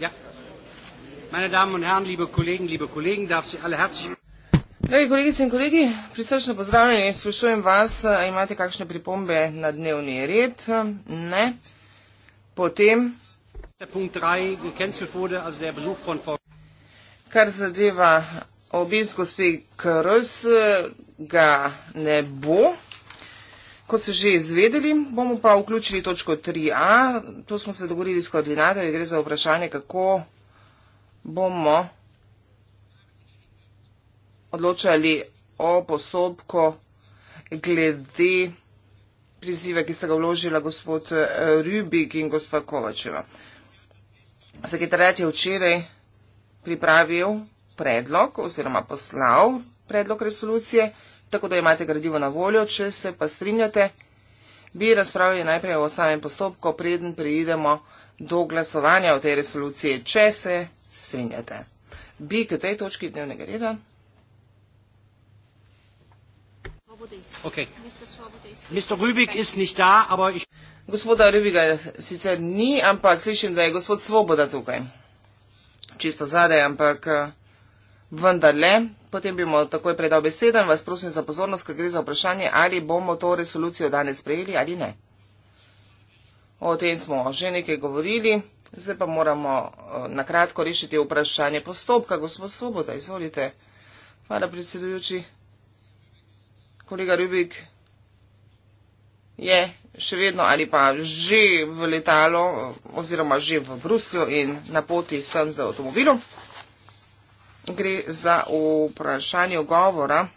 Ja. Meine Damen und Herren, liebe Kollegen, liebe Kollegen, darf Sie alle herzlich. Dragi kolegice in kolegi, prisrčno pozdravljeni. Sprašujem vas, imate kakšne pripombe na dnevni red? Ne. Potem. Kar zadeva obisk gospe Krls, ga ne bo ko se že izvedeli, bomo pa vključili točko 3a. To smo se dogovorili s koordinatorji, gre za vprašanje, kako bomo odločali o postopku glede prizive, ki sta ga vložila gospod eh, Rubik in gospa Kovačeva. Sekretarjat je včeraj pripravil predlog oziroma poslal predlog resolucije tako da imate gradivo na voljo, če se pa strinjate, bi razpravili najprej o samem postopku, preden prijedemo do glasovanja o tej resoluciji, če se strinjate. Bi k tej točki dnevnega reda. Okay. Gospoda Rubiga sicer ni, ampak slišim, da je gospod Svoboda tukaj. Čisto zadaj, ampak eh, vendarle, potem bi mu takoj predal besedo in vas prosim za pozornost, ker gre za vprašanje, ali bomo to resolucijo danes prejeli ali ne. O tem smo že nekaj govorili, zdaj pa moramo eh, nakratko rešiti vprašanje postopka. Gospod Svoboda, izvolite. Hvala, predsedujoči. Kolega Rubik je še vedno ali pa že v letalo eh, oziroma že v Bruslju in na poti sem z avtomobilom gre za vprašanje ogovora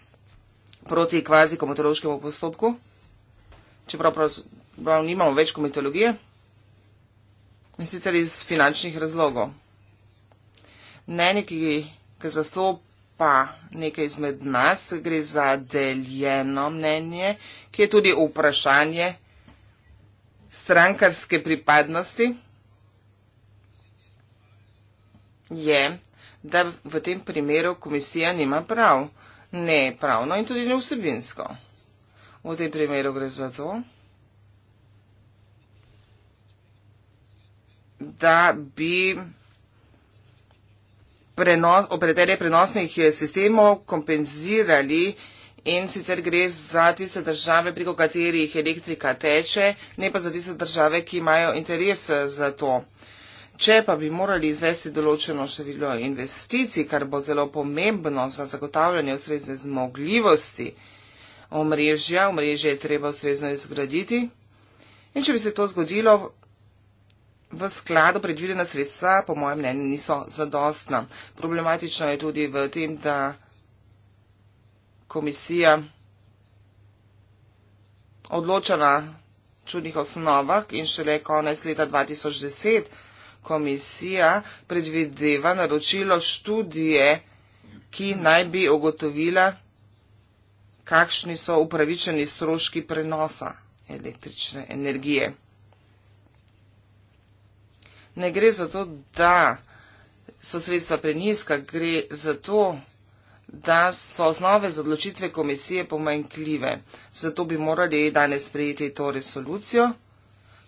proti kvazi komitološkemu postopku, čeprav pravzaprav nimamo več komitologije in sicer iz finančnih razlogov. Mnenje, ki ga zastopa nekaj izmed nas, gre za deljeno mnenje, ki je tudi vprašanje strankarske pripadnosti. Je da v tem primeru komisija nima prav, ne pravno in tudi ne vsebinsko. V tem primeru gre za to, da bi prenos, operaterje prenosnih sistemov kompenzirali in sicer gre za tiste države, preko katerih elektrika teče, ne pa za tiste države, ki imajo interes za to. Če pa bi morali izvesti določeno število investicij, kar bo zelo pomembno za zagotavljanje ustrezne zmogljivosti omrežja, omrežje je treba ustrezno izgraditi. In če bi se to zgodilo, v skladu predvidena sredstva, po mojem mnenju, niso zadostna. Problematično je tudi v tem, da komisija odloča na čudnih osnovah in šele konec leta 2010 komisija predvideva naročilo študije, ki naj bi ugotovila, kakšni so upravičeni stroški prenosa električne energije. Ne gre za to, da so sredstva preniska, gre za to, da so osnove za odločitve komisije pomanjkljive. Zato bi morali danes sprejeti to resolucijo.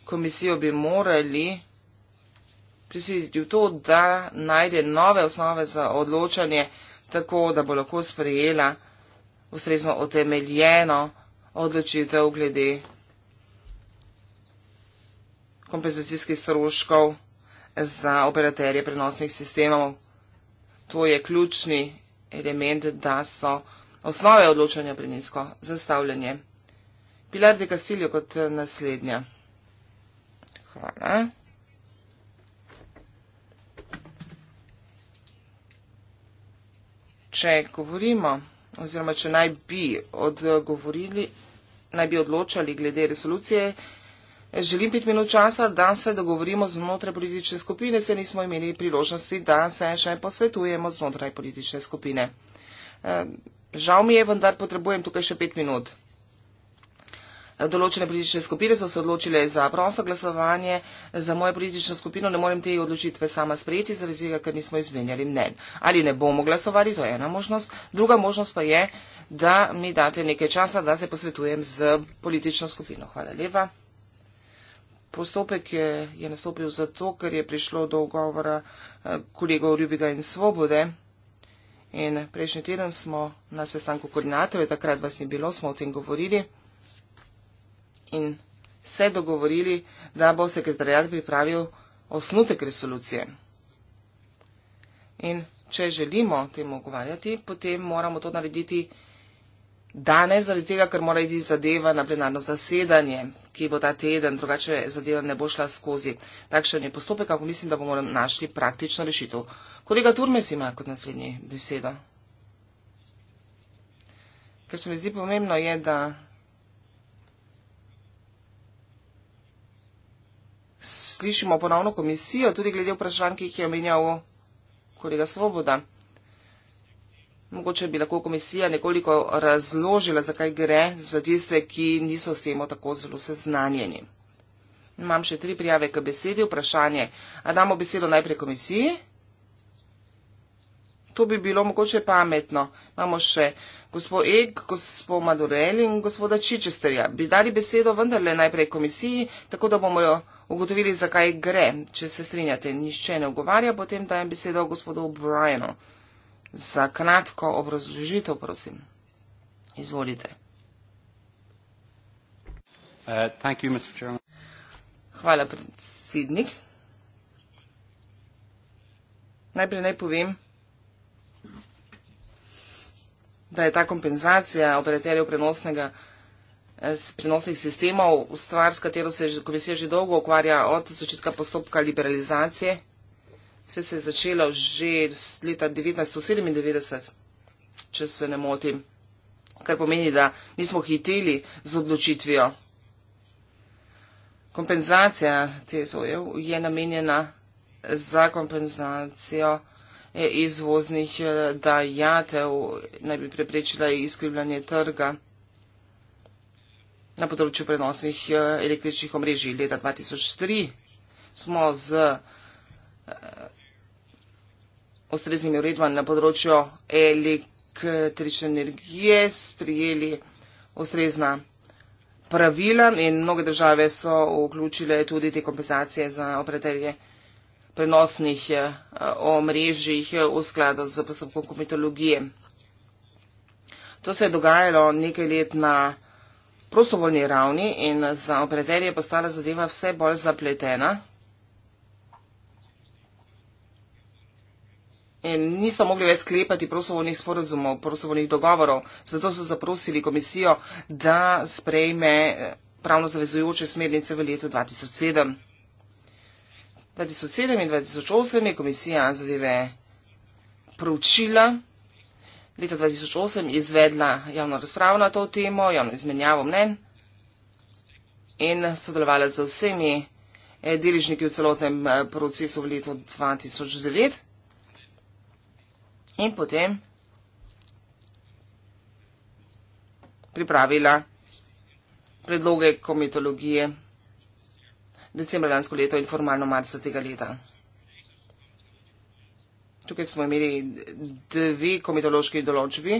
Komisijo bi morali prisiliti v to, da najde nove osnove za odločanje, tako da bo lahko sprejela ustrezno otemeljeno odločitev glede kompenzacijskih stroškov za operaterje prenosnih sistemov. To je ključni element, da so osnove odločanja prenisko zastavljanje. Pilar de Castillo kot naslednja. Hvala. če govorimo oziroma če naj bi odgovorili, naj bi odločali glede resolucije, želim pet minut časa, da se dogovorimo znotraj politične skupine, se nismo imeli priložnosti, da se še posvetujemo znotraj politične skupine. Eh, žal mi je, vendar potrebujem tukaj še pet minut določene politične skupine so se odločile za prosto glasovanje, za mojo politično skupino ne morem te odločitve sama sprejeti, zaradi tega, ker nismo izmenjali mnen. Ali ne bomo glasovali, to je ena možnost. Druga možnost pa je, da mi date nekaj časa, da se posvetujem z politično skupino. Hvala lepa. Postopek je, je nastopil zato, ker je prišlo do ogovora eh, kolegov Ljubiga in Svobode. In prejšnji teden smo na sestanku koordinatorja, takrat vas ni bilo, smo o tem govorili in se dogovorili, da bo sekretarjat pripravil osnutek resolucije. In če želimo temu ogovarjati, potem moramo to narediti danes, zaradi tega, ker mora iti zadeva na plenarno zasedanje, ki bo ta teden, drugače zadeva ne bo šla skozi. Takšen je postopek, ampak mislim, da bomo našli praktično rešitev. Kolega Turmes ima kot naslednji besedo. Ker se mi zdi pomembno je, da slišimo ponovno komisijo, tudi glede vprašanj, ki jih je omenjal kolega Svoboda. Mogoče bi lahko komisija nekoliko razložila, zakaj gre za tiste, ki niso s temo tako zelo seznanjeni. Imam še tri prijave k besedi, vprašanje. A damo besedo najprej komisiji? To bi bilo mogoče pametno. Imamo še gospod Eg, gospod Madurel in gospoda Čičesterja. Bi dali besedo vendarle najprej komisiji, tako da bomo jo ugotovili, zakaj gre. Če se strinjate, nišče ne ogovarja, potem dajem besedo gospodu O'Brienu. Za kratko obrazložitev, prosim. Izvolite. Uh, you, Hvala, predsednik. Najprej naj povem, da je ta kompenzacija operaterjev prenosnega, eh, prenosnih sistemov stvar, s katero se komisija že dolgo ukvarja od začetka postopka liberalizacije. Vse se je začelo že leta 1997, če se ne motim, kar pomeni, da nismo hiteli z odločitvijo. Kompenzacija te zojev je namenjena za kompenzacijo izvoznih eh, dajatev naj bi preprečila izkrivljanje trga na področju prenosnih eh, električnih omrežij. Leta 2003 smo z eh, ustreznimi uredbami na področju električne energije sprijeli ustrezna pravila in mnoge države so vključile tudi te kompenzacije za operaterje električne energije prenosnih eh, omrežjih eh, v skladu z postopkom komitologije. To se je dogajalo nekaj let na prostovoljni ravni in za operaterje je postala zadeva vse bolj zapletena. In niso mogli več sklepati prostovoljnih sporazumov, prostovoljnih dogovorov, zato so zaprosili komisijo, da sprejme eh, pravno zavezujoče smernice v letu 2007. 2007 in 2008 je komisija zadeve proučila, leta 2008 je izvedla javno razpravo na to temo, javno izmenjavo mnen in sodelovala z vsemi eh, deležniki v celotnem eh, procesu v letu 2009. In potem pripravila predloge komitologije decembra lansko leto in formalno marca tega leta. Tukaj smo imeli dve komitološki določbi,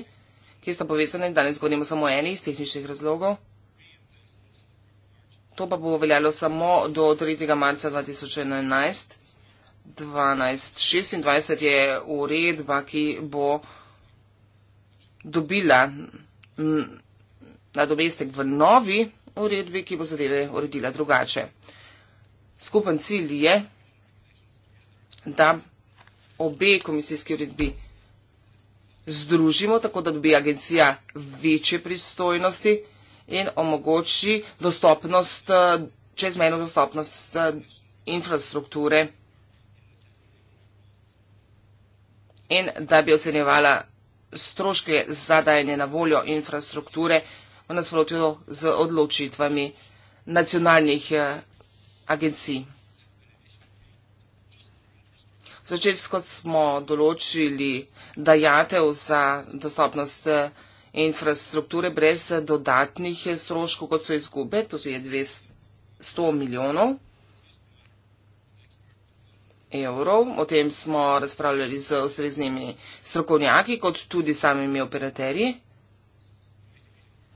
ki sta povezane, danes govorimo samo eni iz tehničnih razlogov. To pa bo veljalo samo do 3. marca 2011. 12. 26 je uredba, ki bo dobila nadomestek v novi uredbi, ki bo zadeve uredila drugače skupen cilj je, da obe komisijski uredbi združimo, tako da dobi agencija večje pristojnosti in omogoči dostopnost, eh, čezmejno dostopnost eh, infrastrukture in da bi ocenjevala stroške za dajanje na voljo infrastrukture v nasprotju z odločitvami nacionalnih eh, agencij. Začeti skot smo določili dajatev za dostopnost eh, infrastrukture brez dodatnih eh, stroškov, kot so izgube, to je 200 milijonov evrov. O tem smo razpravljali z ustreznimi strokovnjaki, kot tudi samimi operaterji.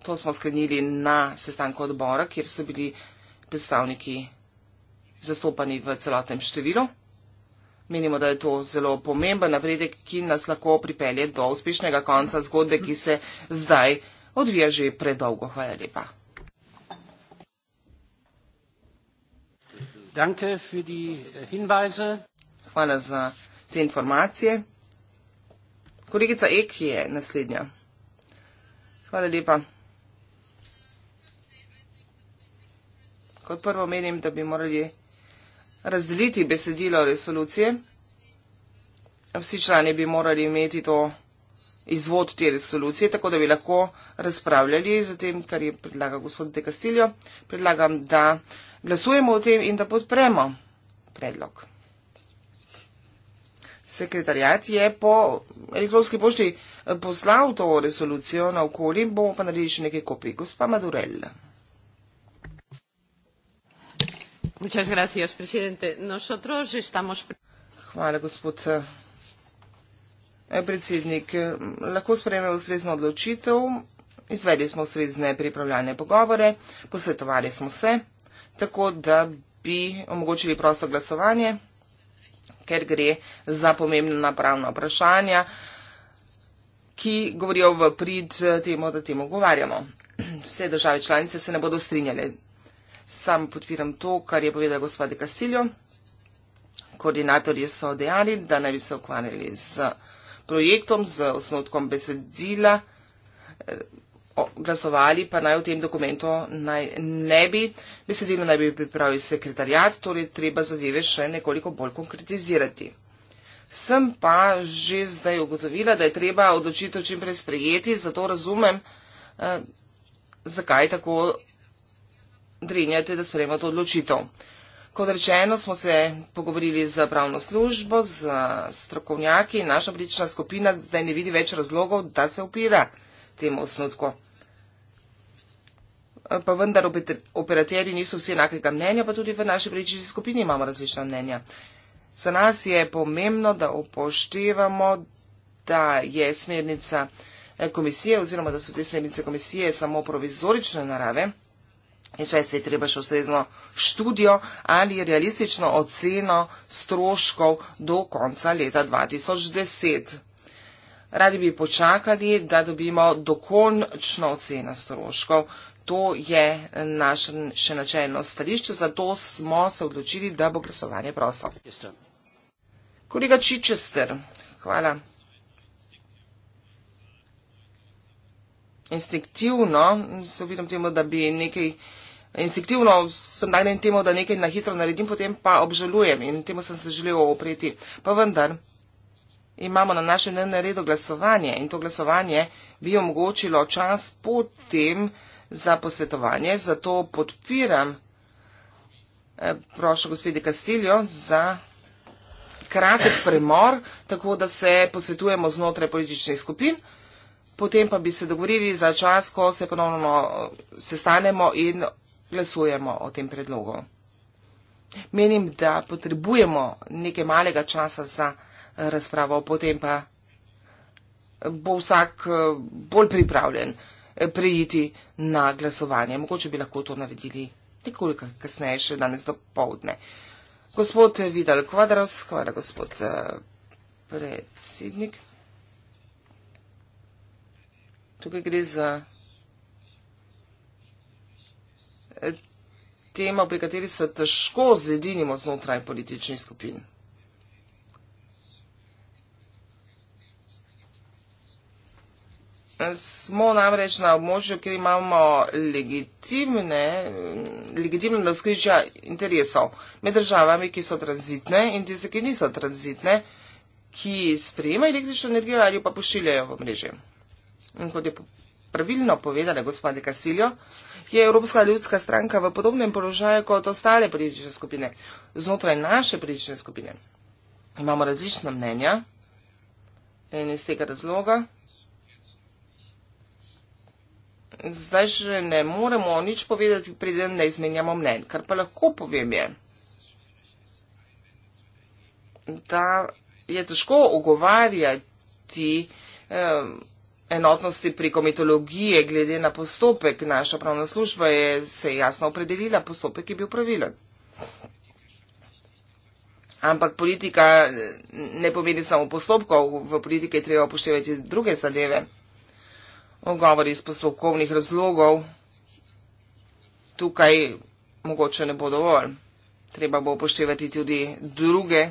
To smo sklenili na sestanku odbora, kjer so bili predstavniki zastopani v celotnem številu. Menimo, da je to zelo pomemben napredek, ki nas lahko pripelje do uspešnega konca zgodbe, ki se zdaj odvija že predolgo. Hvala lepa. Eh, Hvala za te informacije. Kolegica Ek je naslednja. Hvala lepa. Kot prvo menim, da bi morali razdeliti besedilo resolucije. Vsi člani bi morali imeti to izvod te resolucije, tako da bi lahko razpravljali za tem, kar je predlaga gospod De Castillo. Predlagam, da glasujemo o tem in da podpremo predlog. Sekretarjat je po elektronski pošti eh, poslal to resolucijo na okolje, bomo pa naredili še nekaj kopij. Gospa Madurella. Hvala, gospod eh, predsednik. Lahko sprejmemo ustrezno odločitev. Izvedli smo ustrezne pripravljalne pogovore, posvetovali smo se, tako da bi omogočili prosto glasovanje, ker gre za pomembna pravna vprašanja, ki govorijo v prid temu, da temu govarjamo. Vse države članice se ne bodo strinjale. Sam podpiram to, kar je povedala gospa De Castillo. Koordinatorji so dejali, da naj bi se ukvarjali z projektom, z osnotkom besedila, eh, glasovali pa naj v tem dokumentu naj ne bi. Besedilo naj bi pripravil sekretarjat, torej treba zadeve še nekoliko bolj konkretizirati. Sem pa že zdaj ugotovila, da je treba odločitev čim prej sprejeti, zato razumem, eh, zakaj tako drinjati, da sprejemo to odločitev. Kot rečeno, smo se pogovorili z pravno službo, z strokovnjaki in naša politična skupina zdaj ne vidi več razlogov, da se upira temu osnutku. Pa vendar operaterji niso vsi enakega mnenja, pa tudi v naši politični skupini imamo različna mnenja. Za nas je pomembno, da upoštevamo, da je smernica eh, komisije oziroma da so te smernice komisije samo provizorične narave. Jaz veste, je treba še ustrezno študijo ali realistično oceno stroškov do konca leta 2010. Radi bi počakali, da dobimo dokončno oceno stroškov. To je naše še načeljno stališče, zato smo se odločili, da bo glasovanje prosto. Kolega Čičester, hvala. Instinktivno, se vidim temu, da bi nekaj. Instinktivno sem danen temu, da nekaj na hitro naredim, potem pa obžalujem in temu sem se želel opreti. Pa vendar imamo na našem dnevnem redu glasovanje in to glasovanje bi omogočilo čas potem za posvetovanje, zato podpiram eh, prošlo gospodi Kastiljo za kratek premor, tako da se posvetujemo znotraj političnih skupin. Potem pa bi se dogovorili za čas, ko se ponovno eh, sestanemo in glasujemo o tem predlogu. Menim, da potrebujemo nekaj malega časa za eh, razpravo, potem pa bo vsak eh, bolj pripravljen eh, prejiti na glasovanje. Mogoče bi lahko to naredili nekoliko kasneje, še danes do povdne. Gospod Vidal Kvadrov, skoraj gospod predsednik. Tukaj gre za tema, pri kateri se težko zedinimo znotraj političnih skupin. Smo namreč na območju, kjer imamo legitimne, legitimne razkrižja interesov med državami, ki so tranzitne in tiste, ki niso tranzitne, ki sprejemajo električno energijo ali pa pošiljajo v mreže. In kot je pravilno povedala gospod Kasiljo, ki je Evropska ljudska stranka v podobnem položaju kot ostale politične skupine. Znotraj naše politične skupine imamo različna mnenja in iz tega razloga zdaj še ne moremo nič povedati, preden ne izmenjamo mnen. Kar pa lahko povem je, da je težko ogovarjati. Um, eh, enotnosti pri komitologiji glede na postopek. Naša pravna služba je se jasno opredelila, postopek je bil pravilen. Ampak politika eh, ne pomeni samo postopkov, v politiki je treba upoštevati druge zadeve. Ogovori iz postopkovnih razlogov tukaj mogoče ne bo dovolj. Treba bo upoštevati tudi druge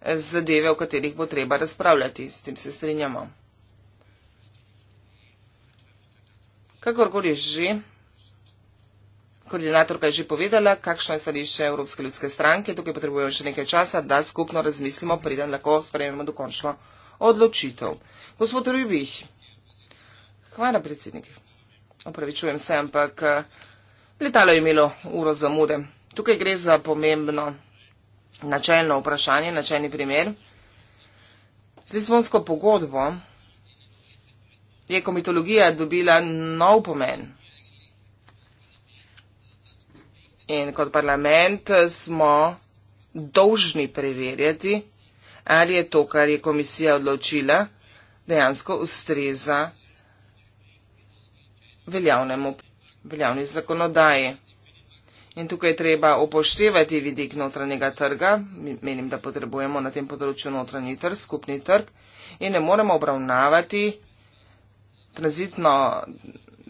eh, zadeve, o katerih bo treba razpravljati. S tem se strinjamo. Kakorkoli že, koordinatorka je že povedala, kakšno je stališče Evropske ljudske stranke. Tukaj potrebujemo še nekaj časa, da skupno razmislimo, preden lahko sprejmemo dokončno odločitev. Gospod Rubih, hvala predsednik. Opravičujem se, ampak letalo je imelo uro zamude. Tukaj gre za pomembno načelno vprašanje, načelni primer. Z Lisbonsko pogodbo je komitologija dobila nov pomen. In kot parlament smo dolžni preverjati, ali je to, kar je komisija odločila, dejansko ustreza veljavnemu, veljavni zakonodaji. In tukaj je treba upoštevati vidik notranjega trga, menim, da potrebujemo na tem področju notranji trg, skupni trg, in ne moremo obravnavati transitno,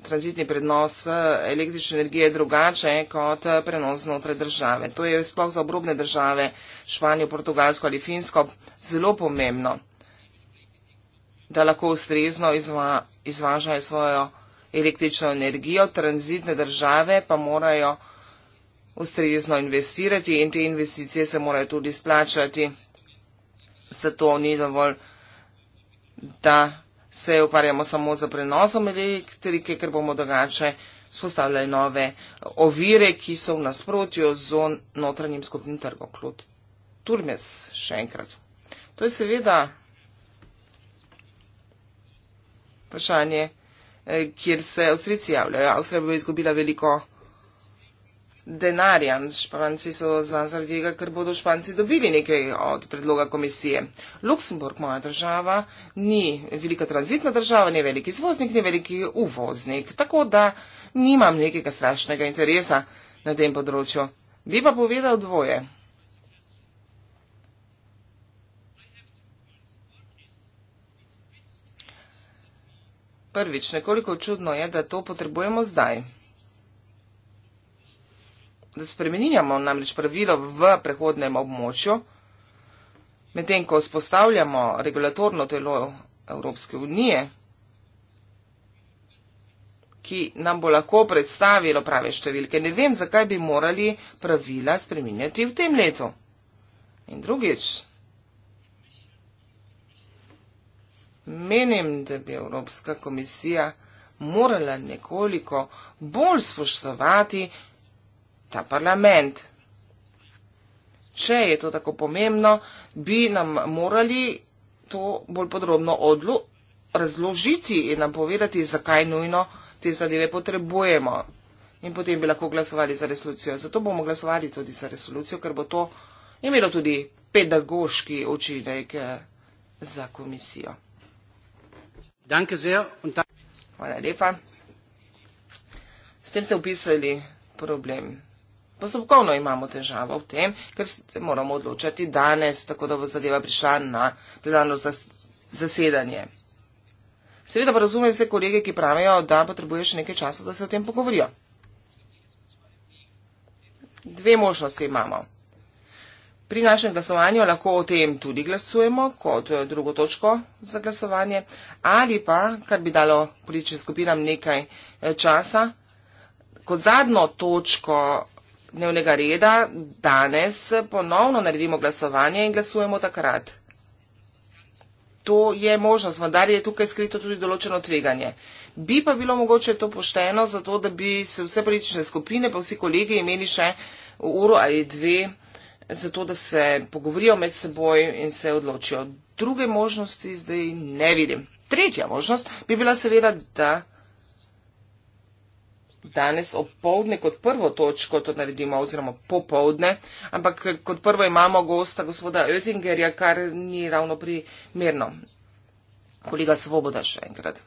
transitni prenos eh, električne energije drugače kot eh, prenos znotraj države. To je sploh za obrobne države, Španijo, Portugalsko ali Finsko, zelo pomembno, da lahko ustrezno izva, izvažajo svojo električno energijo, transitne države pa morajo ustrezno investirati in te investicije se morajo tudi splačati. Zato ni dovolj, da se ukvarjamo samo z prenosom elektrike, ker bomo drugače spostavljali nove ovire, ki so v nasprotju z notranjim skupnim trgom. Klud Turmes, še enkrat. To je seveda vprašanje, eh, kjer se Avstrici javljajo. Avstrija bo izgubila veliko denarja. Španci so zazali tega, ker bodo španci dobili nekaj od predloga komisije. Luksemburg, moja država, ni velika tranzitna država, ni veliki izvoznik, ni veliki uvoznik. Tako da nimam nekega strašnega interesa na tem področju. Bi pa povedal dvoje. Prvič, nekoliko čudno je, da to potrebujemo zdaj spremenjamo namreč pravilo v prehodnem območju, medtem ko spostavljamo regulatorno telo Evropske unije, ki nam bo lahko predstavilo prave številke. Ne vem, zakaj bi morali pravila spremenjati v tem letu. In drugič, menim, da bi Evropska komisija morala nekoliko bolj spoštovati ta parlament. Če je to tako pomembno, bi nam morali to bolj podrobno odlu razložiti in nam povedati, zakaj nujno te zadeve potrebujemo. In potem bi lahko glasovali za resolucijo. Zato bomo glasovali tudi za resolucijo, ker bo to imelo tudi pedagoški učinek eh, za komisijo. Hvala lepa. S tem ste upisali problem postopkovno imamo težavo v tem, ker se moramo odločati danes, tako da bo zadeva prišla na plenarno zas zasedanje. Seveda pa razumem vse kolege, ki pravijo, da potrebuje še nekaj časa, da se o tem pogovorijo. Dve možnosti imamo. Pri našem glasovanju lahko o tem tudi glasujemo, kot eh, drugo točko za glasovanje, ali pa, kar bi dalo političnim skupinam nekaj eh, časa, kot zadnjo točko dnevnega reda, danes ponovno naredimo glasovanje in glasujemo takrat. To je možnost, vendar je tukaj skrito tudi določeno tveganje. Bi pa bilo mogoče to pošteno, zato da bi se vse politične skupine, pa vsi kolegi imeli še uro ali dve, zato da se pogovorijo med seboj in se odločijo. Druge možnosti zdaj ne vidim. Tretja možnost bi bila seveda, da danes opovdne kot prvo točko to naredimo, oziroma popovdne, ampak kot prvo imamo gosta gospoda Oettingerja, kar ni ravno primerno. Kolega Svoboda še enkrat.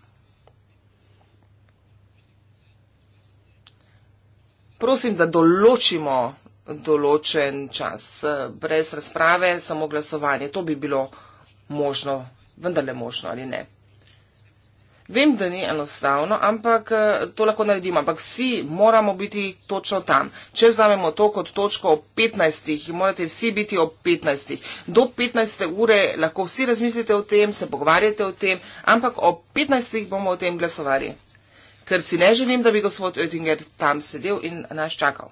Prosim, da določimo določen čas brez razprave, samo glasovanje. To bi bilo možno, vendar le možno ali ne. Vem, da ni enostavno, ampak eh, to lahko naredimo. Ampak vsi moramo biti točno tam. Če vzamemo to kot točko ob 15, morate vsi biti ob 15. Do 15. ure lahko vsi razmislite o tem, se pogovarjate o tem, ampak ob 15. bomo o tem glasovali. Ker si ne želim, da bi gospod Oettinger tam sedel in nas čakal.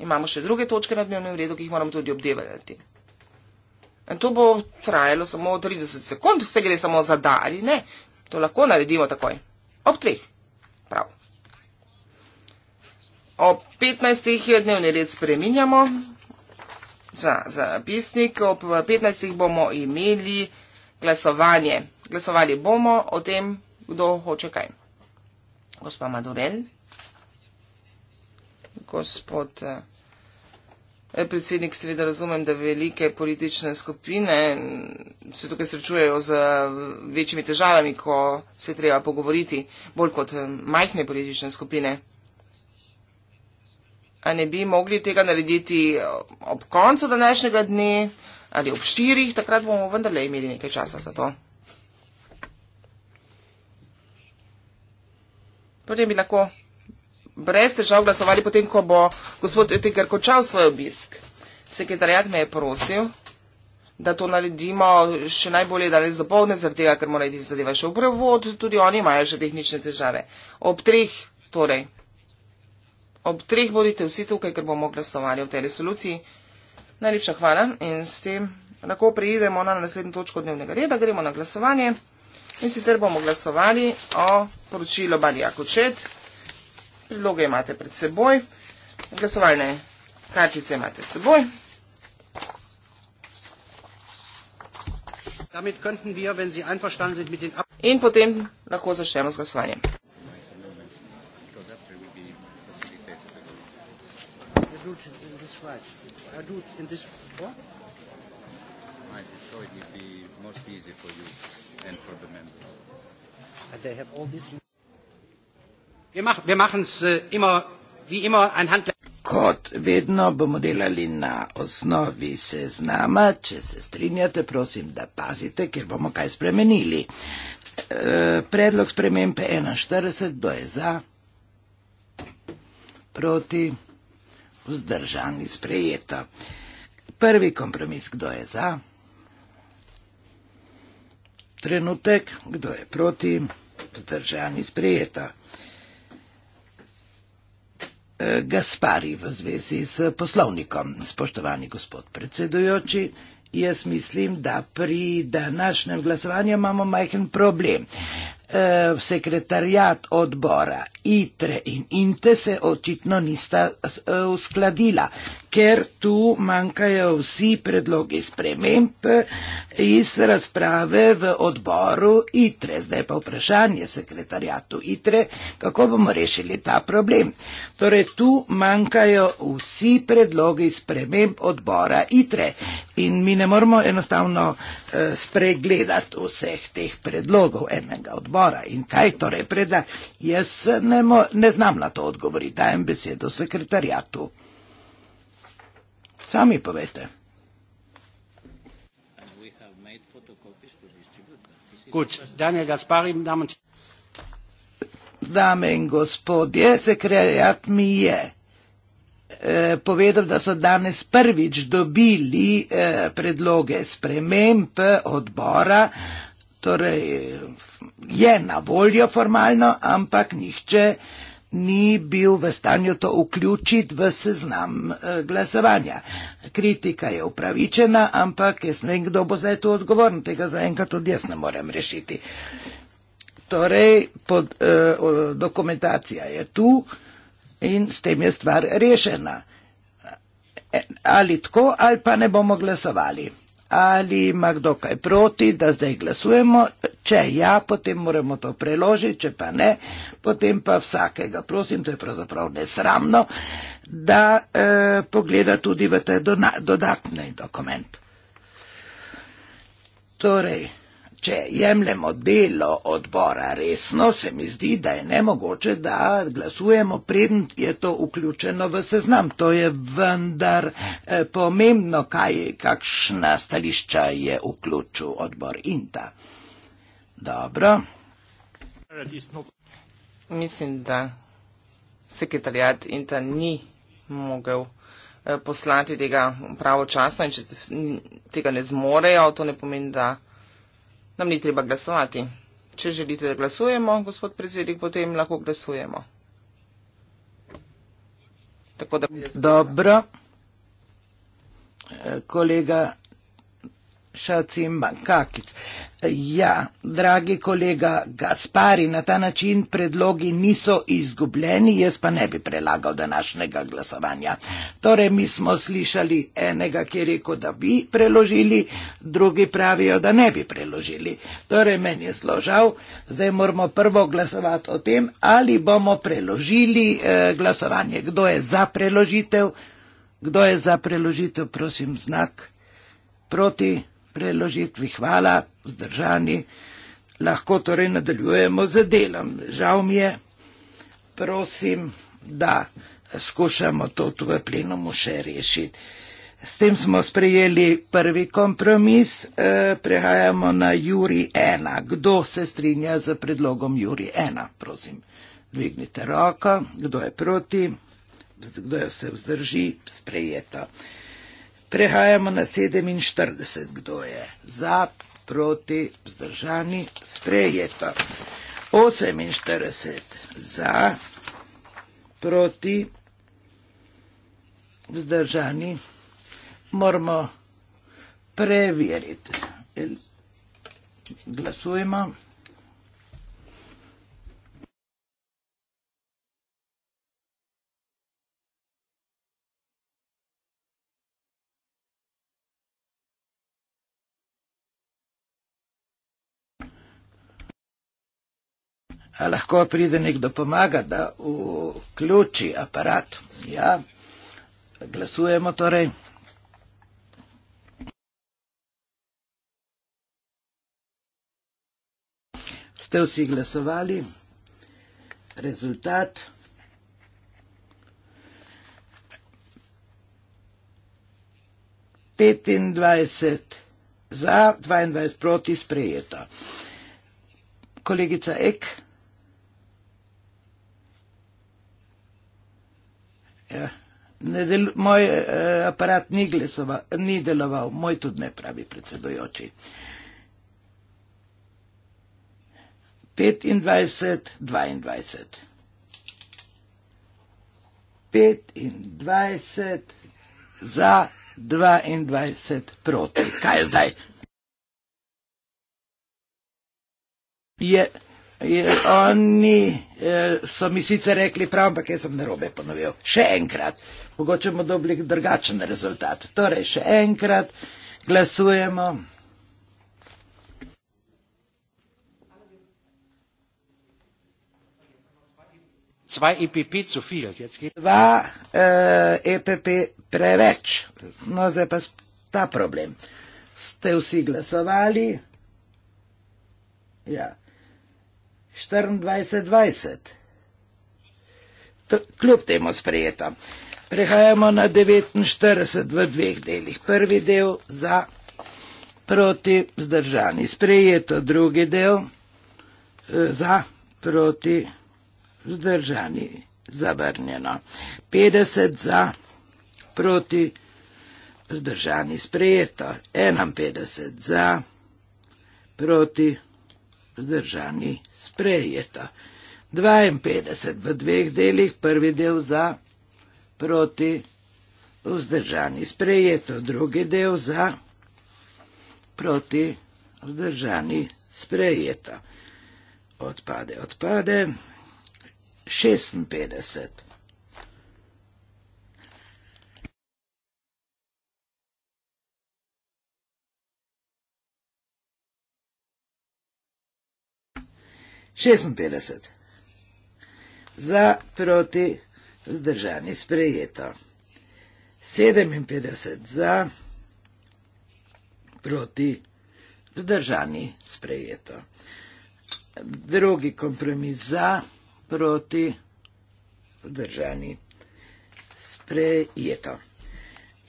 Imamo še druge točke na dnevnem redu, ki jih moramo tudi obdevati. In to bo trajalo samo 30 sekund, vse gre samo za da ali ne. To lahko naredimo takoj. Ob treh. Prav. Ob 15. je dnevni red spreminjamo za zapisnik. Ob 15. bomo imeli glasovanje. Glasovali bomo o tem, kdo hoče kaj. Gospa Madurel. Gospod. Uh, Eh, predsednik seveda razumem, da velike politične skupine se tukaj srečujejo z večjimi težavami, ko se treba pogovoriti bolj kot eh, majhne politične skupine. A ne bi mogli tega narediti eh, ob koncu današnjega dne ali ob štirih, takrat bomo vendarle imeli nekaj časa za to. Potem bi lahko brez težav glasovali potem, ko bo gospod Oetinger končal svoj obisk. Sekretarjat me je prosil, da to naredimo še najbolje danes do povdne, zaradi tega, ker mora iti zadeva še v prevod, tudi oni imajo že tehnične težave. Ob treh, torej, ob treh bodite vsi tukaj, ker bomo glasovali o tej resoluciji. Najlepša hvala in s tem lahko prejdemo na naslednjo točko dnevnega reda, gremo na glasovanje. In sicer bomo glasovali o poročilu Badija Kočet. Predloge imate pred seboj, glasovalne kartice imate seboj. In potem lahko začnemo z glasovanjem. And they have all these... Wir, mach, wir machen es äh, immer, wie immer, ein Handlang. Kot vedno bomo delali na osnovi seznama, če se strinjate, prosim, da pazite, ker bomo kaj spremenili. E, predlog sprememb 41 do je za, proti, vzdržani sprejeto. Prvi kompromis, kdo je za? Trenutek, kdo je proti, vzdržani sprejeto. Gaspari v zvezi s poslovnikom. Spoštovani gospod predsedujoči, jaz mislim, da pri današnjem glasovanju imamo majhen problem. E, Sekretarjat odbora ITRE in INTE se očitno nista e, uskladila ker tu manjkajo vsi predlogi sprememb iz razprave v odboru ITRE. Zdaj pa vprašanje sekretarjatu ITRE, kako bomo rešili ta problem. Torej, tu manjkajo vsi predlogi sprememb odbora ITRE in mi ne moramo enostavno eh, spregledati vseh teh predlogov enega odbora. In kaj torej preda? Jaz ne, mo, ne znam na to odgovoriti. Dajem besedo sekretarjatu. Sami povete. Dame in gospodje, sekretariat mi je eh, povedal, da so danes prvič dobili eh, predloge sprememb odbora, torej je na voljo formalno, ampak nihče eh, ni bil v stanju to vključiti v seznam eh, glasovanja. Kritika je upravičena, ampak jaz ne vem, kdo bo zdaj tu odgovoren, tega zaenkrat tudi jaz ne morem rešiti. Torej, pod, eh, dokumentacija je tu in s tem je stvar rešena. E, ali tako, ali pa ne bomo glasovali ali ima kdo kaj proti, da zdaj glasujemo. Če ja, potem moramo to preložiti, če pa ne, potem pa vsakega. Prosim, to je pravzaprav nesramno, da eh, pogleda tudi v ta dodatni dokument. Torej. Če jemljemo delo odbora resno, se mi zdi, da je nemogoče, da glasujemo predn je to vključeno v seznam. To je vendar eh, pomembno, kaj, kakšna stališča je vključil odbor Inta. Dobro. Mislim, da sekretarjat Inta ni mogel eh, poslati tega pravočasno in če tega ne zmorejo, to ne pomeni, da nam ni treba glasovati. Če želite, da glasujemo, gospod predsednik, potem lahko glasujemo. Tako da. Dobro. Kolega. Šacimba Kakic. Ja, dragi kolega Gaspari, na ta način predlogi niso izgubljeni, jaz pa ne bi prelagal današnjega glasovanja. Torej, mi smo slišali enega, ki je rekel, da bi preložili, drugi pravijo, da ne bi preložili. Torej, meni je zelo žal, zdaj moramo prvo glasovati o tem, ali bomo preložili eh, glasovanje. Kdo je za preložitev? Kdo je za preložitev, prosim, znak? Proti preložitvi, hvala, zdržani, lahko torej nadaljujemo z delom. Žal mi je, prosim, da skušamo to v plenumu še rešiti. S tem smo sprejeli prvi kompromis, e, prehajamo na Juri 1. Kdo se strinja z predlogom Juri 1? Prosim, dvignite roko, kdo je proti, kdo je vse vzdrži, sprejeto. Prehajamo na 47, kdo je za, proti, vzdržani, sprejeto. 48 za, proti, vzdržani, moramo preveriti. Glasujemo. A lahko pride nekdo pomaga, da vključi aparat. Ja, glasujemo torej. Ste vsi glasovali? Rezultat. Petindvajset za, dvajset proti sprejeto. Kolegica Ek. Del, moj eh, aparat ni, glesova, ni deloval, moj tudi ne pravi predsedujoči. 25, 22. 25 za 22 proti. Kaj je zdaj? Je. Oni eh, so mi sicer rekli prav, ampak jaz sem narobe ponovil. Še enkrat, mogoče bomo dobili drugačen rezultat. Torej, še enkrat glasujemo. E Dva EPP, Sofija, jaz kaj? Dva uh, EPP preveč. No, zdaj pa ta problem. Ste vsi glasovali? Ja. 24-20. Kljub temu sprejeta. Prehajamo na 49 v dveh delih. Prvi del za proti vzdržani. Sprejeto drugi del e, za proti vzdržani. Zavrnjeno. 50 za proti vzdržani. Sprejeto. 51 za proti vzdržani prejeta. 52 v dveh delih, prvi del za, proti, vzdržani. Sprejeto drugi del za, proti, vzdržani. Sprejeta. Odpade, odpade. 56. 56. Za proti vzdržani sprejeto. 57 za proti vzdržani sprejeto. Drugi kompromis za proti vzdržani sprejeto.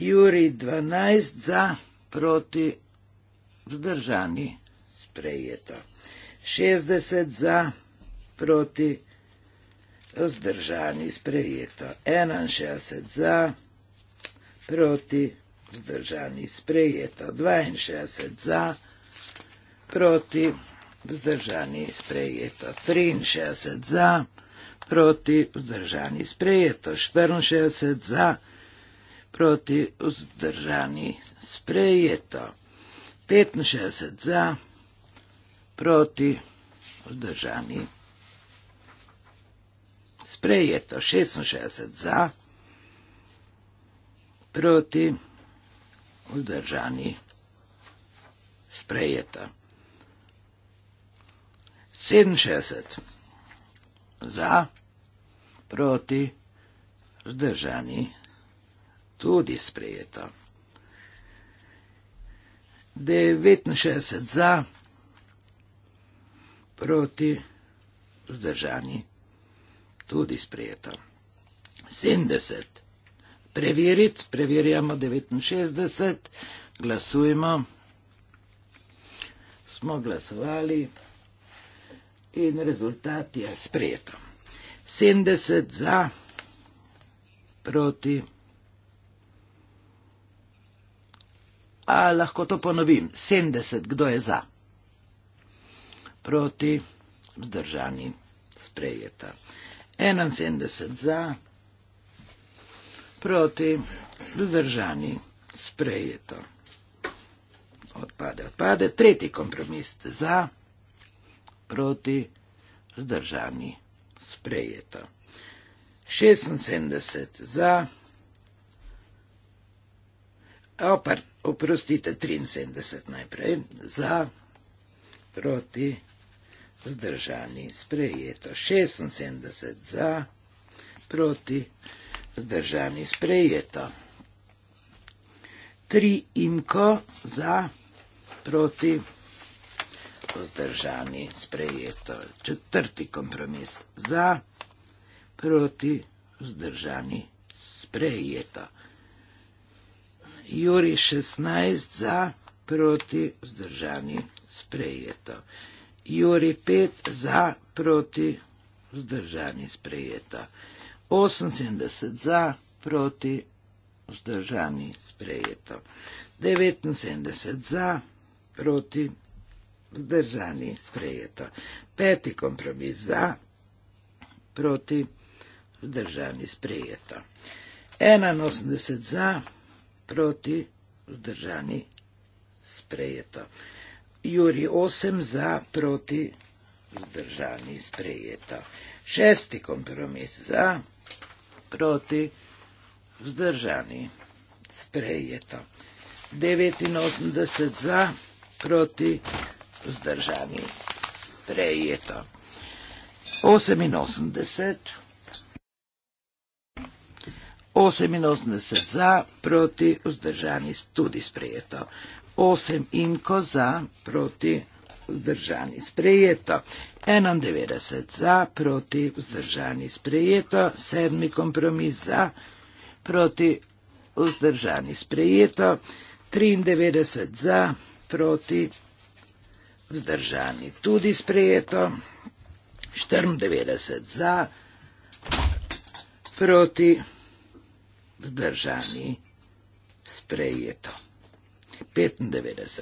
Juri 12 za proti vzdržani sprejeto. 60 za, proti vzdržani sprejeto. 61 za, proti vzdržani sprejeto. 62 za, proti vzdržani sprejeto. 63 za, proti vzdržani sprejeto. 64 za, proti vzdržani sprejeto. 65 za, proti vzdržani sprejeto proti, vzdržani. Sprejeto 66 za, proti, vzdržani. Sprejeto 67 za, proti, vzdržani. Tudi sprejeto. 69 za, Proti, vzdržani, tudi sprejeto. 70, preveriti, preverjamo 69, glasujemo. Smo glasovali in rezultat je sprejeto. 70 za, proti. A lahko to ponovim, 70 kdo je za proti, vzdržani, sprejeta. 71 za, proti, vzdržani, sprejeto. Odpade, odpade, tretji kompromis za, proti, vzdržani, sprejeto. 76 za, opar, oprostite, 73 najprej, za, proti, vzdržani, sprejeto. Zdržani, sprejeto 76 za, proti, zdržani, sprejeto 3 imko za, proti, zdržani, sprejeto 4 kompromis za, proti, zdržani, sprejeto. Juri 16 za, proti, zdržani, sprejeto 3 imko za. Juri 5 za, proti vzdržani sprejeto. 78 za, proti vzdržani sprejeto. 79 za, proti vzdržani sprejeto. Peti kompromis za, proti vzdržani sprejeto. 81 za, proti vzdržani sprejeto. Juri 8 za, proti vzdržani sprejeta. Šesti kompromis za, proti vzdržani sprejeta. 89 za, proti vzdržani sprejeta. 88. 88 za, proti vzdržani tudi sprejeto. 8 imko za, proti vzdržani sprejeto. 91 za, proti vzdržani sprejeto. 7 kompromis za, proti vzdržani sprejeto. 93 za, proti vzdržani tudi sprejeto. 94 za, proti vzdržani sprejeto. 95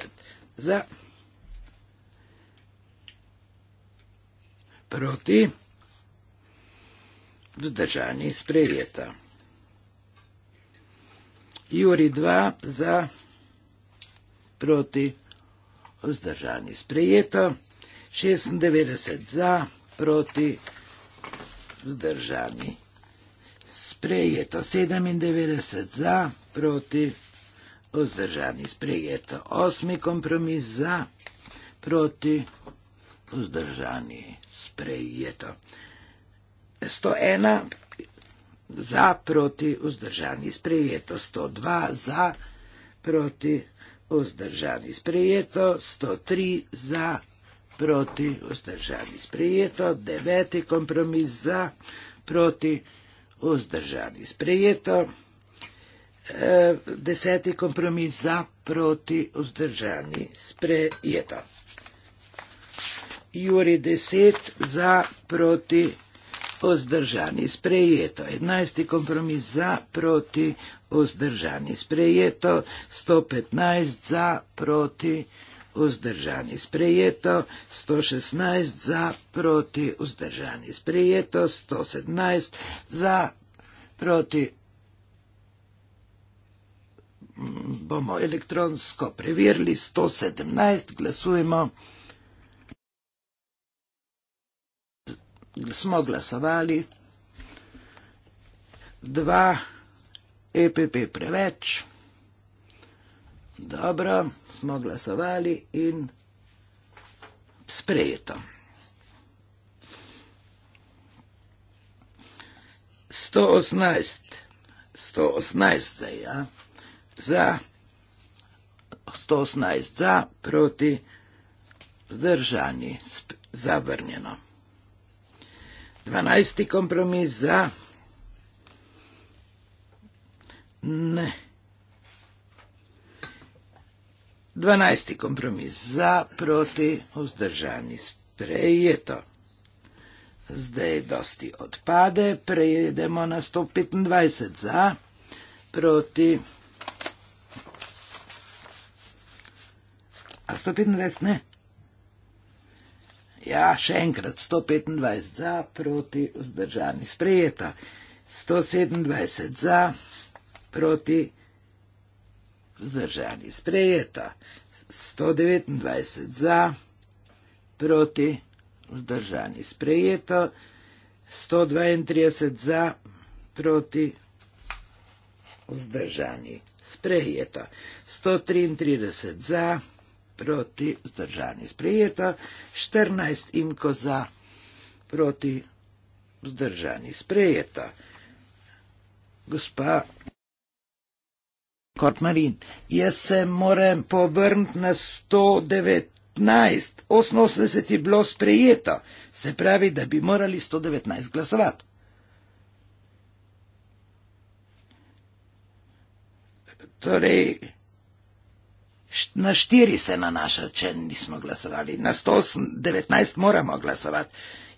za, proti, vzdržani sprejeta. Juri 2 za, proti, vzdržani sprejeta. 96 za, proti, vzdržani sprejeta. 97 za, proti, vzdržani sprejeta vzdržani, sprejeto. Osmi kompromis za, proti, vzdržani, sprejeto. 101 za, proti, vzdržani, sprejeto. 102 za, proti, vzdržani, sprejeto. 103 za, proti, vzdržani, sprejeto. 9 kompromis za, proti, vzdržani, sprejeto deseti kompromis za, proti, vzdržani, sprejeta. Juri deset za, proti, vzdržani, sprejeto. Enajsti kompromis za, proti, vzdržani, sprejeto. 115 za, proti, vzdržani, sprejeto. 116 za, proti, vzdržani, sprejeto. 117 za, proti, vzdržani bomo elektronsko preverili 117, glasujemo. Smo glasovali, dva EPP preveč, dobro, smo glasovali in sprejeto. 118, 118 zdaj, ja za, 118 za, proti, vzdržani, zavrnjeno. 12. kompromis za, ne. 12. kompromis za, proti, vzdržani, sprejeto. Zdaj dosti odpade, prejedemo na 125 za, proti, vzdržani, sprejeto. A 125 ne? Ja, še enkrat, 125 za, proti, vzdržani, sprejeta. 127 za, proti, vzdržani, sprejeta. 129 za, proti, vzdržani, sprejeta. 132 za, proti, vzdržani, sprejeta. 133 za, proti, vzdržani, sprejeta proti, vzdržani sprejeta, 14 imko za, proti, vzdržani sprejeta. Gospa Kortmarin, jaz se moram povrniti na 119, 88 je bilo sprejeto, se pravi, da bi morali 119 glasovati. Torej, Na štiri se nanaša, če nismo glasovali. Na 119 moramo glasovati.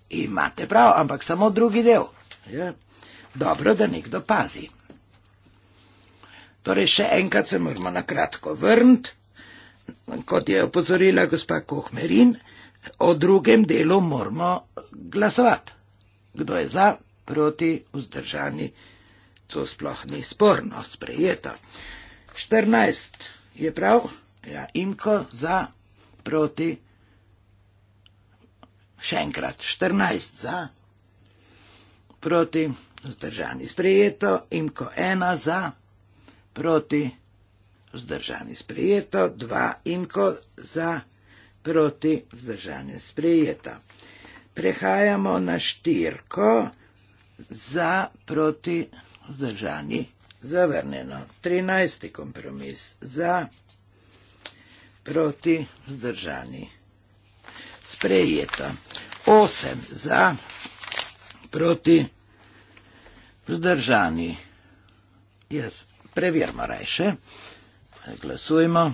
Imate prav, ampak samo drugi del. Ja. Dobro, da nekdo pazi. Torej, še enkrat se moramo na kratko vrniti, kot je opozorila gospa Kohmerin, o drugem delu moramo glasovati. Kdo je za, proti, vzdržani, to sploh ni sporno, sprejeto. 14 je prav. Ja, in ko za proti, še enkrat, 14 za proti, vzdržani sprejeto, in ko ena za proti, vzdržani sprejeto, dva in ko za proti, vzdržani sprejeto. Prehajamo na štirko za proti, vzdržani zavrnjeno. 13. kompromis za proti proti vzdržani. Sprejeta. Osem za, proti vzdržani. Jaz preverimo rajše. Glasujmo.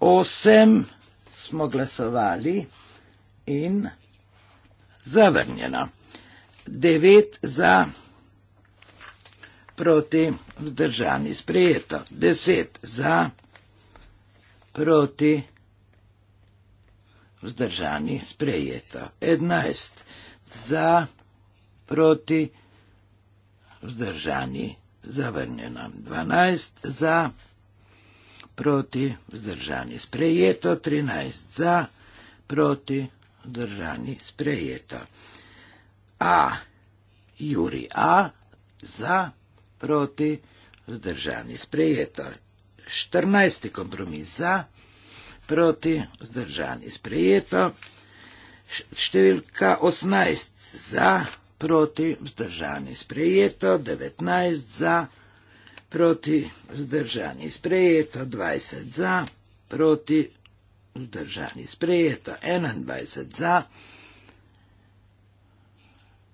Osem smo glasovali in zavrnjeno. Devet za proti vzdržani sprejeto, deset za proti vzdržani sprejeto, enajst za proti vzdržani zavrnjeno, dvanajst za proti vzdržani sprejeto, trinajst za proti vzdržani sprejeto. A, Juri A, za proti vzdržani sprejeto proti, vzdržani sprejeto. 14. kompromis za, proti, vzdržani sprejeto. Številka 18 za, proti, vzdržani sprejeto. 19 za, proti, vzdržani sprejeto. 20 za, proti, vzdržani sprejeto. 21 za,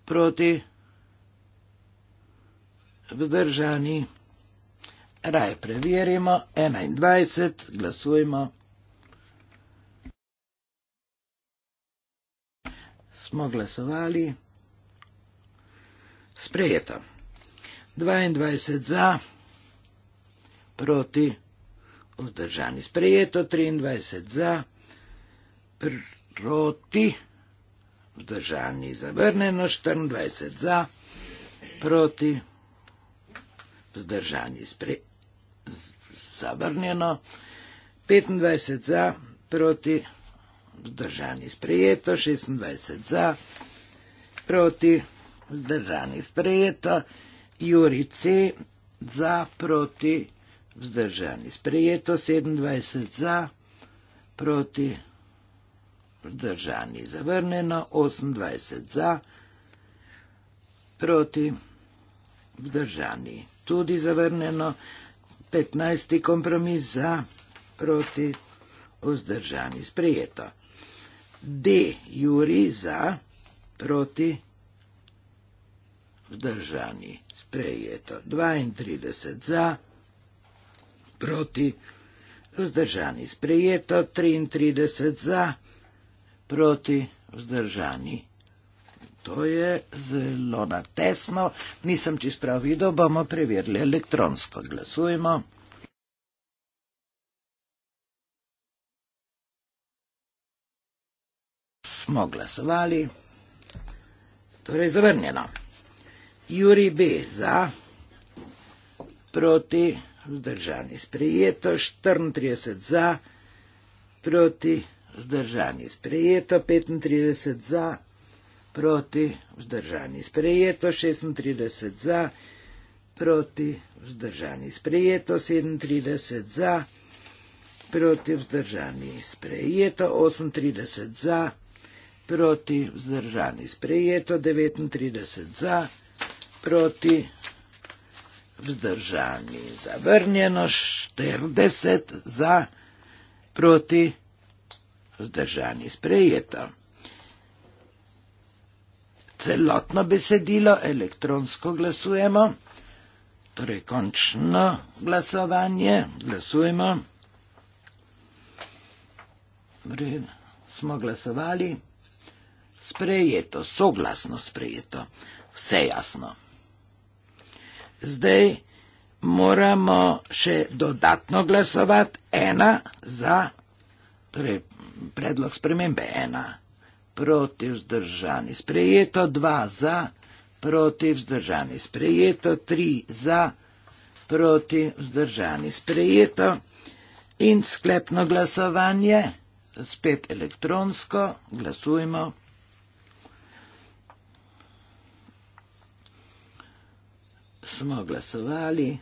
proti, vzdržani sprejeto vzdržani. Raje preverimo 21, glasujmo. Smo glasovali. Sprejeto. 22 za, proti, vzdržani. Sprejeto 23 za, proti, vzdržani. Zavrnjeno 24 za, proti, vzdržani zdržani, spre, z, zavrnjeno, 25 za, proti, zdržani, sprejeto, 26 za, proti, zdržani, sprejeto, Juri C za, proti, zdržani, sprejeto, 27 za, proti, zdržani, zavrnjeno, 28 za, proti, vzdržani tudi zavrnjeno, 15. kompromis za, proti, vzdržani, sprejeto. D. Juri za, proti, vzdržani, sprejeto. 32 za, proti, vzdržani, sprejeto. 33 za, proti, vzdržani, sprejeto. To je zelo natesno, nisem čist prav videl, bomo preverili elektronsko. Glasujmo. Smo glasovali, torej zavrnjeno. Juri B. za, proti, vzdržani sprejeto, 34 za, proti, vzdržani sprejeto, 35 za proti vzdržani. Sprejeto 36 za, proti vzdržani. Sprejeto 37 za, proti vzdržani. Sprejeto 38 za, proti vzdržani. Sprejeto 39 za, proti vzdržani. Zavrnjeno 40 za, proti vzdržani. Sprejeto celotno besedilo elektronsko glasujemo, torej končno glasovanje, glasujemo. Smo glasovali, sprejeto, soglasno sprejeto, vse jasno. Zdaj moramo še dodatno glasovati ena za, torej predlog spremembe ena proti vzdržani, sprejeto dva za, proti vzdržani, sprejeto tri za, proti vzdržani, sprejeto in sklepno glasovanje, spet elektronsko, glasujmo. Smo glasovali,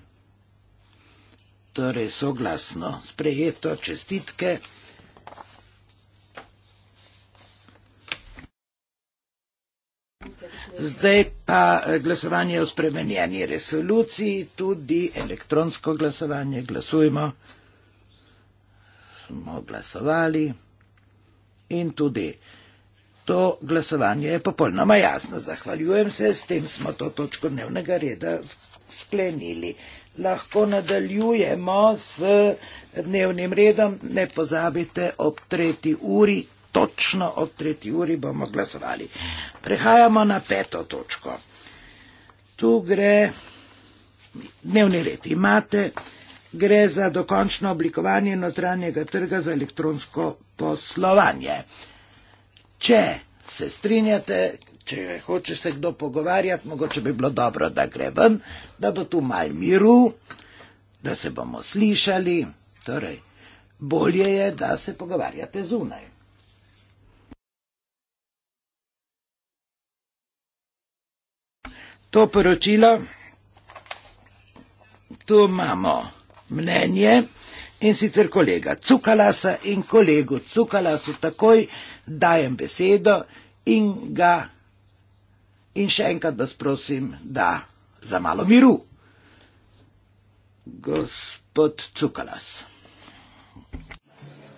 torej soglasno sprejeto čestitke. Zdaj pa eh, glasovanje o spremenjeni resoluciji, tudi elektronsko glasovanje. Glasujmo. Smo glasovali in tudi to glasovanje je popolnoma jasno. Zahvaljujem se, s tem smo to točko dnevnega reda sklenili. Lahko nadaljujemo s dnevnim redom, ne pozabite ob tretji uri točno ob tretji uri bomo glasovali. Prehajamo na peto točko. Tu gre dnevni red. Imate, gre za dokončno oblikovanje notranjega trga za elektronsko poslovanje. Če se strinjate, če hoče se kdo pogovarjati, mogoče bi bilo dobro, da gre ven, da bo tu mal miru, da se bomo slišali. Torej, bolje je, da se pogovarjate zunaj. to poročilo, tu imamo mnenje in sicer kolega Cukalasa in kolegu Cukalasu takoj dajem besedo in ga in še enkrat vas prosim, da za malo miru. Gospod Cukalas.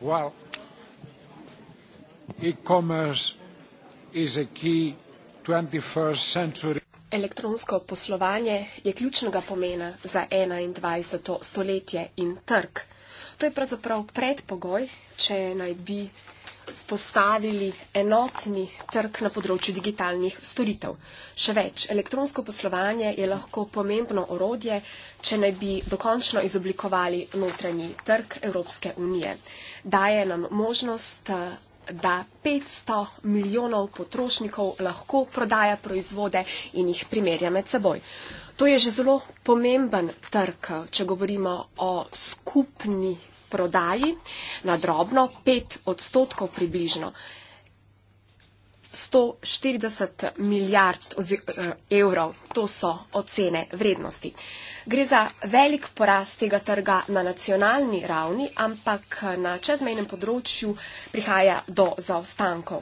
Well, e-commerce is a key 21st century. Elektronsko poslovanje je ključnega pomena za 21. stoletje in trg. To je pravzaprav predpogoj, če naj bi spostavili enotni trg na področju digitalnih storitev. Še več, elektronsko poslovanje je lahko pomembno orodje, če naj bi dokončno izoblikovali notranji trg Evropske unije. Daje nam možnost da 500 milijonov potrošnikov lahko prodaja proizvode in jih primerja med seboj. To je že zelo pomemben trg, če govorimo o skupni prodaji na drobno, 5 odstotkov približno. 140 milijard eh, evrov, to so ocene vrednosti. Gre za velik porast tega trga na nacionalni ravni, ampak na čezmejnem področju prihaja do zaostankov.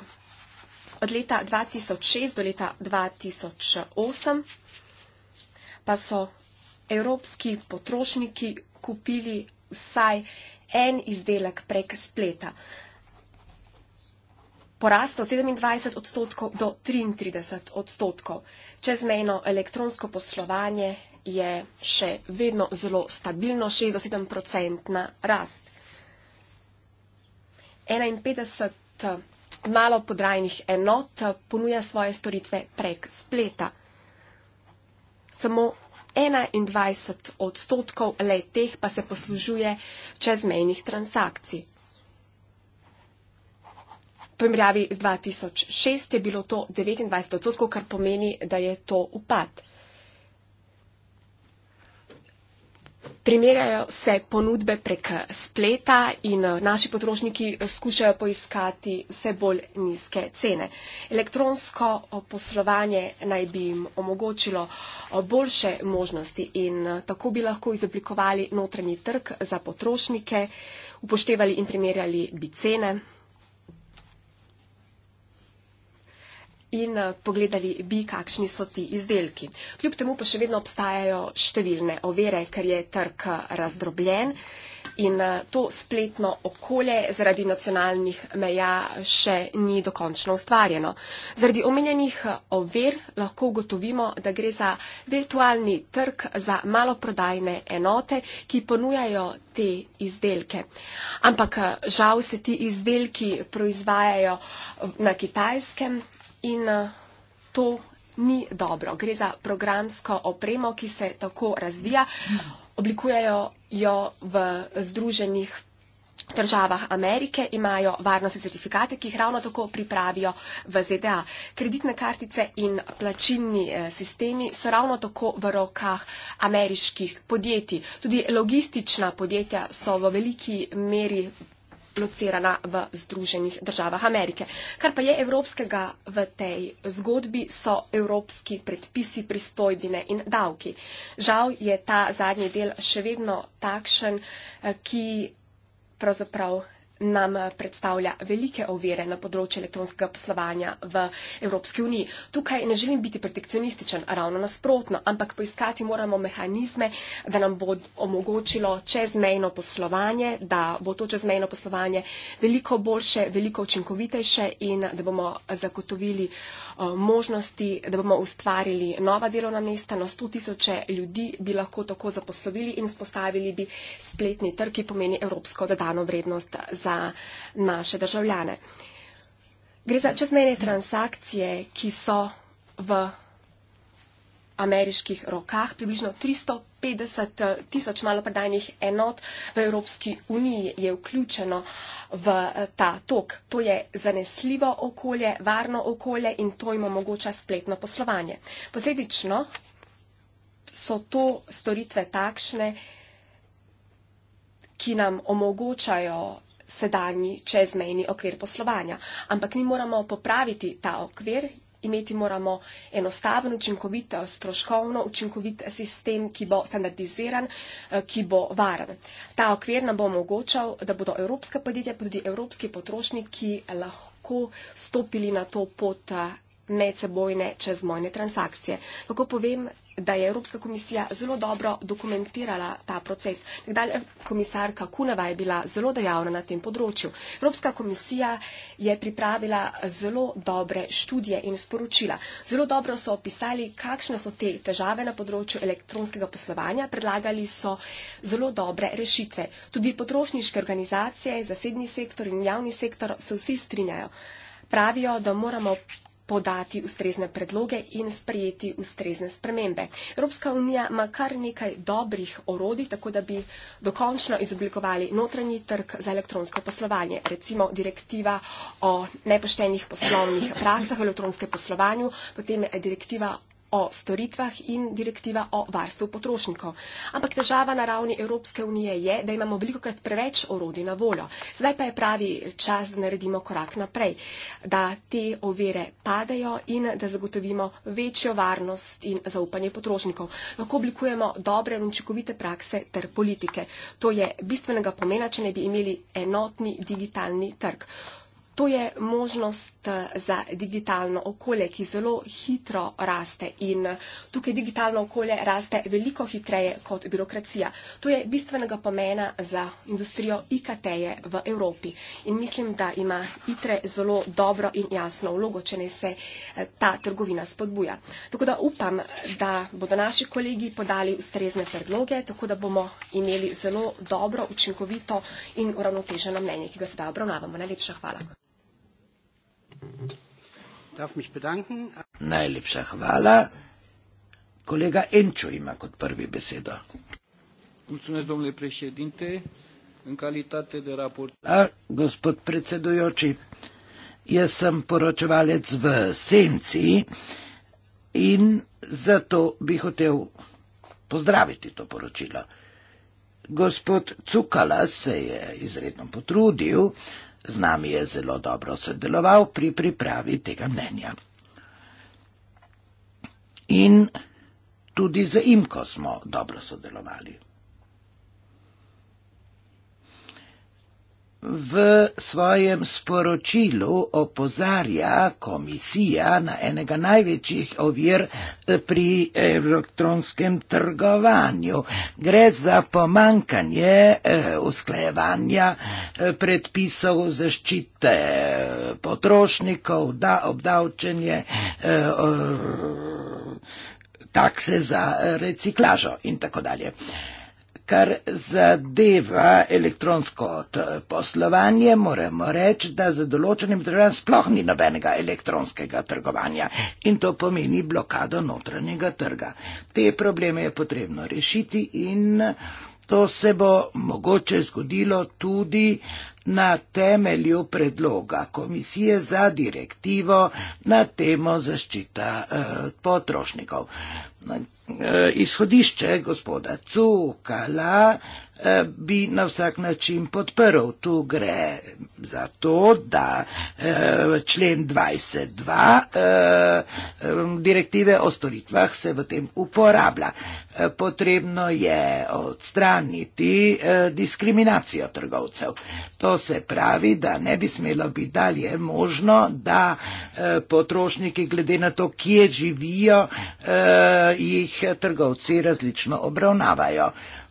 Od leta 2006 do leta 2008 pa so evropski potrošniki kupili vsaj en izdelek prek spleta. Porast od 27 odstotkov do 33 odstotkov. Čezmejno elektronsko poslovanje je še vedno zelo stabilno 67-procentna rast. 51 malo podrajnih enot ponuja svoje storitve prek spleta. Samo 21 odstotkov le teh pa se poslužuje čezmejnih transakcij. V primerjavi z 2006 je bilo to 29 odstotkov, kar pomeni, da je to upad. Primerjajo se ponudbe prek spleta in eh, naši potrošniki eh, skušajo poiskati vse bolj nizke cene. Elektronsko eh, poslovanje naj bi jim omogočilo boljše možnosti in tako bi lahko izoblikovali notranji trg za potrošnike, upoštevali in primerjali bi cene. in eh, pogledali bi, kakšni so ti izdelki. Kljub temu pa še vedno obstajajo številne ovire, ker je trg eh, razdrobljen in eh, to spletno okolje zaradi nacionalnih meja še ni dokončno ustvarjeno. Zaradi omenjenih ovir lahko ugotovimo, da gre za virtualni trg za maloprodajne enote, ki ponujajo te izdelke. Ampak žal se ti izdelki proizvajajo na kitajskem, in eh, to ni dobro. Gre za programsko opremo, ki se tako razvija. Oblikujejo jo v združenih državah Amerike, imajo varnostne certifikate, ki jih ravno tako pripravijo v ZDA. Kreditne kartice in plačilni eh, sistemi so ravno tako v rokah ameriških podjetij. Tudi logistična podjetja so v veliki meri locirana v Združenih državah Amerike. Kar pa je evropskega v tej zgodbi, so evropski predpisi, pristojbine in davki. Žal je ta zadnji del še vedno takšen, eh, ki pravzaprav nam eh, predstavlja velike ovire na področju elektronskega poslovanja v Evropski uniji. Tukaj ne želim biti protekcionističen, ravno nasprotno, ampak poiskati moramo mehanizme, da nam bo omogočilo čezmejno poslovanje, da bo to čezmejno poslovanje veliko boljše, veliko učinkovitejše in da bomo zagotovili Eh, možnosti, da bomo ustvarili nova delovna mesta. Na 100 tisoče ljudi bi lahko tako zaposlovili in spostavili bi spletni trg, ki pomeni evropsko dodano vrednost za naše državljane. Gre za čezmejne transakcije, ki so v ameriških rokah približno 300 50 eh, tisoč maloprodajnih enot v Evropski uniji je vključeno v eh, ta tok. To je zanesljivo okolje, varno okolje in to jim omogoča spletno poslovanje. Posledično so to storitve takšne, ki nam omogočajo sedanji čezmejni okvir poslovanja. Ampak mi moramo popraviti ta okvir, imeti moramo enostaven, učinkovit, eh, stroškovno učinkovit eh, sistem, ki bo standardiziran, eh, ki bo varen. Ta okvir nam bo omogočal, da bodo evropska podjetja, pa tudi evropski potrošniki lahko stopili na to pot medsebojne čezmojne transakcije. Lahko povem, da je Evropska komisija zelo dobro dokumentirala ta proces. Nekdaj komisarka Kunava je bila zelo dejavna na tem področju. Evropska komisija je pripravila zelo dobre študije in sporočila. Zelo dobro so opisali, kakšne so te težave na področju elektronskega poslovanja. Predlagali so zelo dobre rešitve. Tudi potrošniške organizacije, zasedni sektor in javni sektor se vsi strinjajo. Pravijo, da moramo podati ustrezne predloge in sprejeti ustrezne spremembe. Evropska unija ima kar nekaj dobrih orodij, tako da bi dokončno izoblikovali notranji trg za elektronsko poslovanje. Recimo direktiva o nepoštenih poslovnih praksah v elektronskem poslovanju, potem direktiva o storitvah in direktiva o varstvu potrošnikov. Ampak težava na ravni Evropske unije je, da imamo veliko krat preveč orodi na voljo. Zdaj pa je pravi čas, da naredimo korak naprej, da te ovire padejo in da zagotovimo večjo varnost in zaupanje potrošnikov. Lahko oblikujemo dobre in učinkovite prakse ter politike. To je bistvenega pomena, če ne bi imeli enotni digitalni trg. To je možnost Eh, za digitalno okolje, ki zelo hitro raste in tukaj digitalno okolje raste veliko hitreje kot birokracija. To je bistvenega pomena za industrijo IKT-je v Evropi in mislim, da ima ITRE zelo dobro in jasno vlogo, če ne se eh, ta trgovina spodbuja. Tako da upam, da bodo naši kolegi podali ustrezne predloge, tako da bomo imeli zelo dobro, učinkovito in uravnoteženo mnenje, ki ga sedaj obravnavamo. Najlepša hvala. Darf mich bedanken. Najlepša hvala. Kolega Enčo ima kot prvi besedo. Mulțumesc, domnule președinte, în calitate de raport. A, gospod predsedujoči, jaz sem poročevalec v Senci in zato bi hotel pozdraviti to poročilo. Gospod Cukala se je izredno potrudil, z nami je zelo dobro sodeloval pri pripravi tega mnenja. In tudi za Imko smo dobro sodelovali. V svojem sporočilu opozarja komisija na enega največjih ovir eh, pri elektronskem trgovanju. Gre za pomankanje eh, usklajevanja eh, predpisov zaščite potrošnikov, da obdavčenje takse za reciklažo in tako dalje. Kar zadeva elektronsko poslovanje, moramo reči, da za določenim državam sploh ni nobenega elektronskega trgovanja in to pomeni blokado notranjega trga. Te probleme je potrebno rešiti in to se bo mogoče zgodilo tudi na temelju predloga Komisije za direktivo na temo zaščita eh, potrošnikov. Eh, izhodišče gospoda Cukala Eh, bi na vsak način podprl. Tu gre za to, da eh, člen 22 eh, direktive o storitvah se v tem uporablja. Potrebno je odstraniti diskriminacijo trgovcev. To se pravi, da ne bi smelo biti dalje možno, da potrošniki glede na to, kje živijo, jih trgovci različno obravnavajo.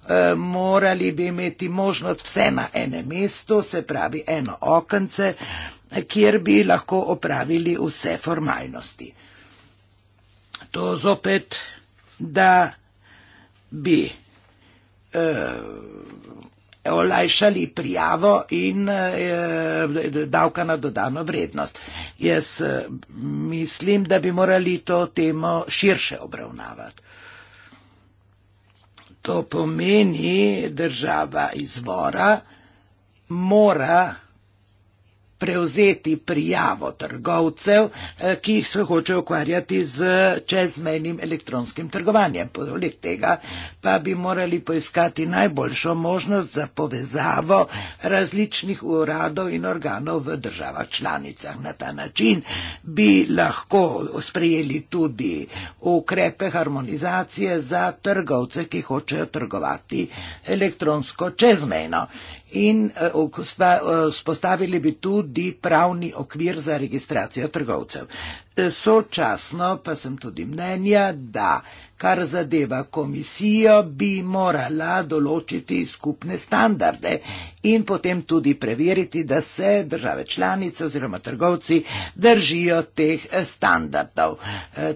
Eh, morali bi imeti možnost vse na enem mestu, se pravi eno okence, kjer bi lahko opravili vse formalnosti. To zopet, da bi e, olajšali prijavo in e, davka na dodano vrednost. Jaz mislim, da bi morali to temo širše obravnavati. To pomeni, država izvora mora prevzeti prijavo trgovcev, eh, ki jih se hoče ukvarjati z čezmenim elektronskim trgovanjem. Poleg tega pa bi morali poiskati najboljšo možnost za povezavo različnih uradov in organov v državah članicah. Na ta način bi lahko sprejeli tudi ukrepe harmonizacije za trgovce, ki hočejo trgovati elektronsko čezmeno in eh, eh, vzpostavili bi tudi pravni okvir za registracijo trgovcev. Eh, sočasno pa sem tudi mnenja, da kar zadeva komisijo, bi morala določiti skupne standarde in potem tudi preveriti, da se države članice oziroma trgovci držijo teh standardov.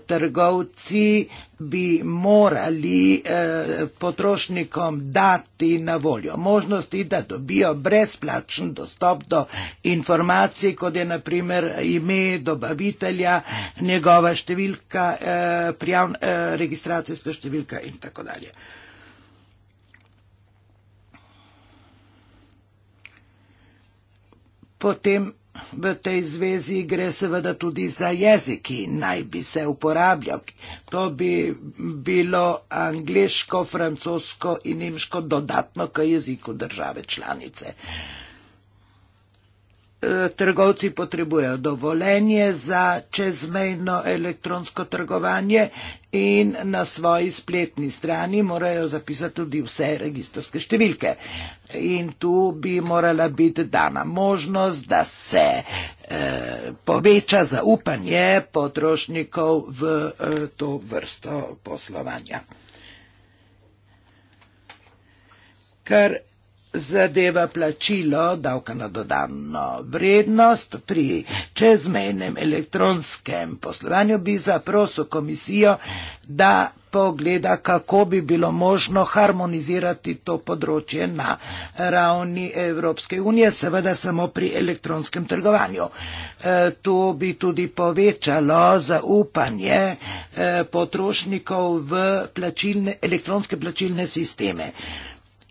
Trgovci bi morali eh, potrošnikom dati na voljo možnosti, da dobijo brezplačen dostop do informacij, kot je naprimer ime dobavitelja, njegova številka, eh, prijav, eh, registracijska številka in tako dalje. Potem V tej zvezi gre seveda tudi za jezik, ki naj bi se uporabljal. To bi bilo angliško, francosko in nemško dodatno k jeziku države članice. Eh, trgovci potrebujejo dovoljenje za čezmejno elektronsko trgovanje in na svoji spletni strani morajo zapisati tudi vse registrske številke. In tu bi morala biti dana možnost, da se eh, poveča zaupanje potrošnikov v eh, to vrsto poslovanja. Kar zadeva plačilo davka na dodano vrednost pri čezmejnem elektronskem poslovanju, bi zaprosil komisijo, da pogleda, kako bi bilo možno harmonizirati to področje na ravni Evropske unije, seveda samo pri elektronskem trgovanju. E, to bi tudi povečalo zaupanje e, potrošnikov v plačilne, elektronske plačilne sisteme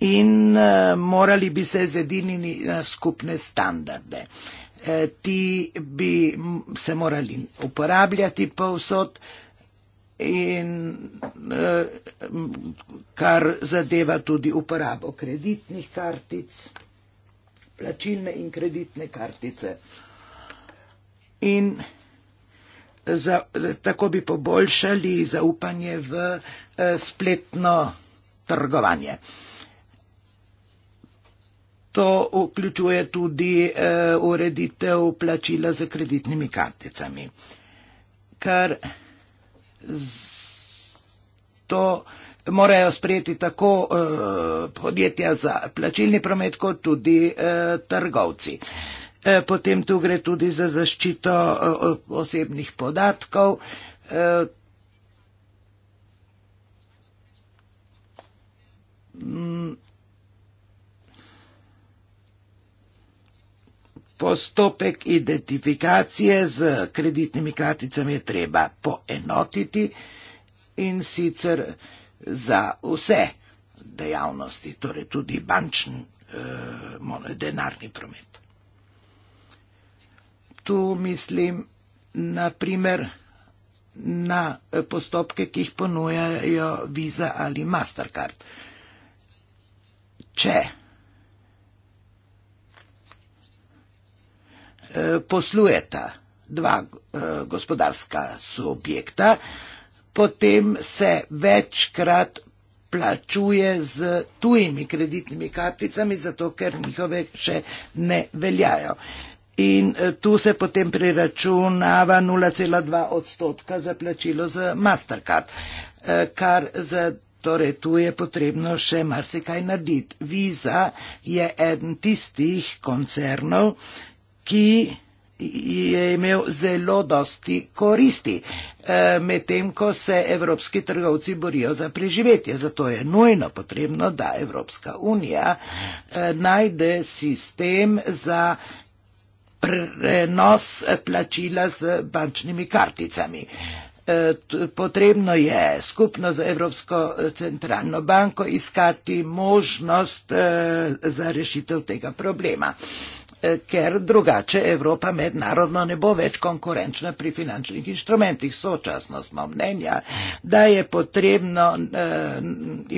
in uh, morali bi se zedinili na skupne standarde. E, ti bi se morali uporabljati pa vsot in e, kar zadeva tudi uporabo kreditnih kartic, plačilne in kreditne kartice. In za, tako bi poboljšali zaupanje v e, spletno trgovanje. To vključuje tudi uh, ureditev plačila z kreditnimi karticami. Kar to morajo sprejeti tako uh, podjetja za plačilni promet, kot tudi uh, trgovci. E, potem tu gre tudi za zaščito uh, osebnih podatkov. Uh, Postopek identifikacije z kreditnimi karticami je treba poenotiti in sicer za vse dejavnosti, torej tudi bančni eh, denarni promet. Tu mislim na primer na eh, postopke, ki jih ponujajo Visa ali Mastercard. Če Eh, poslujeta dva eh, gospodarska subjekta, potem se večkrat plačuje z tujimi kreditnimi karticami, zato ker njihove še ne veljajo. In eh, tu se potem priračunava 0,2 odstotka za plačilo z Mastercard, kar za, torej tu je potrebno še marsikaj narediti. Visa je en tistih koncernov, ki je imel zelo dosti koristi, eh, medtem ko se evropski trgovci borijo za preživetje. Zato je nujno potrebno, da Evropska unija eh, najde sistem za prenos plačila z bančnimi karticami. Eh, potrebno je skupno z Evropsko centralno banko iskati možnost za rešitev tega problema. Eh, ker drugače Evropa mednarodno ne bo več konkurenčna pri finančnih inštrumentih. Sočasno smo mnenja, da je potrebno eh,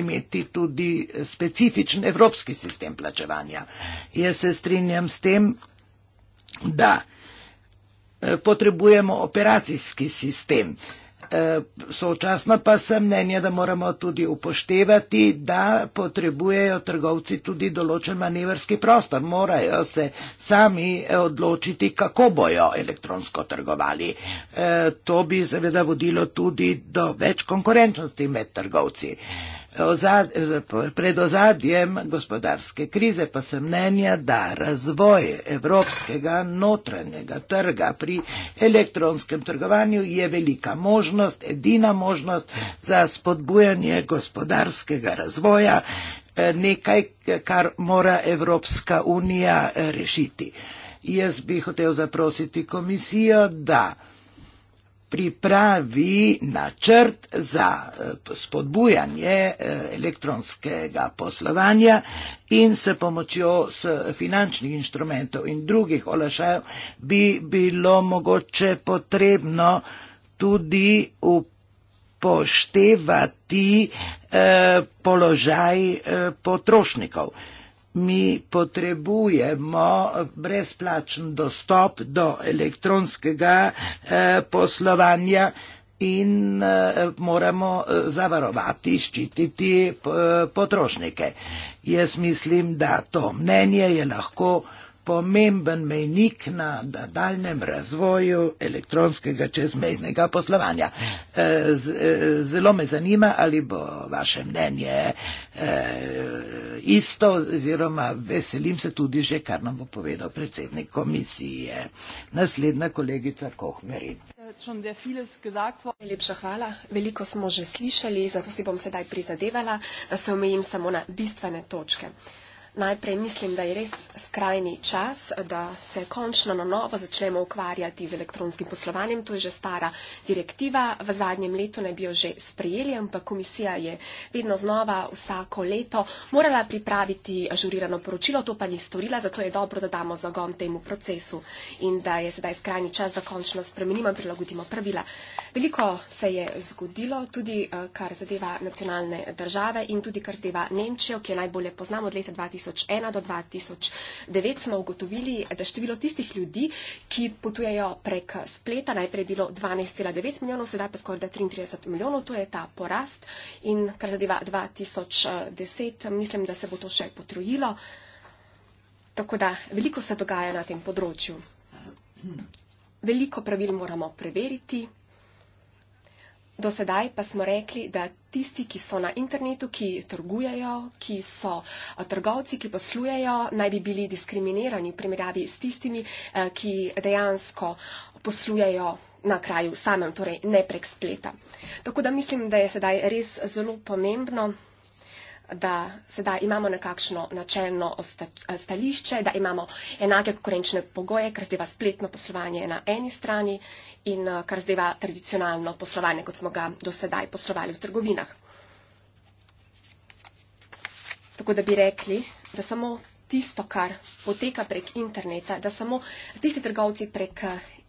imeti tudi specifičen evropski sistem plačevanja. Jaz se strinjam s tem, da eh, potrebujemo operacijski sistem. Eh, Eh, sočasno pa sem mnenja, da moramo tudi upoštevati, da potrebujejo trgovci tudi določen manevrski prostor. Morajo se sami odločiti, kako bojo elektronsko trgovali. Eh, to bi seveda vodilo tudi do več konkurenčnosti med trgovci ozad, pred ozadjem gospodarske krize pa se mnenja, da razvoj evropskega notranjega trga pri elektronskem trgovanju je velika možnost, edina možnost za spodbujanje gospodarskega razvoja, eh, nekaj, kar mora Evropska unija eh, rešiti. Jaz bi hotel zaprositi komisijo, da pripravi načrt za eh, spodbujanje eh, elektronskega poslovanja in s pomočjo s finančnih inštrumentov in drugih olašajev bi bilo mogoče potrebno tudi upoštevati eh, položaj potrošnikov mi potrebujemo brezplačen dostop do elektronskega eh, poslovanja in eh, moramo eh, zavarovati, ščititi potrošnike. Jaz mislim, da to mnenje je lahko pomemben mejnik na daljem razvoju elektronskega čezmejnega poslovanja. E, z, e, zelo me zanima, ali bo vaše mnenje e, isto, oziroma veselim se tudi že, kar nam bo povedal predsednik komisije. Naslednja kolegica Kohmerin. Najlepša hvala. Veliko smo že slišali, zato si bom sedaj prizadevala, da se omejim samo na bistvene točke. Najprej mislim, da je res skrajni čas, da se končno na novo začnemo ukvarjati z elektronskim poslovanjem. To je že stara direktiva. V zadnjem letu naj bi jo že sprejeli, ampak komisija je vedno znova vsako leto morala pripraviti žurirano poročilo, to pa ni storila, zato je dobro, da damo zagon temu procesu in da je sedaj skrajni čas, da končno spremenimo in prilagodimo pravila. Veliko se je zgodilo, tudi eh, kar zadeva nacionalne države in tudi kar zadeva Nemčijo, ki jo najbolje poznamo od leta 2000. 2001 do 2009 smo ugotovili, da število tistih ljudi, ki potujejo prek spleta, najprej je bilo 12,9 milijonov, sedaj pa skoraj 33 milijonov, to je ta porast. In kar zadeva 2010, mislim, da se bo to še potrojilo. Tako da veliko se dogaja na tem področju. Veliko pravil moramo preveriti. Do sedaj pa smo rekli, da tisti, ki so na internetu, ki trgujejo, ki so eh, trgovci, ki poslujejo, naj bi bili diskriminirani v primerjavi s tistimi, eh, ki dejansko poslujejo na kraju samem, torej ne prek spleta. Tako da mislim, da je sedaj res zelo pomembno da sedaj imamo nekakšno načelno stališče, da imamo enake konkurenčne pogoje, kar zdeva spletno poslovanje na eni strani in kar zdeva tradicionalno poslovanje, kot smo ga do sedaj poslovali v trgovinah. Tako da bi rekli, da samo tisto, kar poteka prek interneta, da samo tisti trgovci prek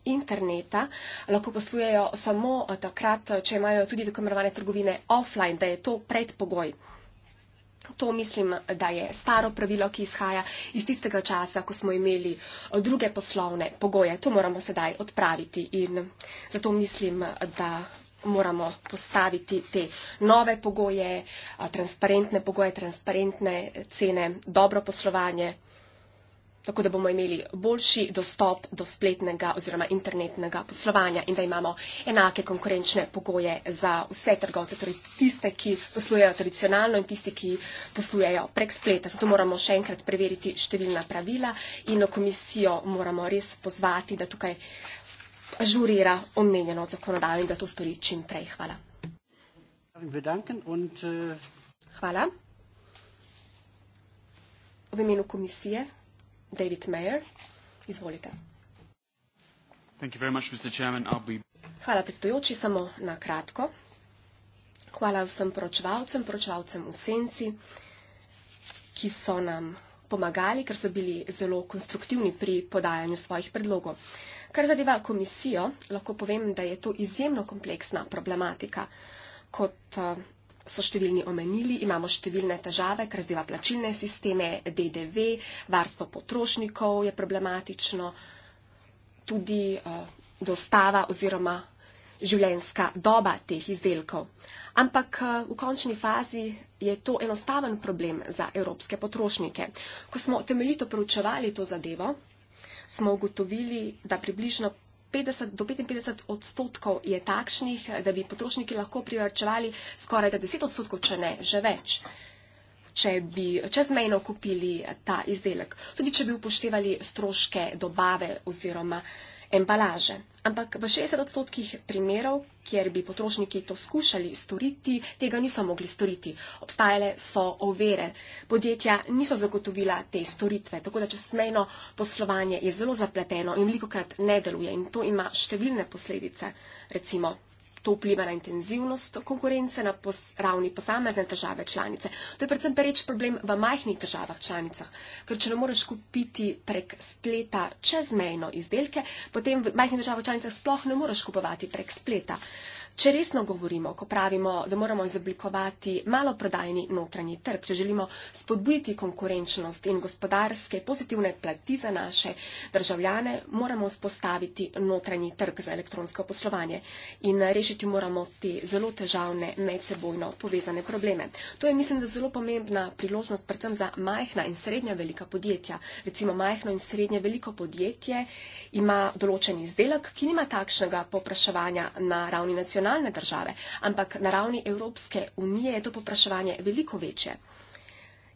interneta lahko poslujejo samo eh, takrat, če imajo tudi tako imenovane trgovine offline, da je to predpogoj. To mislim, da je staro pravilo, ki izhaja iz tistega časa, ko smo imeli eh, druge poslovne pogoje. To moramo sedaj odpraviti in zato mislim, da moramo postaviti te nove pogoje, eh, transparentne pogoje, transparentne cene, dobro poslovanje tako da bomo imeli boljši dostop do spletnega oziroma internetnega poslovanja in da imamo enake konkurenčne pogoje za vse trgovce, torej tiste, ki poslujejo tradicionalno in tiste, ki poslujejo prek spleta. Zato moramo še enkrat preveriti številna pravila in komisijo moramo res pozvati, da tukaj žurira omenjeno zakonodajo in da to stori čim prej. Hvala. Eh, Hvala. V imenu komisije. David Mayer. Izvolite. Thank you very much, Mr. Chairman. I'll be... Hvala, predstojoči, samo na kratko. Hvala vsem poročevalcem, poročevalcem v senci, ki so nam pomagali, ker so bili zelo konstruktivni pri podajanju svojih predlogov. Kar zadeva komisijo, lahko povem, da je to izjemno kompleksna problematika. Kot uh, so številni omenili, imamo številne težave, kar zdeva plačilne sisteme, DDV, varstvo potrošnikov je problematično, tudi uh, dostava oziroma življenska doba teh izdelkov. Ampak eh, v končni fazi je to enostaven problem za evropske potrošnike. Ko smo temeljito preučevali to zadevo, smo ugotovili, da približno 50 do 55 odstotkov je takšnih, da bi potrošniki lahko privrčevali skoraj 10 odstotkov, če ne že več če bi čezmejno kupili ta izdelek. Tudi, če bi upoštevali stroške dobave oziroma embalaže. Ampak v 60 odstotkih primerov, kjer bi potrošniki to skušali storiti, tega niso mogli storiti. Obstajale so overe. Podjetja niso zagotovila te storitve. Tako da čezmejno poslovanje je zelo zapleteno in veliko krat ne deluje. In to ima številne posledice. Recimo To vpliva na intenzivnost konkurence na pos ravni posamezne države članice. To je predvsem pereč problem v majhnih državah članicah, ker če ne moreš kupiti prek spleta čezmejno izdelke, potem v majhnih državah članicah sploh ne moreš kupovati prek spleta. Uh, Če resno govorimo, ko pravimo, da moramo izoblikovati maloprodajni notranji trg, če želimo spodbujiti konkurenčnost in gospodarske pozitivne plati za naše državljane, moramo vzpostaviti notranji trg za elektronsko poslovanje in rešiti moramo te zelo težavne medsebojno povezane probleme. To je, mislim, da zelo pomembna priložnost predvsem za majhna in srednja velika podjetja. Recimo majhno in srednje veliko podjetje ima določen izdelek, ki nima takšnega popraševanja na ravni nacionalnega nacionalne države, ampak na ravni Evropske unije je to popraševanje veliko večje.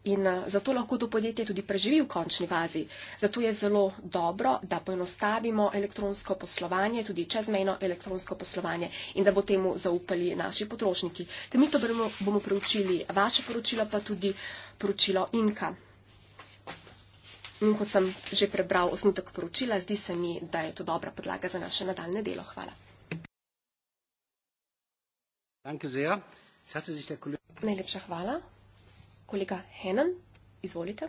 In eh, zato lahko to podjetje tudi preživi v končni vazi. Zato je zelo dobro, da poenostavimo elektronsko poslovanje, tudi čezmejno elektronsko poslovanje in da bo temu zaupali naši potrošniki. Temito bomo, bomo preučili vaše poročilo, pa tudi poročilo Inka. In kot sem že prebral osnutek poročila, zdi se mi, da je to dobra podlaga za naše nadaljne delo. Hvala. Danke sehr. Es hatte sich der Kollege. Najlepša hvala. Kolega Hennen, izvolite.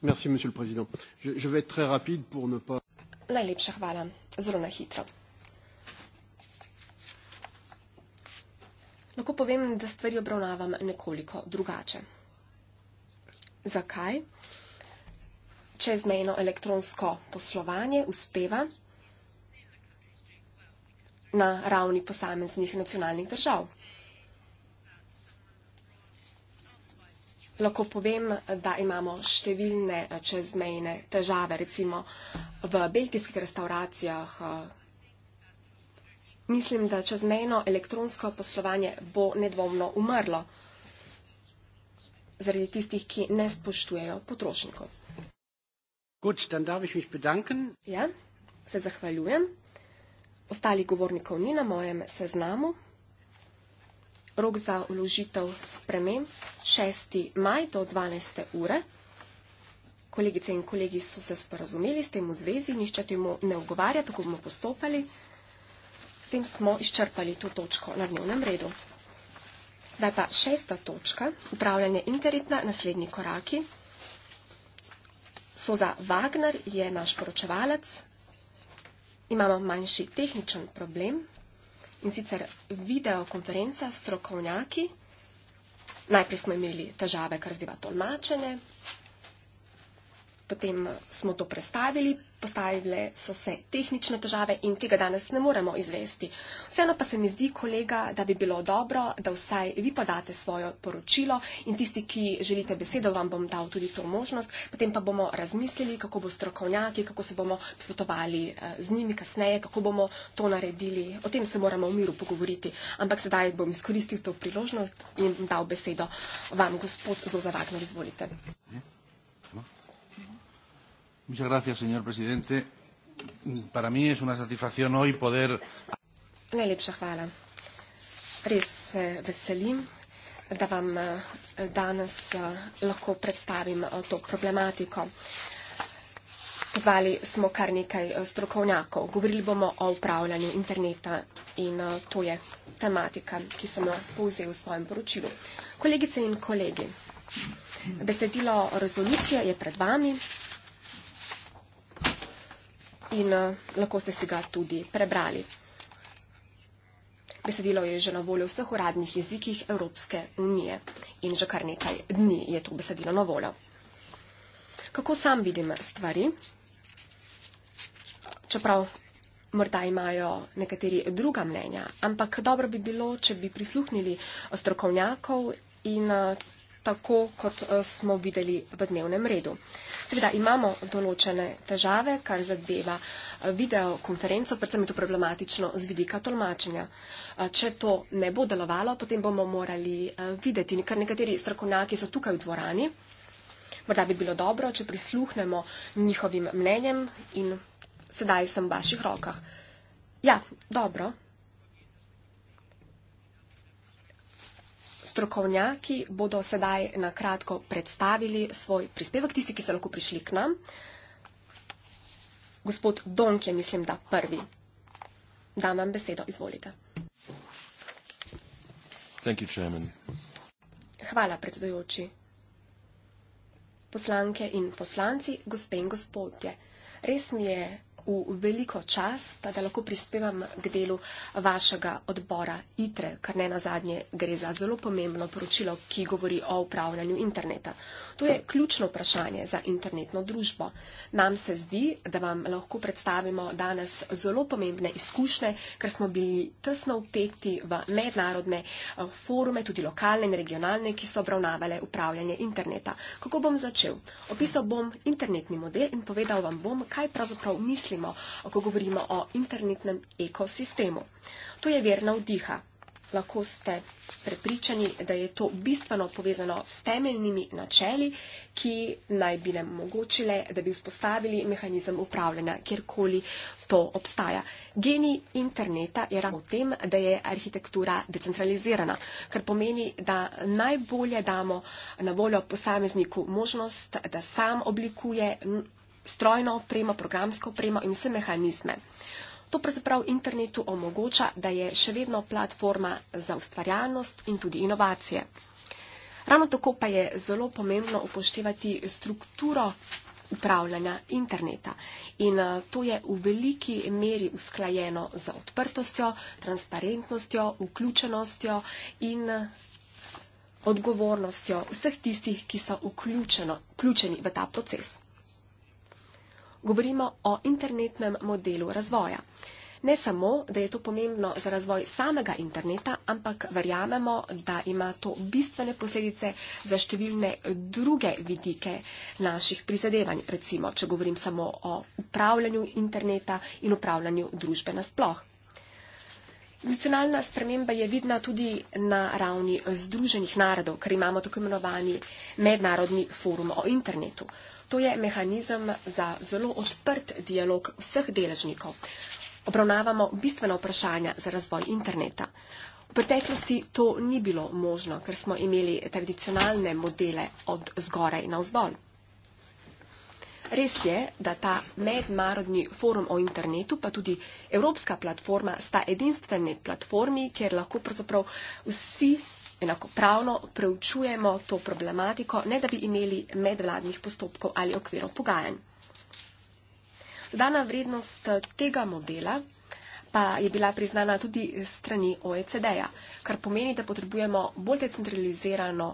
Merci, monsieur le président. Je, je vais être très rapide pour ne pas. Najlepša hvala. Zelo na hitro. Lahko povem, da stvari obravnavam nekoliko drugače. Zakaj? Čezmejno elektronsko poslovanje uspeva na ravni posameznih nacionalnih držav. Lahko povem, da imamo številne eh, čezmejne težave, recimo v belgijskih restauracijah. Eh, mislim, da čezmejno elektronsko poslovanje bo nedvomno umrlo zaradi tistih, ki ne spoštujejo potrošnikov. Gut, dann darf ich mich bedanken. Ja, se zahvaljujem. Ostalih govornikov ni na mojem seznamu. Rok za uložitev sprememb 6. maj do 12. ure. Kolegice in kolegi so se sporazumeli s tem v zvezi, nišče temu ne ogovarja, tako bomo postopali. S tem smo izčrpali to točko na dnevnem redu. Zdaj pa šesta točka, upravljanje interitna, naslednji koraki. Soza Wagner je naš poročevalec, imamo manjši tehničen problem in sicer videokonferenca s strokovnjaki. Najprej smo imeli težave, kar zdaj pa tolmačenje, potem smo to prestavili, postavile so se tehnične težave in tega danes ne moremo izvesti. Vseeno pa se mi zdi, kolega, da bi bilo dobro, da vsaj vi podate svojo poročilo in tisti, ki želite besedo, vam bom dal tudi to možnost. Potem pa bomo razmislili, kako bo strokovnjaki, kako se bomo posvetovali eh, z njimi kasneje, kako bomo to naredili. O tem se moramo v miru pogovoriti. Ampak sedaj bom izkoristil to priložnost in dal besedo vam, gospod Zoza Wagner, izvolite. Muchas gracias, señor presidente. Para mí es una satisfacción hoy poder. Najlepša hvala. Res se eh, veselim, da vam eh, danes eh, lahko predstavim to problematiko. Pozvali smo kar nekaj strokovnjakov. Govorili bomo o upravljanju interneta in to je tematika, ki sem jo povzel v svojem poročilu. Kolegice in kolegi, besedilo rezolucije je pred vami in eh, lahko ste si ga tudi prebrali. Besedilo je že na voljo vseh uradnih jezikih Evropske unije in že kar nekaj dni je to besedilo na voljo. Kako sam vidim stvari, čeprav morda imajo nekateri druga mnenja, ampak dobro bi bilo, če bi prisluhnili strokovnjakov in eh, tako, kot eh, smo videli v dnevnem redu. Seveda imamo določene težave, kar zadeva eh, videokonferenco, predvsem je to problematično z vidika tolmačenja. Eh, če to ne bo delovalo, potem bomo morali videti, ker nekateri strokovnjaki so tukaj v dvorani. Morda bi bilo dobro, če prisluhnemo njihovim mnenjem in sedaj sem v vaših rokah. Ja, dobro. strokovnjaki bodo sedaj na kratko predstavili svoj prispevek, tisti, ki so lahko prišli k nam. Gospod Donk je, mislim, da prvi. Dam vam besedo, izvolite. Thank you, Hvala, predsedujoči. Poslanke in poslanci, gospe in gospodje. Res mi je v veliko čast, da lahko prispevam k delu vašega odbora ITRE, kar ne na zadnje gre za zelo pomembno poročilo, ki govori o upravljanju interneta. To je ključno vprašanje za internetno družbo. Nam se zdi, da vam lahko predstavimo danes zelo pomembne izkušnje, ker smo bili tesno upeti v mednarodne eh, forume, tudi lokalne in regionalne, ki so obravnavale upravljanje interneta. Kako bom začel? Opisal bom internetni model in povedal vam bom, kaj pravzaprav mislim govorimo, ko govorimo o internetnem ekosistemu. To je verna vdiha. Lahko ste prepričani, da je to bistveno povezano s temeljnimi načeli, ki naj bi nam omogočile, da bi vzpostavili mehanizem upravljanja, kjerkoli to obstaja. Geni interneta je ravno v tem, da je arhitektura decentralizirana, kar pomeni, da najbolje damo na voljo posamezniku možnost, da sam oblikuje strojno opremo, programsko opremo in vse mehanizme. To pravzaprav internetu omogoča, da je še vedno platforma za ustvarjalnost in tudi inovacije. Ravno tako pa je zelo pomembno upoštevati strukturo upravljanja interneta. In eh, to je v veliki meri usklajeno z odprtostjo, transparentnostjo, vključenostjo in eh, odgovornostjo vseh tistih, ki so vključeni v ta proces govorimo o internetnem modelu razvoja. Ne samo, da je to pomembno za razvoj samega interneta, ampak verjamemo, da ima to bistvene posledice za številne druge vidike naših prizadevanj, recimo, če govorim samo o upravljanju interneta in upravljanju družbe nasploh. Nacionalna sprememba je vidna tudi na ravni Združenih narodov, ker imamo tako imenovani mednarodni forum o internetu. To je mehanizem za zelo odprt dialog vseh deležnikov. Obravnavamo bistvena vprašanja za razvoj interneta. V preteklosti to ni bilo možno, ker smo imeli tradicionalne modele od zgoraj na vzdolj. Res je, da ta mednarodni forum o internetu, pa tudi evropska platforma, sta edinstvene platformi, kjer lahko pravzaprav vsi enakopravno preučujemo to problematiko, ne da bi imeli medvladnih postopkov ali okvirov pogajanj. Dodana vrednost tega modela pa je bila priznana tudi strani OECD-ja, kar pomeni, da potrebujemo bolj decentralizirano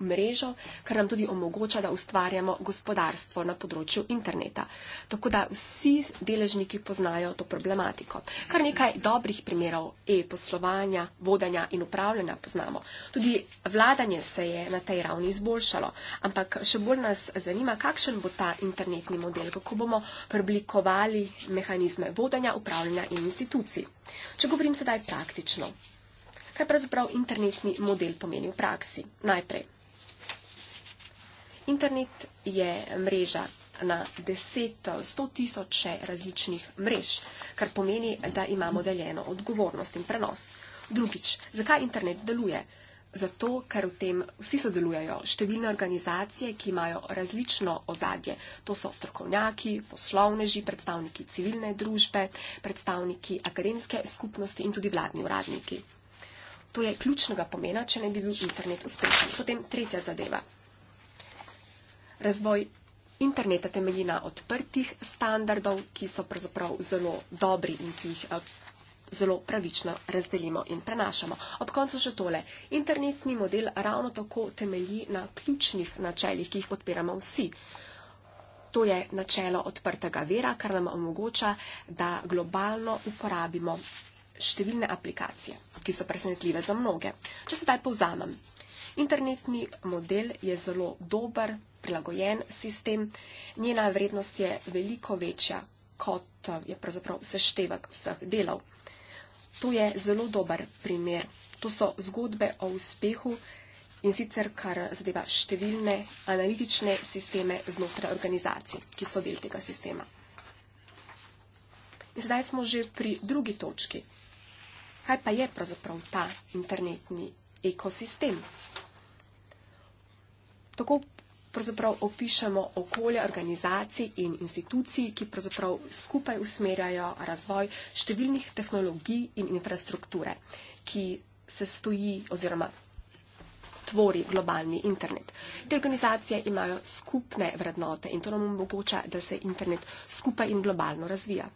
mrežo, kar nam tudi omogoča, da ustvarjamo gospodarstvo na področju interneta. Tako da vsi deležniki poznajo to problematiko. Kar nekaj dobrih primerov e-poslovanja, vodanja in upravljanja poznamo. Tudi vladanje se je na tej ravni izboljšalo, ampak še bolj nas zanima, kakšen bo ta internetni model, kako bomo preoblikovali mehanizme vodanja, upravljanja in institucij. Če govorim sedaj praktično. Kaj pravzaprav internetni model pomeni v praksi? Najprej, Internet je mreža na deset, sto tisoče različnih mrež, kar pomeni, da imamo deljeno odgovornost in prenos. Drugič, zakaj internet deluje? Zato, ker v tem vsi sodelujejo številne organizacije, ki imajo različno ozadje. To so strokovnjaki, poslovneži, predstavniki civilne družbe, predstavniki akademske skupnosti in tudi vladni uradniki. To je ključnega pomena, če ne bi bil internet uspešen. Potem tretja zadeva. Razvoj interneta temelji na odprtih standardov, ki so pravzaprav zelo dobri in ki jih eh, zelo pravično razdelimo in prenašamo. Ob koncu še tole. Internetni model ravno tako temelji na ključnih načeljih, ki jih podpiramo vsi. To je načelo odprtega vera, kar nam omogoča, da globalno uporabimo številne aplikacije, ki so presenetljive za mnoge. Če se daj povzamem, Internetni model je zelo dober, prilagojen sistem, njena vrednost je veliko večja, kot eh, je pravzaprav seštevek vseh delov. To je zelo dober primer. To so zgodbe o uspehu in sicer kar zadeva številne analitične sisteme znotraj organizacij, ki so del tega sistema. In zdaj smo že pri drugi točki. Kaj pa je pravzaprav ta internetni ekosistem? Tako pravzaprav opišemo okolje organizacij in institucij, ki pravzaprav skupaj usmerjajo razvoj številnih tehnologij in infrastrukture, ki se stoji oziroma tvori globalni internet. Te organizacije imajo skupne vrednote in to nam omogoča, da se internet skupaj in globalno razvija.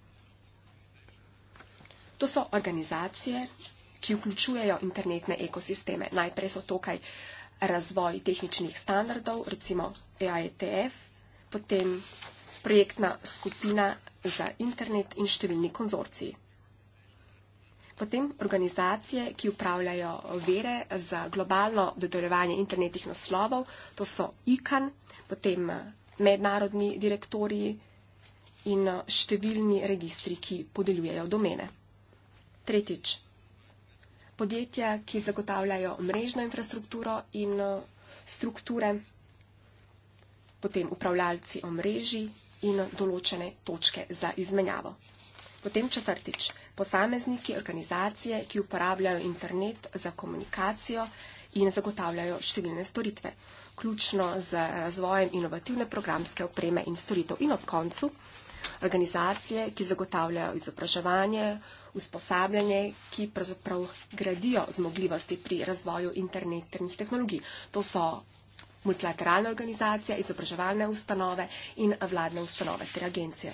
To so organizacije, ki vključujejo internetne ekosisteme. Najprej so tukaj uh, razvoj tehničnih standardov, recimo EITF, potem projektna skupina za internet in številni konzorciji. Potem organizacije, ki upravljajo vere za globalno dodeljevanje internetnih naslovov, to so ICAN, potem mednarodni direktoriji in številni registri, ki podeljujejo domene. Tretjič podjetja, ki zagotavljajo mrežno infrastrukturo in eh, strukture, potem upravljalci omrežji in določene točke za izmenjavo. Potem četrtič, posamezniki, organizacije, ki uporabljajo internet za komunikacijo in zagotavljajo številne storitve, ključno z razvojem inovativne programske opreme in storitev. In ob koncu, organizacije, ki zagotavljajo izobraževanje, usposabljanje, ki pravzaprav gradijo zmogljivosti pri razvoju internetnih tehnologij. To so multilateralne organizacije, izobraževalne ustanove in vladne ustanove ter agencije.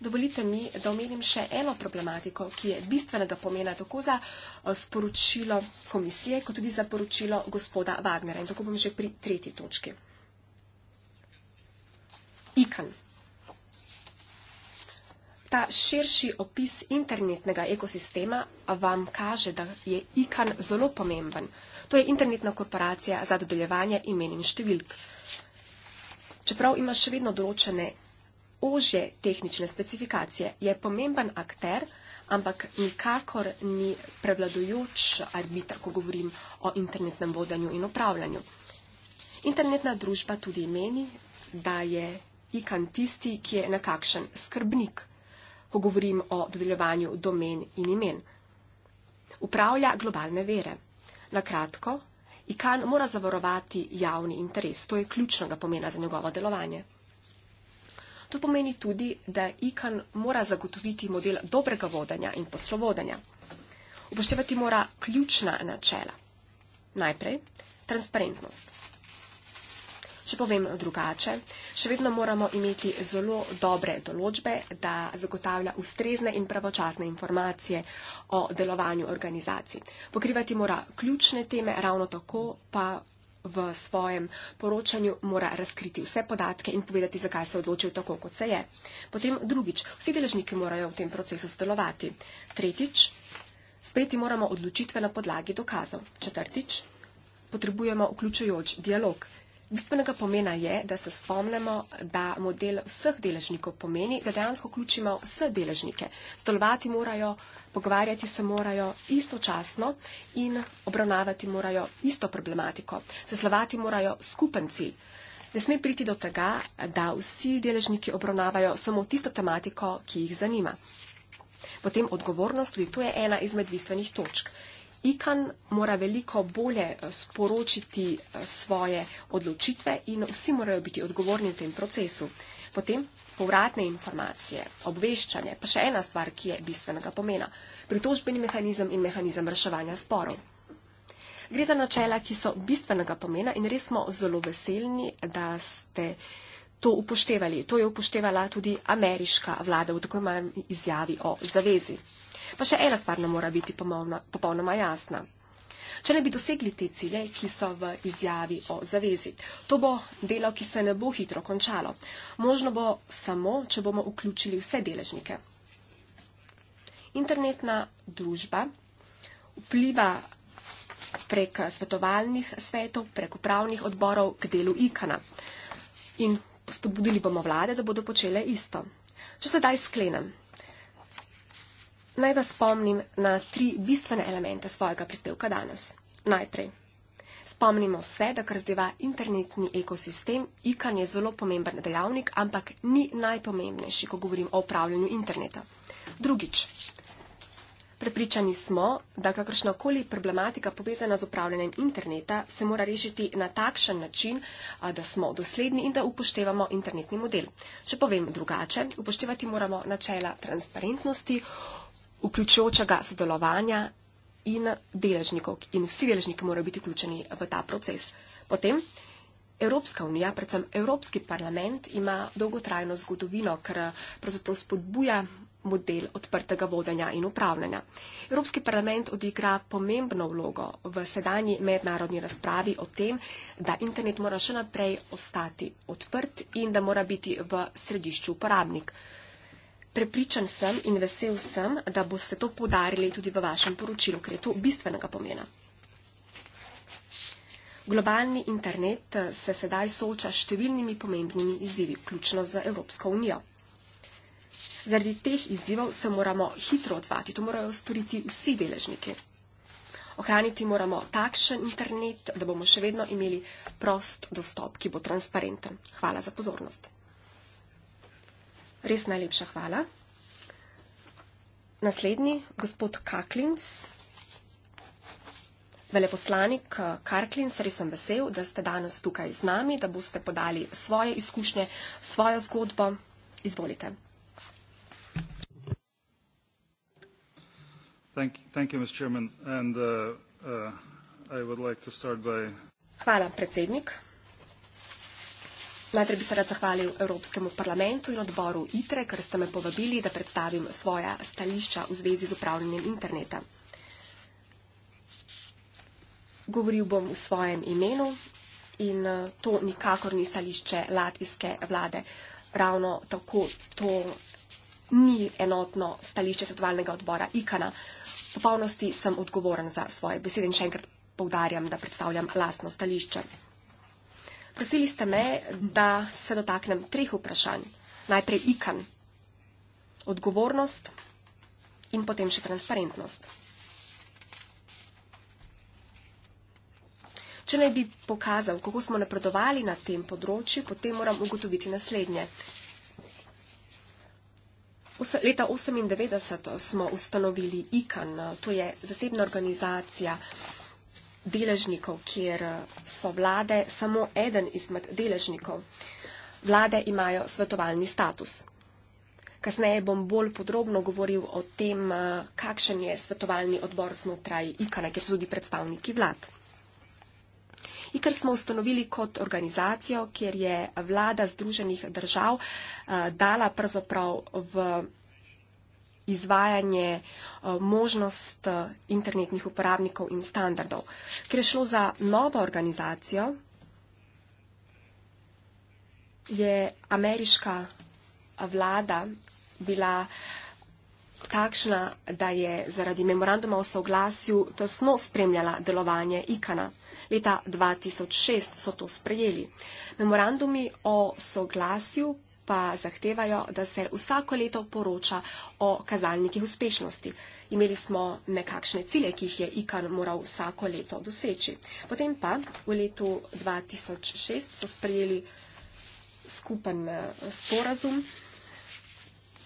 Dovolite mi, da omenim še eno problematiko, ki je bistvenega pomena tako za eh, sporočilo komisije, kot tudi za poročilo gospoda Wagnera. In tako bom že pri tretji točki. ICANN. Ta širši opis internetnega ekosistema vam kaže, da je ICAN zelo pomemben. To je internetna korporacija za dodeljevanje imen in številk. Čeprav ima še vedno določene ožje tehnične specifikacije, je pomemben akter, ampak nikakor ni prevladujoč arbitr, ko govorim o internetnem vodenju in upravljanju. Internetna družba tudi meni, da je ICAN tisti, ki je nekakšen skrbnik ko govorim o dodeljevanju domen in imen. Upravlja globalne vere. Na kratko, IKAN mora zavarovati javni interes, to je ključnega pomena za njegovo delovanje. To pomeni tudi, da IKAN mora zagotoviti model dobrega vodanja in poslovodanja. Upoštevati mora ključna načela. Najprej transparentnost. Če povem drugače, še vedno moramo imeti zelo dobre določbe, da zagotavlja ustrezne in pravočasne informacije o delovanju organizacij. Pokrivati mora ključne teme, ravno tako pa v svojem poročanju mora razkriti vse podatke in povedati, zakaj se je odločil tako, kot se je. Potem drugič, vsi deležniki morajo v tem procesu stelovati. Tretjič, sprejeti moramo odločitve na podlagi dokazov. Četrtič, potrebujemo vključujoč dialog. Bistvenega pomena je, da se spomnemo, da model vseh deležnikov pomeni, da dejansko vključimo vse deležnike. Stolovati morajo, pogovarjati se morajo istočasno in obravnavati morajo isto problematiko. Zaslovati morajo skupen cilj. Ne sme priti do tega, da vsi deležniki obravnavajo samo tisto tematiko, ki jih zanima. Potem odgovornost, tudi to je ena izmed bistvenih točk. Ikan mora veliko bolje eh, sporočiti eh, svoje odločitve in vsi morajo biti odgovorni v tem procesu. Potem povratne informacije, obveščanje, pa še ena stvar, ki je bistvenega pomena, pritožbeni mehanizem in mehanizem reševanja sporov. Gre za načela, ki so bistvenega pomena in res smo zelo veselni, da ste to upoštevali. To je upoštevala tudi ameriška vlada v tako imenovani izjavi o zavezi. Pa še ena stvar nam mora biti pomovno, popolnoma jasna. Če ne bi dosegli te cilje, ki so v izjavi o zavezi, to bo delo, ki se ne bo hitro končalo. Možno bo samo, če bomo vključili vse deležnike. Internetna družba vpliva prek svetovalnih svetov, prek upravnih odborov k delu IKANA. In spodbudili bomo vlade, da bodo počele isto. Če sedaj sklenem, naj vas spomnim na tri bistvene elemente svojega prispevka danes. Najprej. Spomnimo se, da kar zdeva internetni ekosistem, ikan je zelo pomemben dejavnik, ampak ni najpomembnejši, ko govorim o upravljanju interneta. Drugič. Prepričani smo, da kakršnakoli problematika povezana z upravljanjem interneta se mora rešiti na takšen način, da smo dosledni in da upoštevamo internetni model. Če povem drugače, upoštevati moramo načela transparentnosti, vključujočega sodelovanja in deležnikov in vsi deležniki morajo biti vključeni v ta proces. Potem Evropska unija, predvsem Evropski parlament ima dolgotrajno zgodovino, ker pravzaprav spodbuja model odprtega vodenja in upravljanja. Evropski parlament odigra pomembno vlogo v sedanji mednarodni razpravi o tem, da internet mora še naprej ostati odprt in da mora biti v središču uporabnik. Prepričan sem in vesel sem, da boste to podarili tudi v vašem poročilu, ker je to bistvenega pomena. Globalni internet se sedaj sooča s številnimi pomembnimi izzivi, vključno z Evropsko unijo. Zaradi teh izzivov se moramo hitro odzvati, to morajo storiti vsi deležniki. Ohraniti moramo takšen internet, da bomo še vedno imeli prost dostop, ki bo transparenten. Hvala za pozornost. Res najlepša hvala. Naslednji, gospod Kaklins, veleposlanik eh, Karklins, res sem vesel, da ste danes tukaj z nami, da boste podali svoje izkušnje, svojo zgodbo. Izvolite. Thank you, Mr. Chairman, and uh, uh, I would like to start by... Hvala, predsednik. Najprej bi se rad zahvalil Evropskemu parlamentu in odboru ITRE, ker ste me povabili, da predstavim svoja stališča v zvezi z upravljanjem interneta. Govoril bom v svojem imenu in uh, to nikakor ni stališče latvijske vlade. Ravno tako to ni enotno stališče svetovalnega odbora IKANA popolnosti sem odgovoren za svoje besede in še enkrat povdarjam, da predstavljam lastno stališče. Prosili ste me, da se dotaknem treh vprašanj. Najprej ikan, odgovornost in potem še transparentnost. Če naj bi pokazal, kako smo napredovali na tem področju, potem moram ugotoviti naslednje. Leta 1998 smo ustanovili IKAN, to je zasebna organizacija deležnikov, kjer so vlade samo eden izmed deležnikov. Vlade imajo svetovalni status. Kasneje bom bolj podrobno govoril o tem, kakšen je svetovalni odbor znotraj IKAN, kjer so tudi predstavniki vlad. IKR smo ustanovili kot organizacijo, kjer je vlada Združenih držav eh, dala pravzaprav v izvajanje eh, možnost eh, internetnih uporabnikov in standardov. Ker je šlo za novo organizacijo, je ameriška vlada bila takšna, da je zaradi memoranduma o soglasju tesno spremljala delovanje IKANA. Leta 2006 so to sprejeli. Memorandumi o soglasju pa zahtevajo, da se vsako leto poroča o kazalnikih uspešnosti. Imeli smo nekakšne cilje, ki jih je IKAN moral vsako leto doseči. Potem pa v letu 2006 so sprejeli skupen eh, sporazum,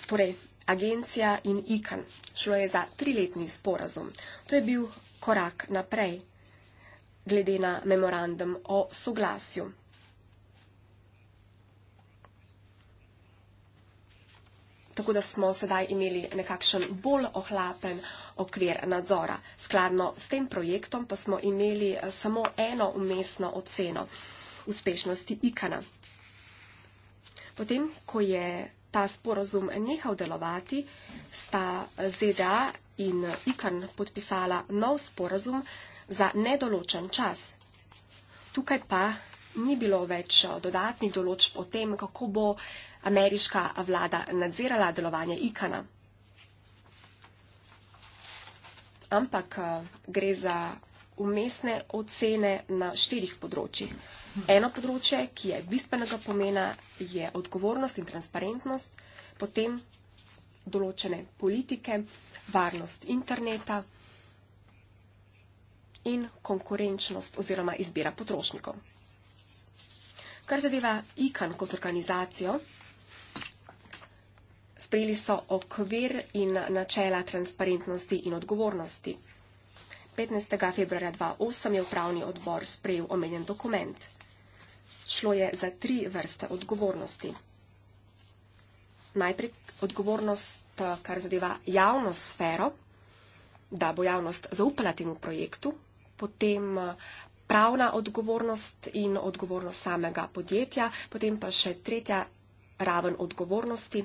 torej agencija in IKAN. Šlo je za triletni sporazum. To je bil korak naprej glede na memorandum o soglasju. Tako da smo sedaj imeli nekakšen bolj ohlapen okvir nadzora. Skladno s tem projektom pa smo imeli eh, samo eno umestno oceno uspešnosti IKANA. Potem, ko je ta sporozum nehal delovati, sta ZDA in IKAN podpisala nov sporozum, za nedoločen čas. Tukaj pa ni bilo več eh, dodatnih določb o tem, kako bo ameriška vlada nadzirala delovanje ikana. Ampak eh, gre za umestne ocene na štirih področjih. Eno področje, ki je bistvenega pomena, je odgovornost in transparentnost, potem določene politike, varnost interneta, in konkurenčnost oziroma izbira potrošnikov. Kar zadeva IKAN kot organizacijo, sprejeli so okvir in načela transparentnosti in odgovornosti. 15. februarja 2008 je upravni odbor sprejel omenjen dokument. Šlo je za tri vrste odgovornosti. Najprej odgovornost, kar zadeva javno sfero, da bo javnost zaupala temu projektu, potem eh, pravna odgovornost in odgovornost samega podjetja, potem pa še tretja raven odgovornosti,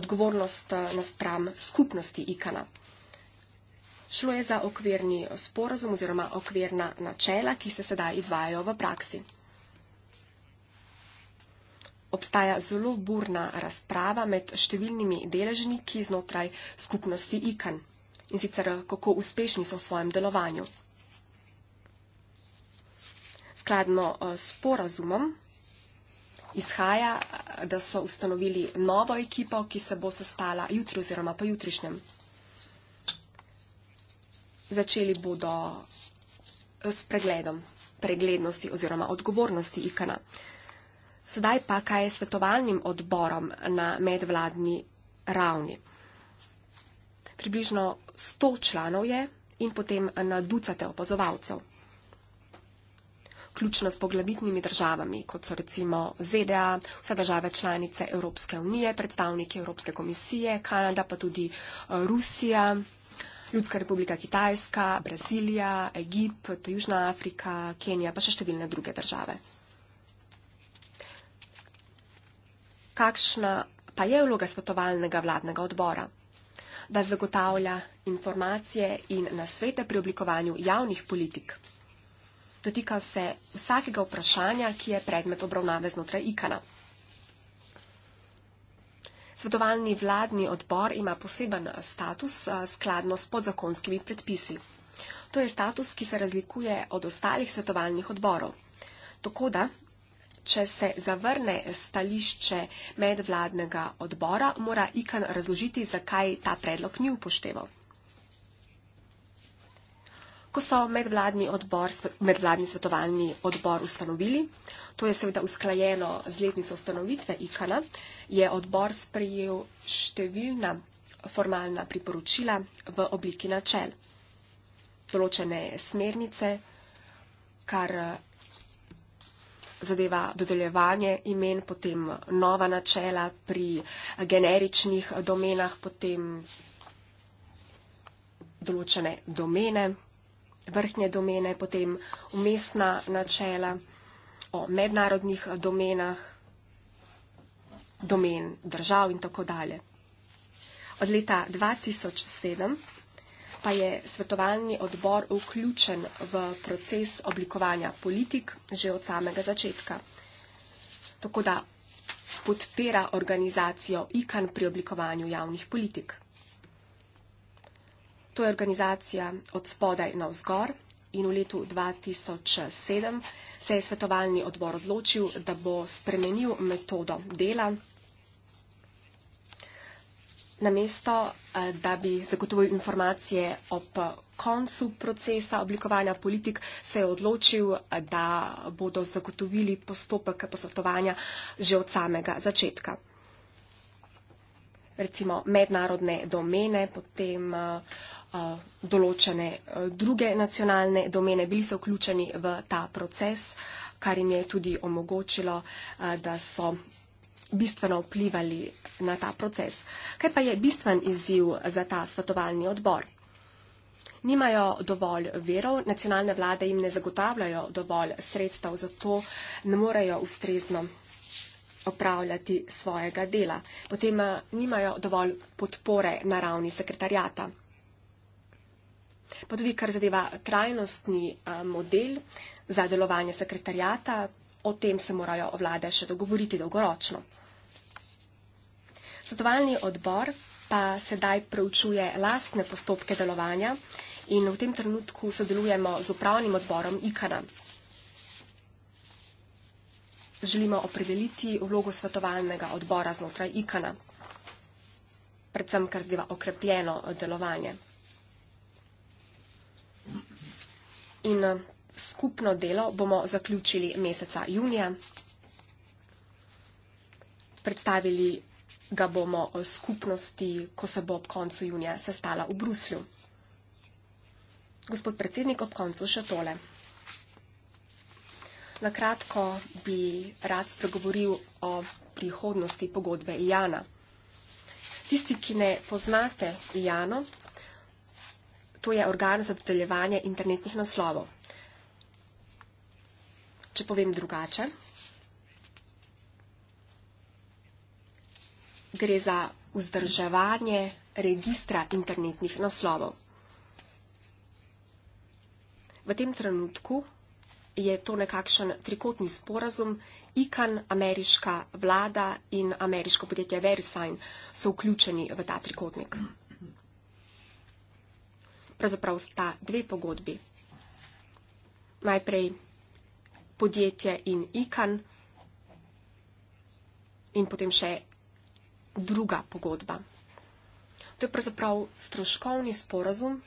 odgovornost eh, nasprem skupnosti IKANA. Šlo je za okvirni sporazum oziroma okvirna načela, ki se sedaj izvajajo v praksi. Obstaja zelo burna razprava med številnimi deležniki znotraj skupnosti IKAN in sicer kako uspešni so v svojem delovanju skladno eh, s porazumom izhaja, eh, da so ustanovili novo ekipo, ki se bo sestala jutri oziroma po jutrišnjem. Začeli bodo eh, s pregledom preglednosti oziroma odgovornosti IKN-a. Sedaj pa kaj je svetovalnim odborom na medvladni ravni. Približno 100 članov je in potem na ducate opazovalcev vključno s poglavitnimi državami, kot so recimo ZDA, vse države članice Evropske unije, predstavniki Evropske komisije, Kanada, pa tudi eh, Rusija, Ljudska republika Kitajska, Brazilija, Egipt, Južna Afrika, Kenija, pa še številne druge države. Kakšna pa je vloga svetovalnega vladnega odbora? da zagotavlja informacije in nasvete pri oblikovanju javnih politik dotika se vsakega vprašanja, ki je predmet obravnave znotraj IKANA. Svetovalni vladni odbor ima poseben eh, status eh, skladno s podzakonskimi predpisi. To je status, ki se razlikuje od ostalih svetovalnih odborov. Tako da, če se zavrne stališče medvladnega odbora, mora IKAN razložiti, zakaj ta predlog ni upošteval ko so medvladni, odbor, medvladni svetovalni odbor ustanovili. To je seveda usklajeno z letnico ustanovitve IKANA. Je odbor sprejel številna formalna priporočila v obliki načel, določene smernice, kar zadeva dodeljevanje imen, potem nova načela pri generičnih domenah, potem določene domene vrhnje domene, potem umestna načela o mednarodnih domenah, domen držav in tako dalje. Od leta 2007 pa je svetovalni odbor vključen v proces oblikovanja politik že od samega začetka. Tako da podpira organizacijo ICAN pri oblikovanju javnih politik. To je organizacija od spodaj na vzgor in v letu 2007 se je svetovalni odbor odločil, da bo spremenil metodo dela, namesto, eh, da bi zagotovil informacije ob koncu procesa oblikovanja politik, se je odločil, eh, da bodo zagotovili postopek posvetovanja že od samega začetka. Recimo mednarodne domene, potem uh, določene druge nacionalne domene, bili so vključeni v ta proces, kar jim je tudi omogočilo, da so bistveno vplivali na ta proces. Kaj pa je bistven izziv za ta svetovalni odbor? Nimajo dovolj verov, nacionalne vlade jim ne zagotavljajo dovolj sredstev, zato ne morejo ustrezno opravljati svojega dela. Potem nimajo dovolj podpore na ravni sekretarjata pa tudi kar zadeva trajnostni eh, model za delovanje sekretarjata, o tem se morajo vlade še dogovoriti dolgoročno. Svetovalni odbor pa sedaj preučuje lastne postopke delovanja in v tem trenutku sodelujemo z upravnim odborom IKANA. Želimo opredeliti vlogo svetovalnega odbora znotraj IKANA, predvsem kar zdeva okrepljeno delovanje. in eh, skupno delo bomo zaključili meseca junija. Predstavili ga bomo eh, skupnosti, ko se bo ob koncu junija sestala v Bruslju. Gospod predsednik, ob koncu še tole. Nakratko bi rad spregovoril o prihodnosti pogodbe Jana. Tisti, ki ne poznate Jano, to je organ za dodeljevanje internetnih naslovov. Če povem drugače, gre za vzdrževanje registra internetnih naslovov. V tem trenutku je to nekakšen trikotni sporazum. ICAN, ameriška vlada in ameriško podjetje Verisign so vključeni v ta trikotnik pravzaprav sta dve pogodbi. Najprej podjetje in ikan in potem še druga pogodba. To je pravzaprav stroškovni sporazum,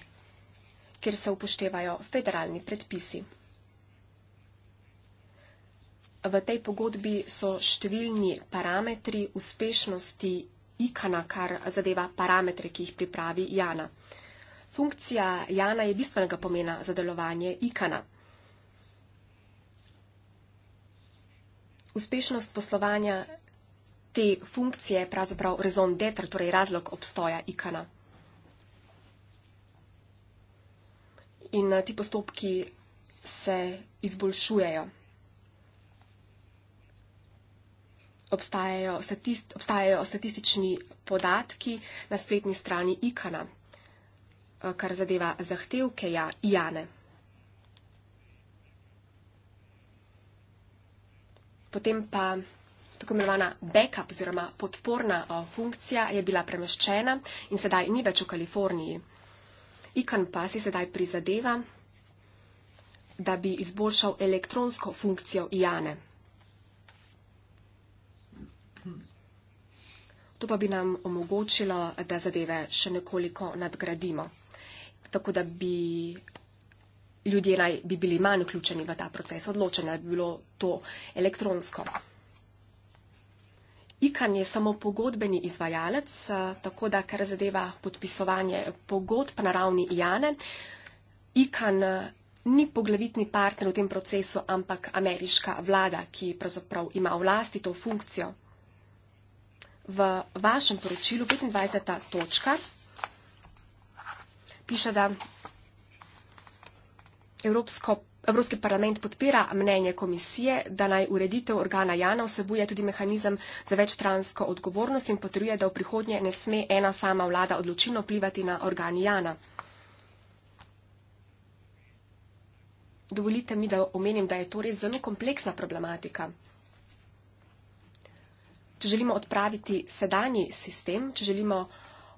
kjer se upoštevajo federalni predpisi. V tej pogodbi so številni parametri uspešnosti ikana, kar zadeva parametre, ki jih pripravi Jana funkcija Jana je bistvenega pomena za delovanje Ikana. Uspešnost poslovanja te funkcije je pravzaprav rezon detr, torej razlog obstoja Ikana. In eh, ti postopki se izboljšujejo. Obstajajo, statist, obstajajo statistični podatki na spletni strani Ikana. Eh, kar zadeva zahtevke ja, Jane. Potem pa tako imenovana backup oziroma podporna eh, funkcija je bila premeščena in sedaj ni več v Kaliforniji. Ikan pa si sedaj prizadeva, da bi izboljšal elektronsko funkcijo Jane. To pa bi nam omogočilo, da zadeve še nekoliko nadgradimo tako da bi ljudje raj bi bili manj vključeni v ta proces odločanja, da bi bilo to elektronsko. IKAN je samo pogodbeni izvajalec, eh, tako da kar zadeva podpisovanje pogodb na ravni IANE, IKAN eh, ni poglavitni partner v tem procesu, ampak ameriška vlada, ki pravzaprav ima vlasti to funkcijo. V vašem poročilu 25. točka piše, da Evropsko, Evropski parlament podpira mnenje komisije, da naj ureditev organa Jana vsebuje tudi mehanizem za večstransko odgovornost in potrjuje, da v prihodnje ne sme ena sama vlada odločilno vplivati na organ Jana. Dovolite mi, da omenim, da je to res zelo kompleksna problematika. Če želimo odpraviti sedanji sistem, če želimo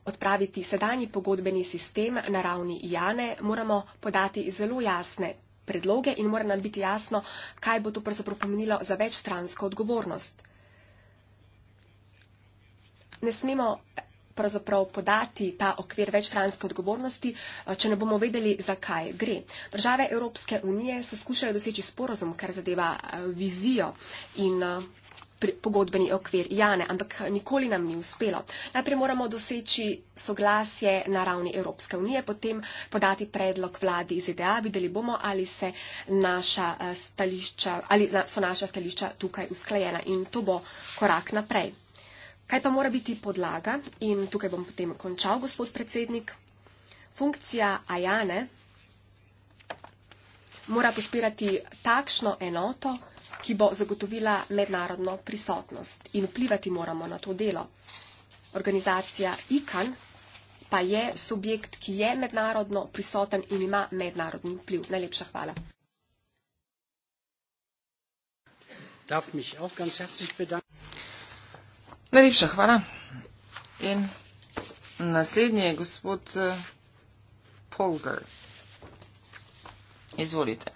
odpraviti sedanji pogodbeni sistem na ravni Jane, moramo podati zelo jasne predloge in mora nam biti jasno, kaj bo to pravzaprav pomenilo za večstransko odgovornost. Ne smemo pravzaprav podati ta okvir večstranske odgovornosti, eh, če ne bomo vedeli, zakaj gre. Države Evropske unije so skušale doseči sporozum, kar zadeva eh, vizijo in eh, pogodbeni okvir Jane, ampak nikoli nam ni uspelo. Najprej moramo doseči soglasje na ravni Evropske unije, potem podati predlog vladi ZDA, videli bomo, ali, naša eh, ali so naša stališča tukaj usklajena in to bo korak naprej. Kaj pa mora biti podlaga in tukaj bom potem končal, gospod predsednik. Funkcija Ajane mora pospirati takšno enoto, ki bo zagotovila mednarodno prisotnost in vplivati moramo na to delo. Organizacija ICAN pa je subjekt, ki je mednarodno prisoten in ima mednarodni vpliv. Najlepša hvala. Najlepša hvala. In naslednji je gospod eh, Polgar. Izvolite.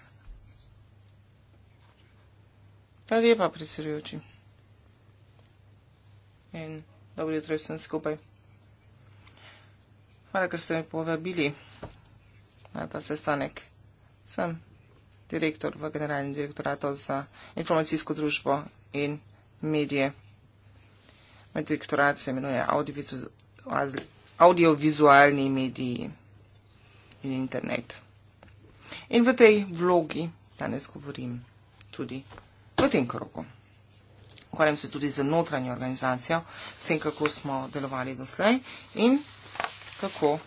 Hvala lepa, predsedujoči. In dobro jutro vsem skupaj. Hvala, ker ste me povabili na ta sestanek. Sem direktor v generalnem direktoratu za informacijsko družbo in medije. Moj direktorat se imenuje audiovizualni mediji in internet. In v tej vlogi danes govorim tudi v tem krogu. Ukvarjam se tudi z notranjo organizacijo, s tem, kako smo delovali doslej in kako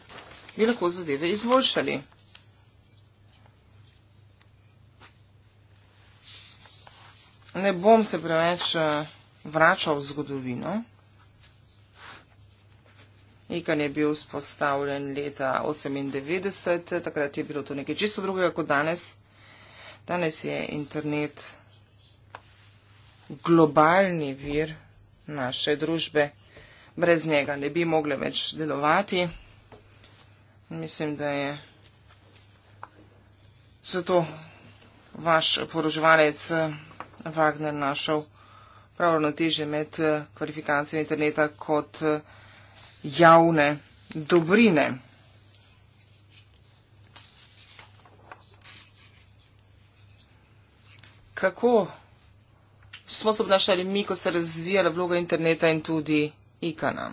bi lahko zadeve izboljšali. Ne bom se preveč eh, vračal v zgodovino. IKAN je bil spostavljen leta 1998, takrat je bilo to nekaj čisto drugega kot danes. Danes je internet globalni vir naše družbe. Brez njega ne bi mogli več delovati. Mislim, da je zato vaš poroževalec eh, Wagner našel prav ravnotežje med eh, kvalifikacijami interneta kot eh, javne dobrine. Kako smo se obnašali mi, ko se je razvijala vloga interneta in tudi ikana.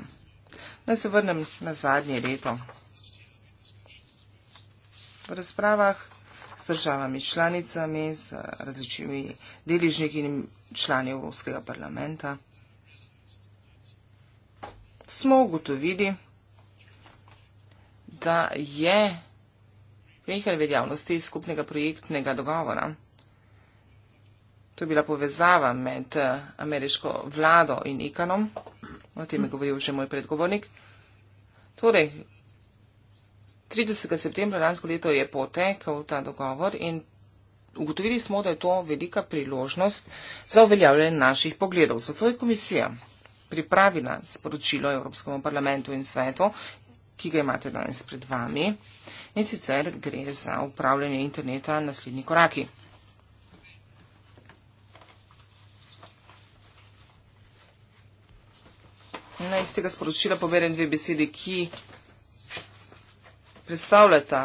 Naj se vrnem na zadnje leto. V razpravah s državami članicami, s različnimi deližniki in člani Evropskega parlamenta smo ugotovili, da je prihajanje veljavnosti skupnega projektnega dogovora. To je bila povezava med eh, ameriško vlado in Ikanom. O tem je govoril že moj predgovornik. Torej, 30. septembra lansko leto je potekal ta dogovor in ugotovili smo, da je to velika priložnost za uveljavljanje naših pogledov. Zato je komisija pripravila sporočilo Evropskemu parlamentu in svetu, ki ga imate danes pred vami. In sicer gre za upravljanje interneta naslednji koraki. Naj iz tega sporočila poberem dve besedi, ki predstavljata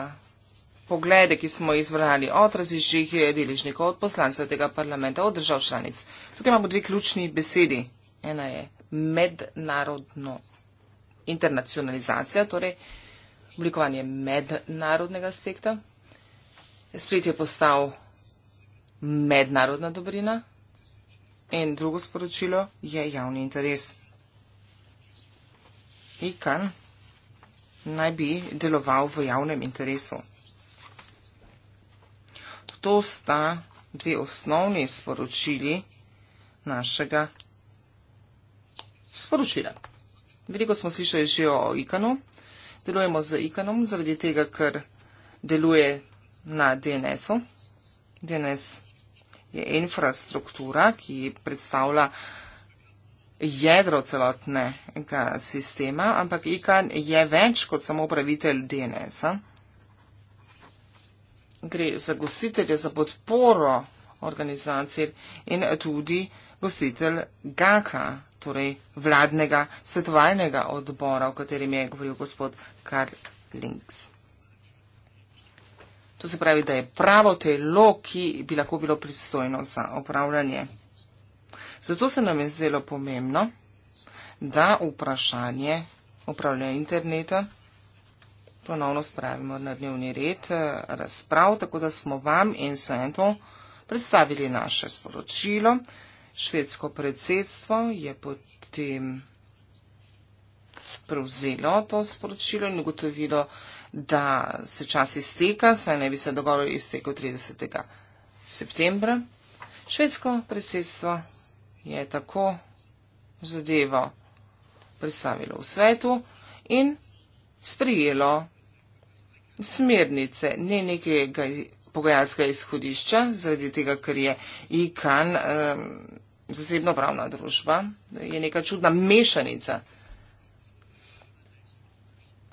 poglede, ki smo izvrali od različnih deležnikov, od poslancev tega parlamenta, od držav članic. Tukaj imamo dve ključni besedi. Ena je mednarodno internacionalizacija, torej oblikovanje mednarodnega aspekta. Split je postal mednarodna dobrina. In drugo sporočilo je javni interes. IKAN naj bi deloval v javnem interesu. To sta dve osnovni sporočili našega sporočila. Veliko smo slišali že o IKANu. Delujemo z IKANom zaradi tega, ker deluje na DNS-u. DNS je infrastruktura, ki predstavlja vsega, jedro celotnega sistema, ampak ICAN je več kot samo upravitelj DNS-a. Gre za gostitelje, za podporo organizacije in tudi gostitelj GAKA, torej vladnega svetovalnega odbora, o katerem je govoril gospod Karl Links. To se pravi, da je pravo telo, ki bi lahko bilo pristojno za upravljanje. Zato se nam je zelo pomembno, da vprašanje upravljanja interneta ponovno spravimo na dnevni red eh, razprav, tako da smo vam in Svento predstavili naše sporočilo. Švedsko predsedstvo je potem prevzelo to sporočilo in ugotovilo, da se čas izteka, saj ne bi se dogovor iztekel 30. septembra. Švedsko predsedstvo je tako zadevo predstavilo v svetu in sprijelo smernice, ne nekega pogajalskega izhodišča, zaradi tega, ker je IKAN um, zasebno pravna družba, je neka čudna mešanica.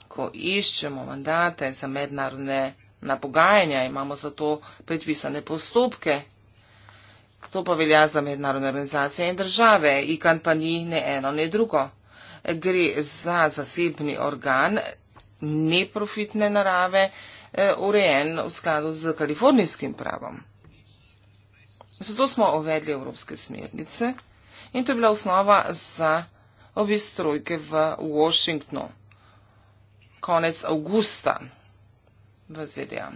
Ko iščemo mandate za mednarodne napogajanja, imamo za to predpisane postopke, To pa velja za mednarodne organizacije in države. IKAN pa ni ne eno, ne drugo. Gre za zasebni organ neprofitne narave, eh, urejen v skladu z kalifornijskim pravom. Zato smo uvedli evropske smernice in to je bila osnova za obi strojke v Washingtonu konec avgusta v ZDA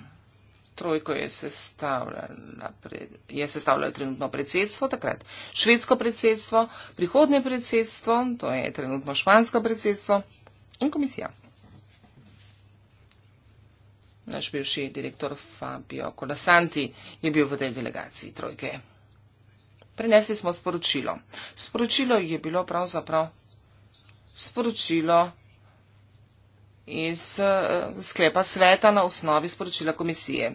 trojko je sestavljala, pred, je sestavljala trenutno predsedstvo, takrat švedsko predsedstvo, prihodnje predsedstvo, to je trenutno špansko predsedstvo in komisija. Naš bivši direktor Fabio Colasanti je bil v tej delegaciji trojke. Prinesli smo sporočilo. Sporočilo je bilo pravzaprav sporočilo iz eh, sklepa sveta na osnovi sporočila komisije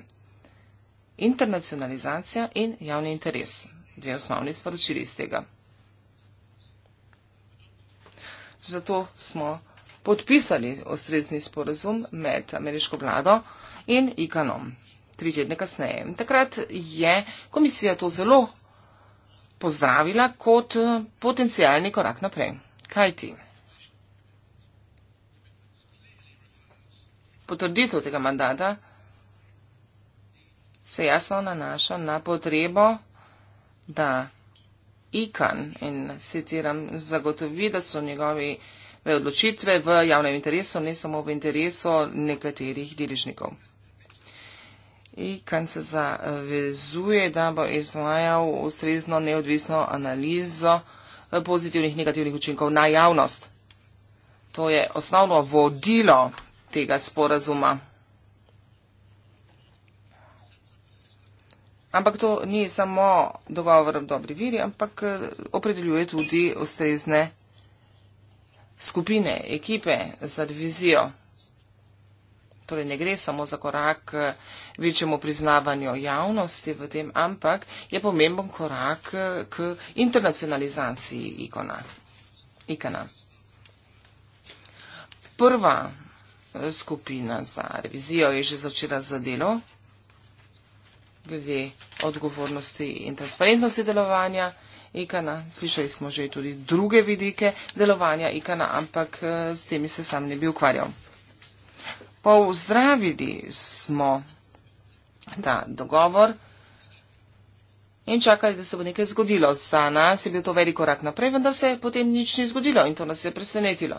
internacionalizacija in javni interes. Dve osnovni sporočili iz tega. Zato smo podpisali ostrezni sporazum med ameriško vlado in IKANOM. Tri tedne kasneje. Takrat je komisija to zelo pozdravila kot eh, potencijalni korak naprej. Kaj ti? Potrditev tega mandata se jasno nanaša na potrebo, da ikan in citiram zagotovi, da so njegovi odločitve v javnem interesu, ne samo v interesu nekaterih deležnikov. IKAN se zavezuje, da bo izvajal ustrezno neodvisno analizo eh, pozitivnih in negativnih učinkov na javnost. To je osnovno vodilo tega sporazuma. Ampak to ni samo dogovor o dobri veri, ampak eh, opredeljuje tudi ustrezne skupine, ekipe za revizijo. Torej ne gre samo za korak k eh, večjemu priznavanju javnosti v tem, ampak je pomemben korak eh, k internacionalizaciji ikona. Ikona. Prva skupina za revizijo je že začela z delo glede odgovornosti in transparentnosti delovanja IKANA. Slišali smo že tudi druge vidike delovanja IKANA, ampak eh, s temi se sam ne bi ukvarjal. Pozdravili smo ta dogovor in čakali, da se bo nekaj zgodilo. Za nas je bil to velik korak naprej, vendar se je potem nič ni zgodilo in to nas je presenetilo.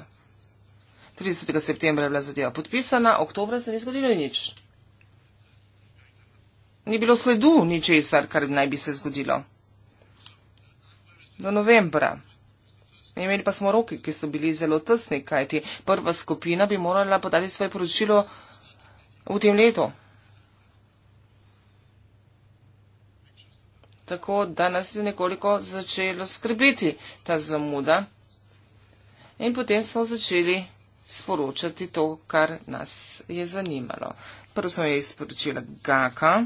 30. septembra je bila zadeva podpisana, oktobra se ni zgodilo nič ni bilo sledu ničesar, kar naj bi se zgodilo. Do novembra. Imeli pa smo roki, ki so bili zelo tesni, kajti prva skupina bi morala podati svoje poročilo v tem letu. Tako da nas je nekoliko začelo skrbeti ta zamuda. In potem smo začeli sporočati to, kar nas je zanimalo. Prvo smo jih sporočila Gaka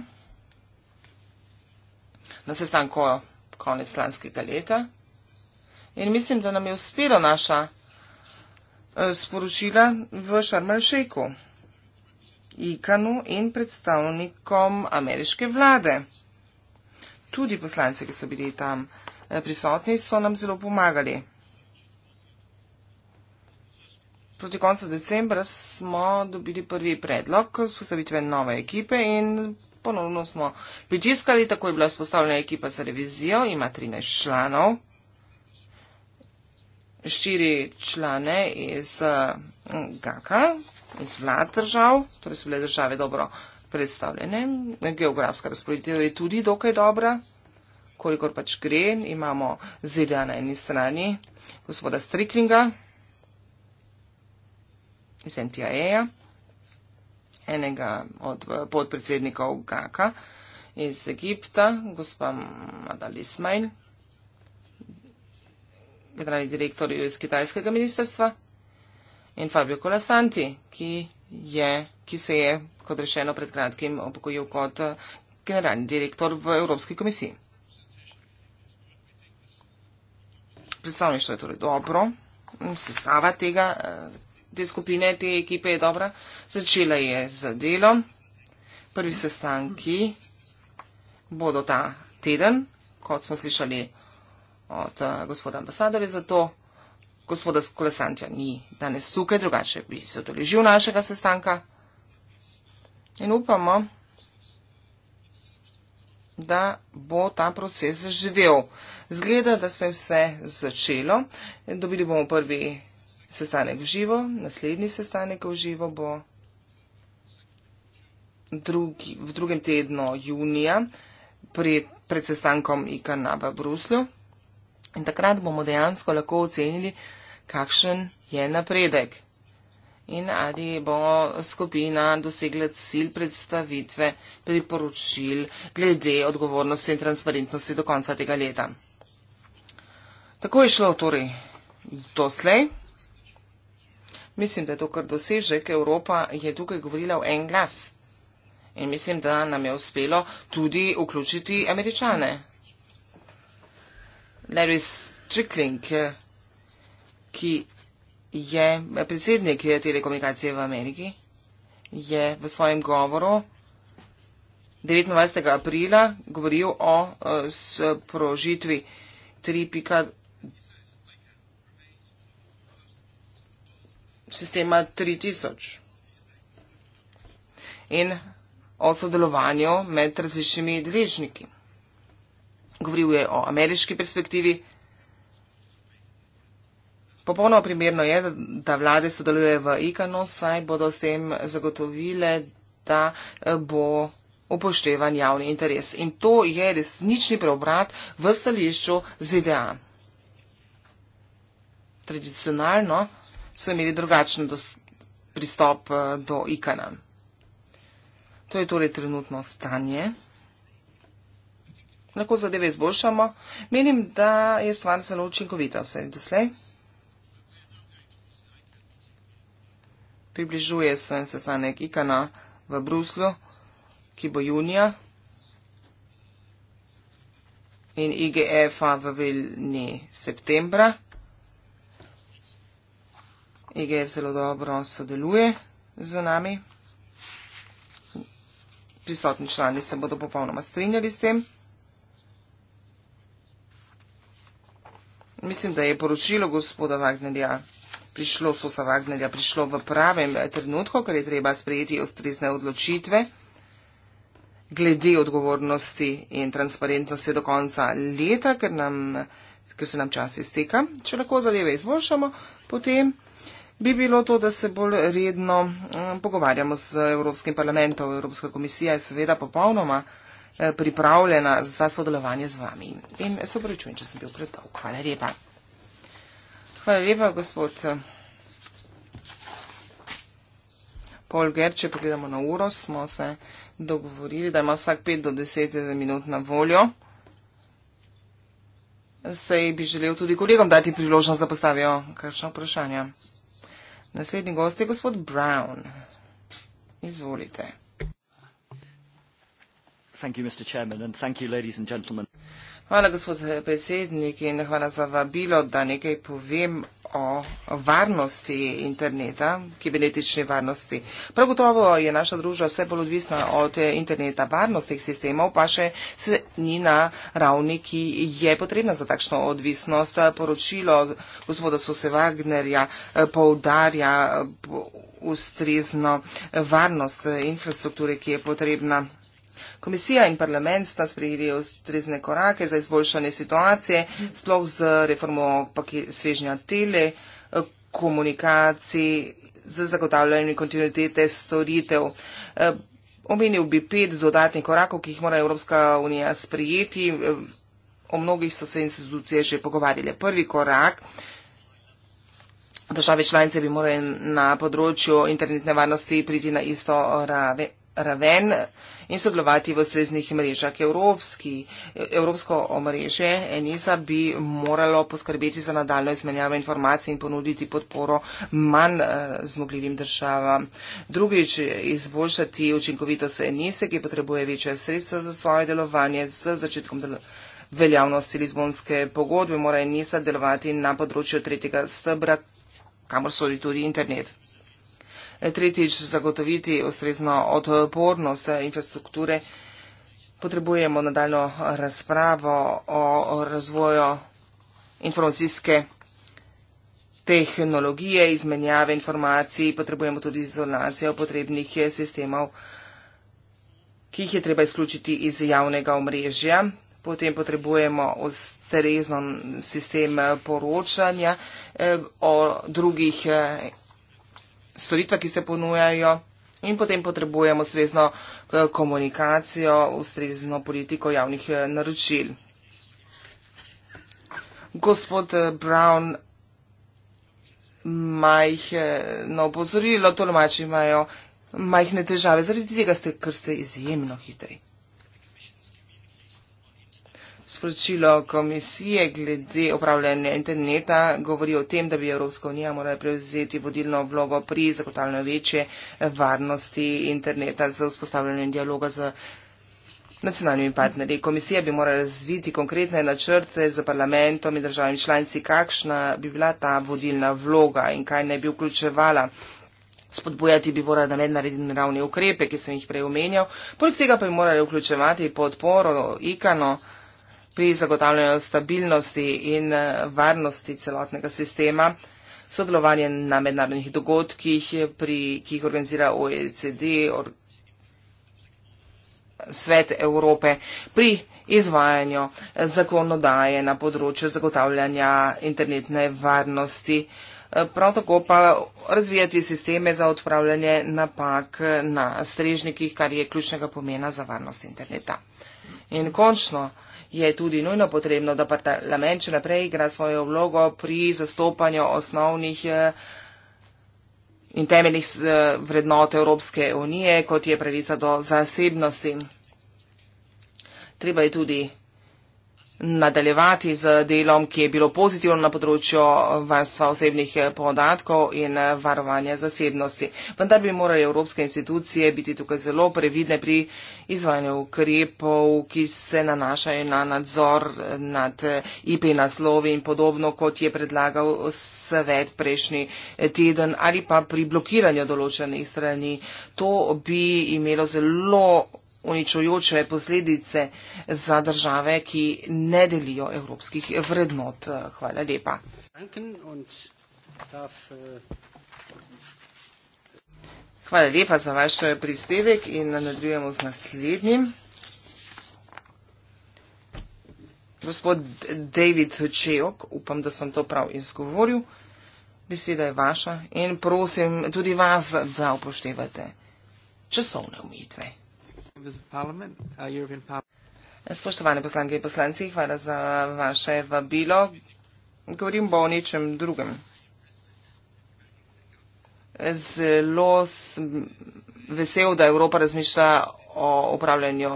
na sestanku konec lanskega leta. In mislim, da nam je uspelo naša eh, sporočila v Šarmelšejku, Ikanu in predstavnikom ameriške vlade. Tudi poslance, ki so bili tam eh, prisotni, so nam zelo pomagali. Proti koncu decembra smo dobili prvi predlog spostavitve nove ekipe in ponovno smo pritiskali, tako je bila vzpostavljena ekipa za revizijo, ima 13 članov, 4 člane iz mm, GAKA, iz vlad držav, torej so bile države dobro predstavljene, geografska razporeditev je tudi dokaj dobra, kolikor pač gre, imamo ZDA na eni strani, gospoda Striklinga iz NTIA-ja. -ja enega od eh, podpredsednikov GAKA iz Egipta, gospa Madal Ismail, generalni direktor iz kitajskega ministrstva in Fabio Colasanti, ki, je, ki se je, kot rečeno, pred kratkim upokojil kot eh, generalni direktor v Evropski komisiji. Predstavništvo je torej dobro, sestava tega eh, te skupine, te ekipe je dobra. Začela je z delom. Prvi sestanki bodo ta teden, kot smo slišali od eh, gospoda ambasadorja, zato gospoda Kolesantja ni danes tukaj, drugače bi se odoležil našega sestanka. In upamo, da bo ta proces zaživel. Zgleda, da se je vse začelo. Dobili bomo prvi sestanek v živo, naslednji sestanek v živo bo drugi, v drugem tednu junija pred, pred sestankom IKN v Bruslju. In takrat bomo dejansko lahko ocenili, kakšen je napredek in ali bo skupina dosegla cilj predstavitve priporočil glede odgovornosti in transparentnosti do konca tega leta. Tako je šlo torej doslej. Mislim, da je to kar dosežek. Evropa je tukaj govorila v en glas. In mislim, da nam je uspelo tudi vključiti američane. Larry Strickling, ki je predsednik telekomunikacije v Ameriki, je v svojem govoru 29. aprila govoril o eh, sprožitvi sistema 3000 in o sodelovanju med različnimi deležniki. Govoril je o ameriški perspektivi. Popolno primerno je, da, da vlade sodelujejo v IKANO, saj bodo s tem zagotovile, da eh, bo upoštevan javni interes. In to je resnični preobrat v stališču ZDA. Tradicionalno so imeli drugačen pristop eh, do ikana. To je torej trenutno stanje. Lahko zadeve izboljšamo. Menim, da je stvar zelo učinkovita vse doslej. Približuje se sestanek ikana v Bruslju, ki bo junija in IGF-a v Vilni septembra. EGF zelo dobro sodeluje z nami. Prisotni člani se bodo popolnoma strinjali s tem. Mislim, da je poročilo gospoda Wagnerja prišlo, sosa Wagnerja prišlo v pravem trenutku, ker je treba sprejeti ustrezne odločitve glede odgovornosti in transparentnosti do konca leta, ker, nam, ker se nam čas izteka. Če lahko zadeve izboljšamo, potem bi bilo to, da se bolj redno eh, pogovarjamo z Evropskim parlamentom. Evropska komisija je seveda popolnoma eh, pripravljena za sodelovanje z vami. In se obračujem, če sem bil predolg. Hvala lepa. Hvala lepa, gospod eh, Pol Ger, če pogledamo na uro, smo se dogovorili, da ima vsak 5 do 10 minut na voljo. Sej bi želel tudi kolegom dati priložnost, da postavijo kakšno vprašanje. Naslednji gost je gospod Brown. Izvolite. Hvala, gospod predsednik, in hvala za vabilo, da nekaj povem o varnosti interneta, kibernetični varnosti. Prav gotovo je naša družba vse bolj odvisna od eh, interneta varnostnih sistemov, pa še se ni na ravni, ki je potrebna za takšno odvisnost. Poročilo gospoda Sose Wagnerja eh, poudarja eh, ustrezno varnost infrastrukture, ki je potrebna. Komisija in parlament sta sprejeli ustrezne korake za izboljšanje situacije, sploh z reformo svežnja tele, komunikacij, z zagotavljanjem kontinuitete storitev. Eh, omenil bi pet dodatnih korakov, ki jih mora Evropska unija sprijeti. Eh, o mnogih so se institucije že pogovarjale. Prvi korak. Države članice bi morali na področju internetne varnosti priti na isto raven raven in sodelovati v sreznih mrežah. Evropski, Evropsko omrežje ENISA bi moralo poskrbeti za nadaljno izmenjavo informacij in ponuditi podporo manj eh, zmogljivim državam. Drugič, izboljšati učinkovitost ENISA, ki potrebuje večje sredstva za svoje delovanje z začetkom veljavnosti Lizbonske pogodbe, mora ENISA delovati na področju tretjega stebra, kamor sodi tudi internet. Tretjič, zagotoviti ustrezno odpornost infrastrukture. Potrebujemo nadaljno razpravo o razvoju informacijske tehnologije, izmenjave informacij, potrebujemo tudi izolacijo potrebnih sistemov, ki jih je treba izključiti iz javnega omrežja. Potem potrebujemo ustrezno sistem poročanja eh, o drugih eh, storitve, ki se ponujajo. In potem potrebujemo ustrezno eh, komunikacijo, ustrezno politiko javnih eh, naročil. Gospod eh, Brown, majhno opozorilo, tolmači imajo majhne težave, zaradi tega ste, ker ste izjemno hitri. Sporočilo komisije glede upravljanja interneta govori o tem, da bi Evropska unija morala prevzeti vodilno vlogo pri zagotavljanju večje varnosti interneta z vzpostavljanjem dialoga z nacionalnimi partnerji. Komisija bi morala razviti konkretne načrte z parlamentom in državami članici, kakšna bi bila ta vodilna vloga in kaj naj bi vključevala. Spodbujati bi morala na mednarodni ravni ukrepe, ki sem jih prej omenjal, poleg tega pa bi morala vključevati podporo IKANO pri zagotavljanju stabilnosti in eh, varnosti celotnega sistema, sodelovanje na mednarodnih dogodkih, pri, ki jih organizira OECD, or, Svet Evrope, pri izvajanju eh, zakonodaje na področju zagotavljanja internetne varnosti. Eh, prav tako pa razvijati sisteme za odpravljanje napak na strežnikih, kar je ključnega pomena za varnost interneta. In končno, je tudi nujno potrebno, da parlament še naprej igra svojo vlogo pri zastopanju osnovnih eh, in temeljnih eh, vrednot Evropske unije, kot je pravica do zasebnosti. Treba je tudi nadaljevati z delom, ki je bilo pozitivno na področju varstva osebnih podatkov in varovanja zasebnosti. Vendar bi morali evropske institucije biti tukaj zelo previdne pri izvajanju ukrepov, ki se nanašajo na nadzor nad IP naslovi in podobno, kot je predlagal svet prejšnji teden ali pa pri blokiranju določenih strani. To bi imelo zelo uničujoče posledice za države, ki ne delijo evropskih vrednot. Hvala lepa. Äh, Hvala lepa za vaš äh, prispevek in nadaljujemo z naslednjim. Gospod David Čejok, upam, da sem to prav izgovoril. Beseda je vaša in prosim tudi vas, da upoštevate časovne umitve. Uh, Spoštovane poslanke in poslanci, hvala za vaše vabilo. Govorim bo o nečem drugem. Zelo sem vesel, da Evropa razmišlja o upravljanju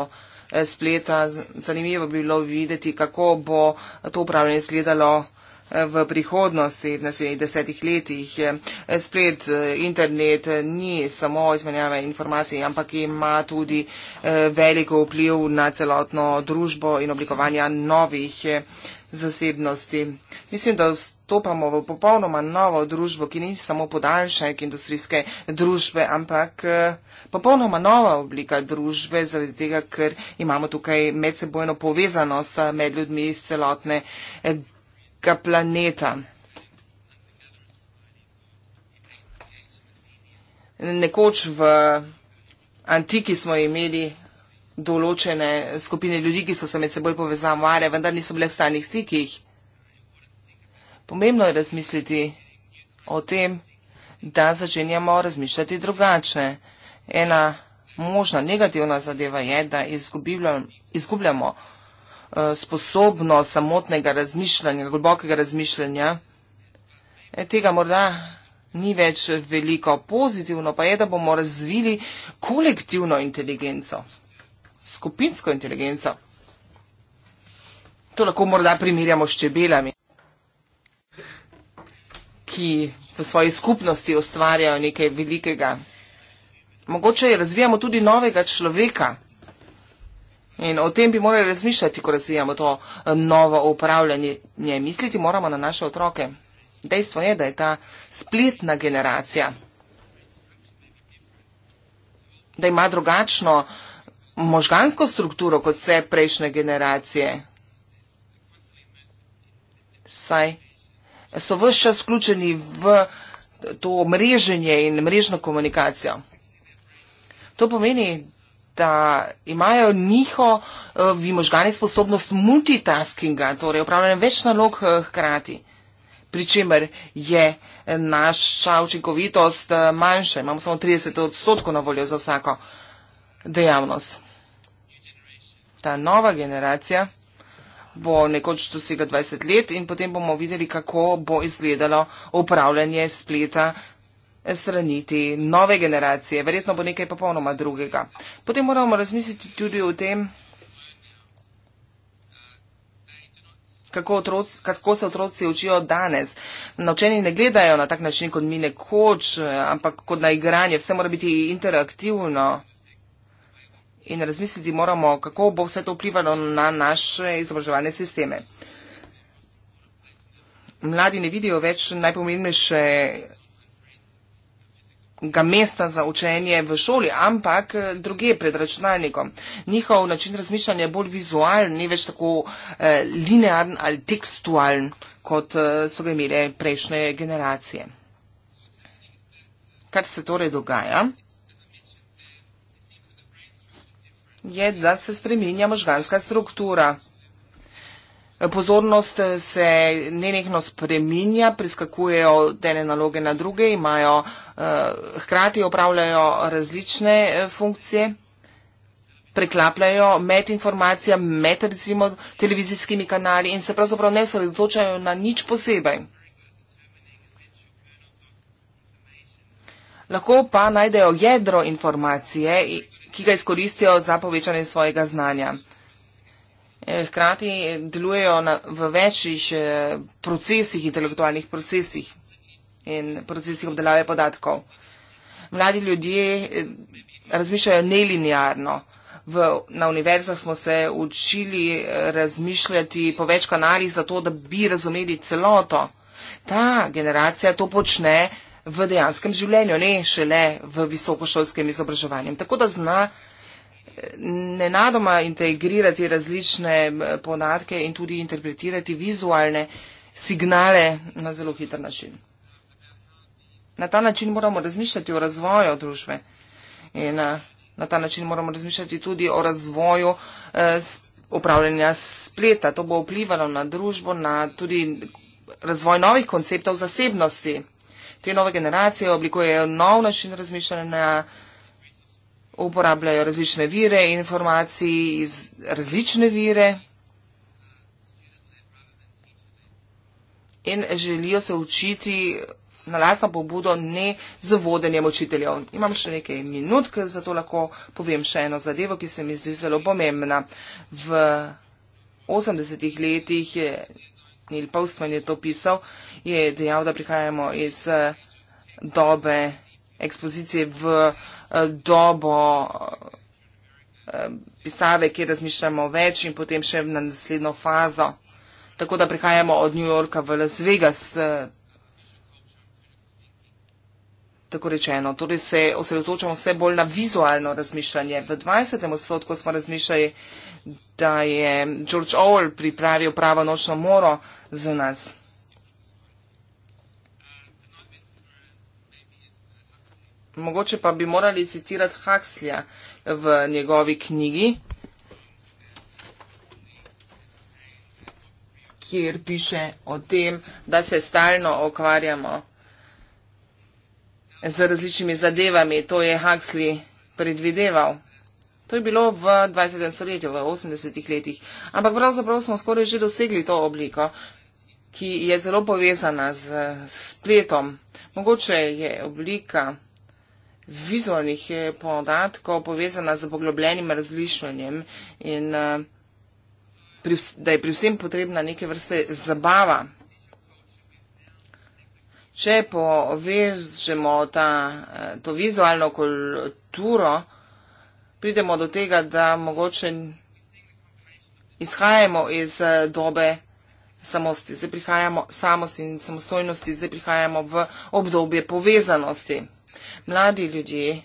eh, spleta. Zanimivo bi bilo videti, kako bo to upravljanje izgledalo v prihodnosti, v naslednjih desetih letih. Splet, internet ni samo izmenjava informacij, ampak ima tudi eh, veliko vpliv na celotno družbo in oblikovanja novih eh, zasebnosti. Mislim, da vstopamo v popolnoma novo družbo, ki ni samo podaljšek industrijske družbe, ampak eh, popolnoma nova oblika družbe, zaradi tega, ker imamo tukaj medsebojno povezanost med ljudmi iz celotne tega planeta. Nekoč v antiki smo imeli določene skupine ljudi, ki so se med seboj povezavale, vendar niso bile v stalnih stikih. Pomembno je razmisliti o tem, da začenjamo razmišljati drugače. Ena možna negativna zadeva je, da izgubljamo, izgubljamo Eh, sposobno samotnega razmišljanja, globokega razmišljanja. E, tega morda ni več veliko. Pozitivno pa je, da bomo razvili kolektivno inteligenco, skupinsko inteligenco. To lahko morda primerjamo s čebelami, ki v svoji skupnosti ustvarjajo nekaj velikega. Mogoče razvijamo tudi novega človeka. In o tem bi morali razmišljati, ko razvijamo to eh, novo upravljanje. Misliti moramo na naše otroke. Dejstvo je, da je ta spletna generacija, da ima drugačno možgansko strukturo kot vse prejšnje generacije. Saj so vse čas vključeni v to mreženje in mrežno komunikacijo. To pomeni, da imajo njiho eh, vi možgani sposobnost multitaskinga, torej upravljanje več nalog eh, hkrati. Pričemer je naša učinkovitost eh, manjša, imamo samo 30 odstotkov na voljo za vsako dejavnost. Ta nova generacija bo nekoč dosega 20 let in potem bomo videli, kako bo izgledalo upravljanje spleta straniti nove generacije. Verjetno bo nekaj popolnoma drugega. Potem moramo razmisliti tudi o tem, kako, otroc, kako se otroci učijo danes. Naučeni ne gledajo na tak način, kot mi nekoč, ampak kot na igranje. Vse mora biti interaktivno. In razmisliti moramo, kako bo vse to vplivalo na naše izobraževalne sisteme. Mladi ne vidijo več najpomembnejše ga mesta za učenje v šoli, ampak eh, druge pred računalnikom. Njihov način razmišljanja je bolj vizualen, ni več tako eh, linearen ali tekstualen, kot eh, so ga imele prejšnje generacije. Kar se torej dogaja, je, da se spreminja možganska struktura. Pozornost se nenehno spreminja, priskakujejo dene naloge na druge, imajo, eh, hkrati opravljajo različne eh, funkcije, preklapljajo med informacija, med recimo televizijskimi kanali in se pravzaprav ne sredotočajo na nič posebej. Lahko pa najdejo jedro informacije, ki ga izkoristijo za povečanje svojega znanja. Eh, hkrati delujejo na, v večjih eh, procesih, intelektualnih procesih in procesih obdelave podatkov. Mladi ljudje eh, razmišljajo nelinearno. V, na univerzah smo se učili razmišljati po več kanalih, zato da bi razumeli celoto. Ta generacija to počne v dejanskem življenju, ne šele v visokošolskem izobraževanju. Tako da zna nenadoma integrirati različne podatke in tudi interpretirati vizualne signale na zelo hiter način. Na ta način moramo razmišljati o razvoju družbe in na, eh, na ta način moramo razmišljati tudi o razvoju eh, upravljanja spleta. To bo vplivalo na družbo, na tudi razvoj novih konceptov zasebnosti. Te nove generacije oblikujejo nov način razmišljanja na uporabljajo različne vire informacij iz različne vire in želijo se učiti na lasno pobudo, ne z vodenjem učiteljev. Imam še nekaj minut, ker zato lahko povem še eno zadevo, ki se mi zdi zelo pomembna. V 80-ih letih je Neil Postman je to pisal, je dejal, da prihajamo iz dobe ekspozicije v eh, dobo eh, pisave, kjer razmišljamo več in potem še na naslednjo fazo. Tako da prihajamo od New Yorka v Las Vegas, eh, tako rečeno. Torej se osredotočamo vse bolj na vizualno razmišljanje. V 20. odstotku smo razmišljali, da je George Orwell pripravil pravo nočno moro za nas. mogoče pa bi morali citirati Huxleya v njegovi knjigi, kjer piše o tem, da se stalno okvarjamo z različnimi zadevami. To je Huxley predvideval. To je bilo v 20. stoletju, v 80-ih letih. Ampak pravzaprav smo skoraj že dosegli to obliko, ki je zelo povezana z spletom. Mogoče je oblika vizualnih eh, podatkov povezana z poglobljenim razlišanjem in eh, pri, da je pri vsem potrebna neke vrste zabava. Če povežemo ta, eh, to vizualno kulturo, pridemo do tega, da mogoče izhajamo iz dobe samosti, zdaj prihajamo samosti in samostojnosti, zdaj prihajamo v obdobje povezanosti mladi ljudje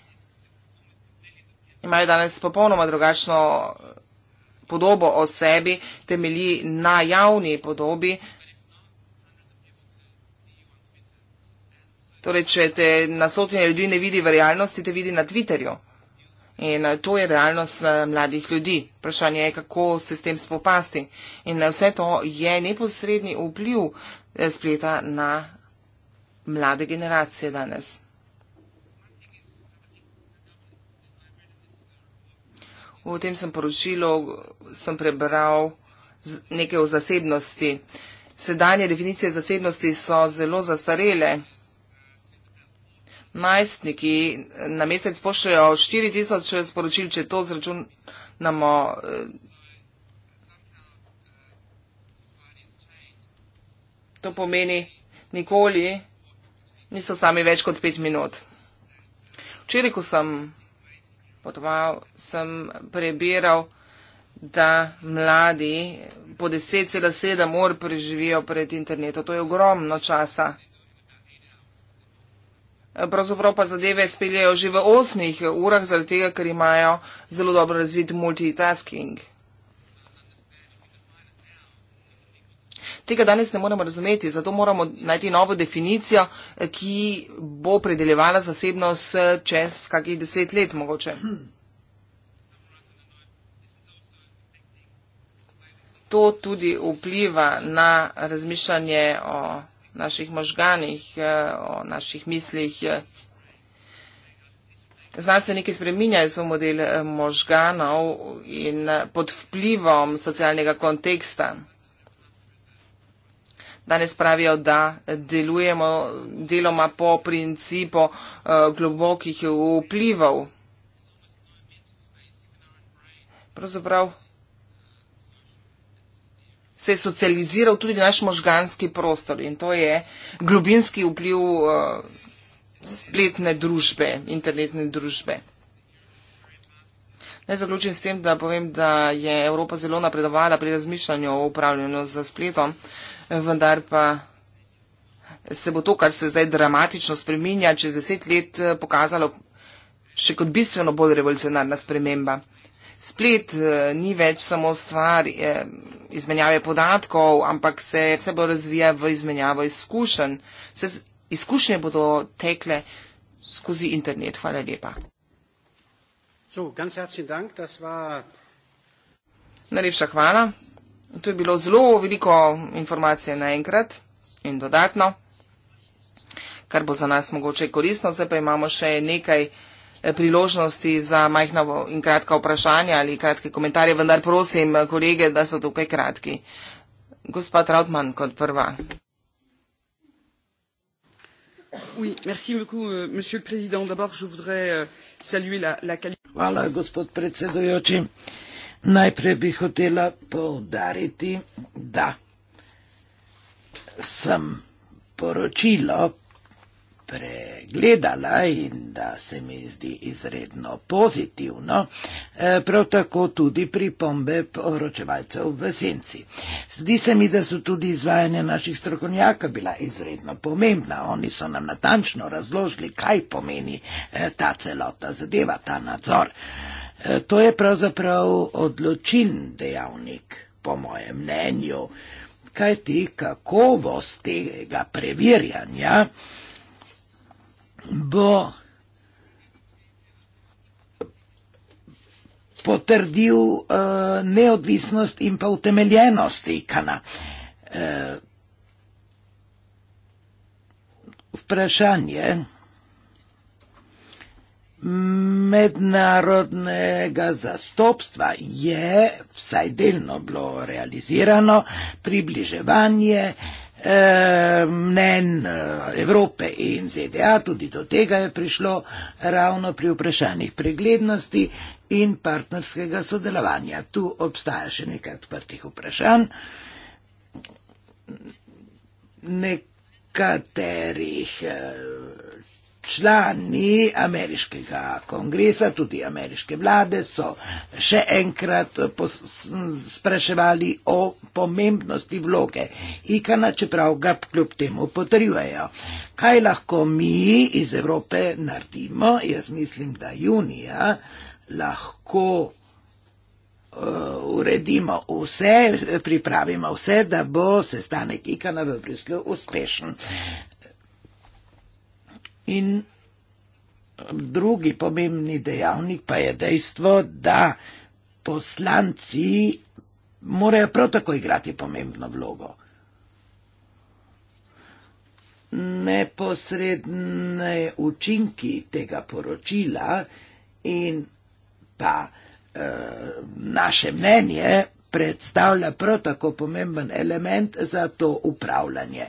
imajo danes popolnoma drugačno podobo o sebi, temelji na javni podobi. Torej, če te na sotine ljudi ne vidi v realnosti, te vidi na Twitterju. In eh, to je realnost eh, mladih ljudi. Vprašanje je, kako se s tem spopasti. In eh, vse to je neposredni vpliv spleta na mlade generacije danes. V tem sem poročilu sem prebral nekaj o zasebnosti. Sedanje definicije zasebnosti so zelo zastarele. Najstniki na mesec pošljajo 4000 sporočil, če to zračunamo. Eh, to pomeni, nikoli niso sami več kot pet minut. Včeraj, ko sem potoval, sem prebiral, da mladi po 10,7 ur preživijo pred internetom. To je ogromno časa. Pravzaprav pa zadeve speljajo že v osmih urah, zaradi tega, ker imajo zelo dobro razvit multitasking. tega danes ne moremo razumeti, zato moramo najti novo definicijo, ki bo predeljevala zasebnost eh, čez kakih deset let mogoče. To tudi vpliva na razmišljanje o naših možganih, eh, o naših mislih. Znanstveniki spreminjajo svoj model eh, možganov in pod vplivom socialnega konteksta danes pravijo, da delujemo deloma po principu eh, globokih vplivov. Pravzaprav se je socializiral tudi naš možganski prostor in to je globinski vpliv eh, spletne družbe, internetne družbe. Naj zaključim s tem, da povem, da je Evropa zelo napredovala pri razmišljanju o upravljanju z spletom, vendar pa se bo to, kar se zdaj dramatično spreminja, čez deset let eh, pokazalo še kot bistveno bolj revolucionarna sprememba. Splet eh, ni več samo stvar eh, izmenjave podatkov, ampak se vse bo razvija v izmenjavo izkušenj. Vse izkušnje bodo tekle skozi internet. Hvala lepa. Najlepša hvala. To je bilo zelo veliko informacije naenkrat in dodatno, kar bo za nas mogoče koristno. Zdaj pa imamo še nekaj eh, priložnosti za majhna in kratka vprašanja ali kratke komentarje, vendar prosim eh, kolege, da so tukaj kratki. Gospa Trautmann kot prva. Oui, merci beaucoup, euh, monsieur le président. D'abord, je voudrais euh, saluer la, la qualité. Voilà, gospod predsedujoči. Najprej bi hotela poudariti, da sem poročilo pregledala in da se mi zdi izredno pozitivno, eh, prav tako tudi pripombe poročevalcev v senci. Zdi se mi, da so tudi izvajanja naših strokovnjaka bila izredno pomembna. Oni so nam natančno razložili, kaj pomeni eh, ta celota zadeva, ta nadzor. Eh, to je pravzaprav odločilen dejavnik, po mojem mnenju, kaj ti kakovost tega preverjanja bo potrdil uh, neodvisnost in pa utemeljenost Ikana. Uh, eh, vprašanje mednarodnega zastopstva je vsaj delno bilo realizirano, približevanje uh, Ehm, mnen eh, Evrope in ZDA, tudi do tega je prišlo ravno pri vprašanjih preglednosti in partnerskega sodelovanja. Tu obstaja še nekaj odprtih vprašanj, nekaterih eh, člani ameriškega kongresa, tudi ameriške vlade, so še enkrat spraševali o pomembnosti vloge IKANA, čeprav ga kljub temu potrjujejo. Kaj lahko mi iz Evrope naredimo? Jaz mislim, da junija lahko eh, uredimo vse, pripravimo vse, da bo sestanek IKANA v Bruslju uspešen. In um, drugi pomembni dejavnik pa je dejstvo, da poslanci morajo prav tako igrati pomembno vlogo. Neposredne učinki tega poročila in pa e, naše mnenje predstavlja prav tako pomemben element za to upravljanje.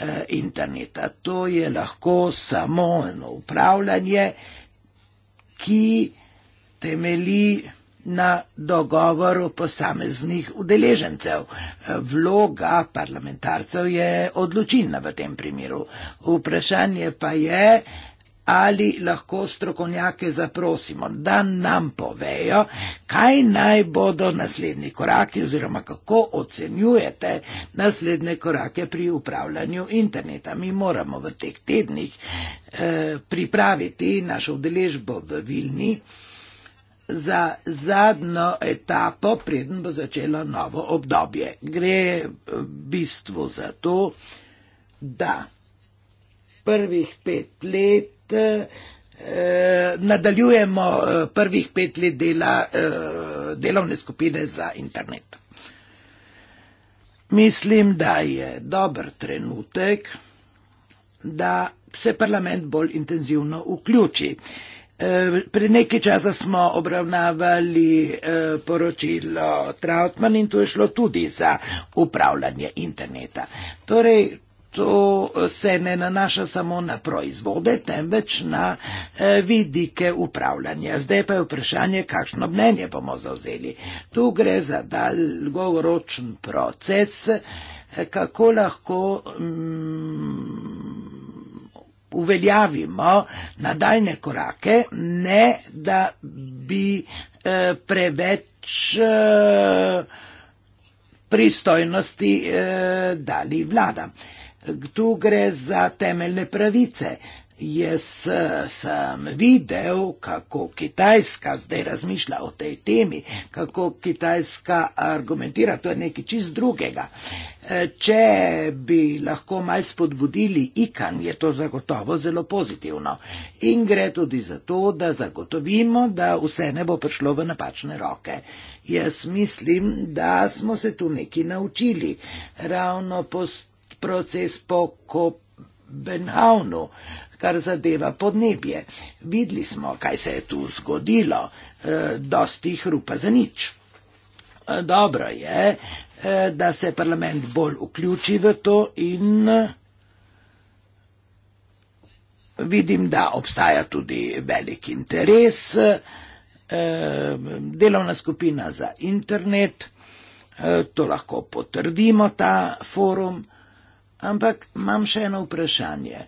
Eh, interneta. To je lahko samo eno upravljanje, ki temeli na dogovoru posameznih udeležencev. Vloga parlamentarcev je odločilna v tem primeru. Vprašanje pa je, ali lahko strokovnjake zaprosimo, da nam povejo, kaj naj bodo naslednji koraki oziroma kako ocenjujete naslednje korake pri upravljanju interneta. Mi moramo v teh tednih eh, pripraviti našo udeležbo v Vilni za zadnjo etapo, preden bo začelo novo obdobje. Gre eh, v bistvu za to, da prvih pet let Eh, nadaljujemo eh, prvih pet let dela eh, delovne skupine za internet. Mislim, da je dober trenutek, da se parlament bolj intenzivno vključi. Pred nekaj časa smo obravnavali poročilo Trautmann in tu je šlo tudi za upravljanje interneta. Torej, To se ne nanaša samo na proizvode, temveč na eh, vidike upravljanja. Zdaj pa je vprašanje, kakšno mnenje bomo zauzeli. Tu gre za dolgoročen proces, eh, kako lahko um, uveljavimo nadaljne korake, ne da bi uh, preveč. Uh, pristojnosti eh, dali vlada. Eh, tu gre za temeljne pravice. Jaz eh, sem videl, kako Kitajska zdaj razmišlja o tej temi, kako Kitajska argumentira, to je nekaj čist drugega. Eh, če bi lahko mal spodbudili ikan, je to zagotovo zelo pozitivno. In gre tudi za to, da zagotovimo, da vse ne bo prišlo v napačne roke. Jaz mislim, da smo se tu nekaj naučili. Ravno post proces po Kopenhavnu, kar zadeva podnebje. Videli smo, kaj se je tu zgodilo, e, dosti hrupa za nič. Eh, dobro je, eh, da se parlament bolj vključi v to in vidim, da obstaja tudi velik interes. Delovna skupina za internet, to lahko potrdimo, ta forum. Ampak imam še eno vprašanje.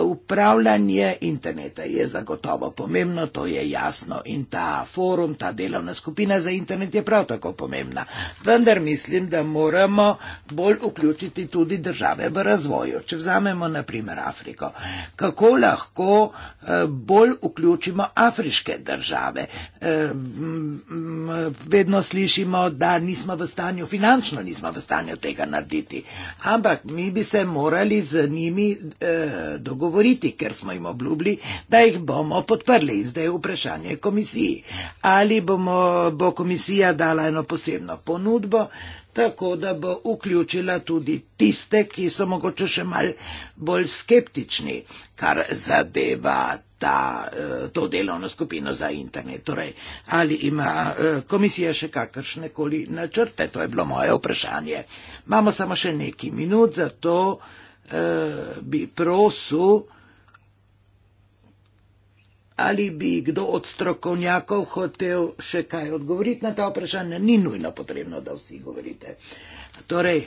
Upravljanje interneta je zagotovo pomembno, to je jasno in ta forum, ta delovna skupina za internet je prav tako pomembna. Vendar mislim, da moramo bolj vključiti tudi države v razvoju. Če vzamemo naprimer Afriko, kako lahko eh, bolj vključimo afriške države? Eh, vedno slišimo, da nismo v stanju, finančno nismo v stanju tega narediti, ampak mi bi se morali z njimi dogovoriti. Eh, dogovoriti, ker smo jim obljubili, da jih bomo podprli. In zdaj je vprašanje komisiji, ali bomo, bo komisija dala eno posebno ponudbo, tako da bo vključila tudi tiste, ki so mogoče še mal bolj skeptični, kar zadeva ta, eh, to delovno skupino za internet. Torej, ali ima eh, komisija še kakršne koli načrte? To je bilo moje vprašanje. Imamo samo še nekaj minut za to. Eh, bi prosil, ali bi kdo od strokovnjakov hotel še kaj odgovoriti na ta vprašanja. Ni nujno potrebno, da vsi govorite. Torej,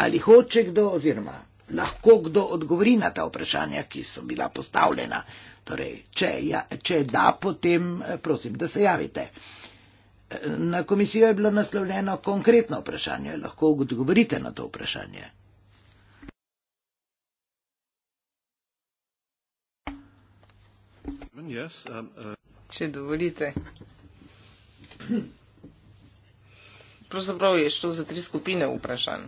ali hoče kdo oziroma lahko kdo odgovori na ta vprašanja, ki so bila postavljena. Torej, če, ja, če da, potem eh, prosim, da se javite. Eh, na komisijo je bilo naslovljeno konkretno vprašanje, lahko odgovorite na to vprašanje. Um, uh, Če dovolite. Pravzaprav je šlo za tri skupine vprašanj.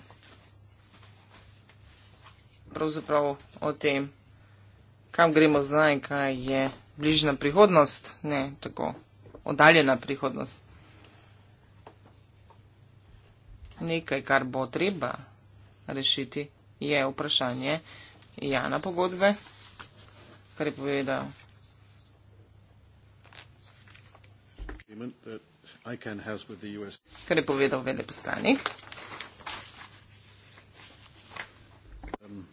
Pravzaprav o tem, kam gremo zdaj, kaj je bližna prihodnost, ne tako oddaljena prihodnost. Nekaj, kar bo treba rešiti, je vprašanje Jana pogodbe, kar je povedal Kar je povedal veleposlanik. Um,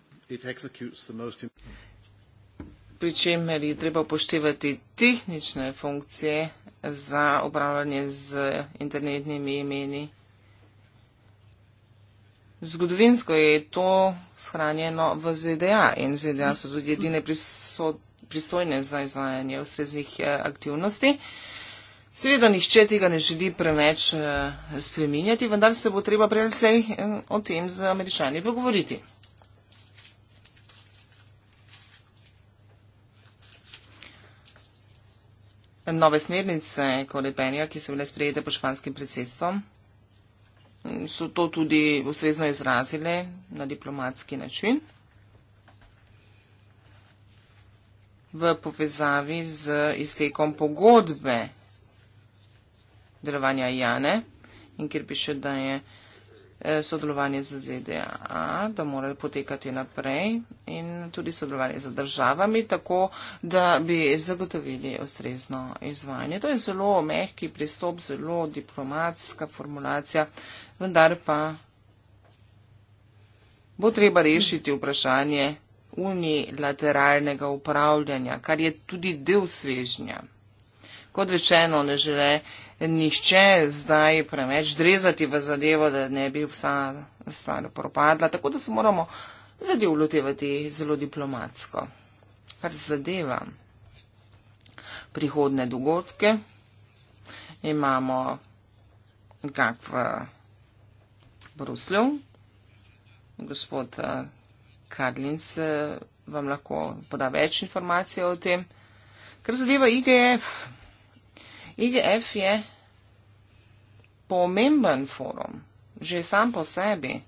Pričemer je treba upoštevati tehnične funkcije za upravljanje z internetnimi imeni. Zgodovinsko je to shranjeno v ZDA in ZDA so tudi edine pristojne za izvajanje ustreznih eh, aktivnosti. Seveda nišče tega ne želi preveč eh, spreminjati, vendar se bo treba prej vse eh, o tem z američani pogovoriti. Nove smernice Korepenja, ki so bile sprejete po španskim predsedstvom, so to tudi ustrezno izrazile na diplomatski način. V povezavi z iztekom pogodbe delovanja Jane in kjer piše, da je eh, sodelovanje z ZDA, da mora potekati naprej in tudi sodelovanje z državami, tako da bi zagotovili ustrezno izvajanje. To je zelo mehki pristop, zelo diplomatska formulacija, vendar pa bo treba rešiti vprašanje unilateralnega upravljanja, kar je tudi del svežnja kot rečeno, ne žele nišče zdaj preveč drezati v zadevo, da ne bi vsa stvar propadla. Tako da se moramo zadev lotevati zelo diplomatsko. Kar zadeva prihodne dogodke, imamo kak v Bruslju, gospod eh, Karlins eh, vam lahko poda več informacij o tem. Kar zadeva IGF, IDF je pomemben forum, že sam po sebi.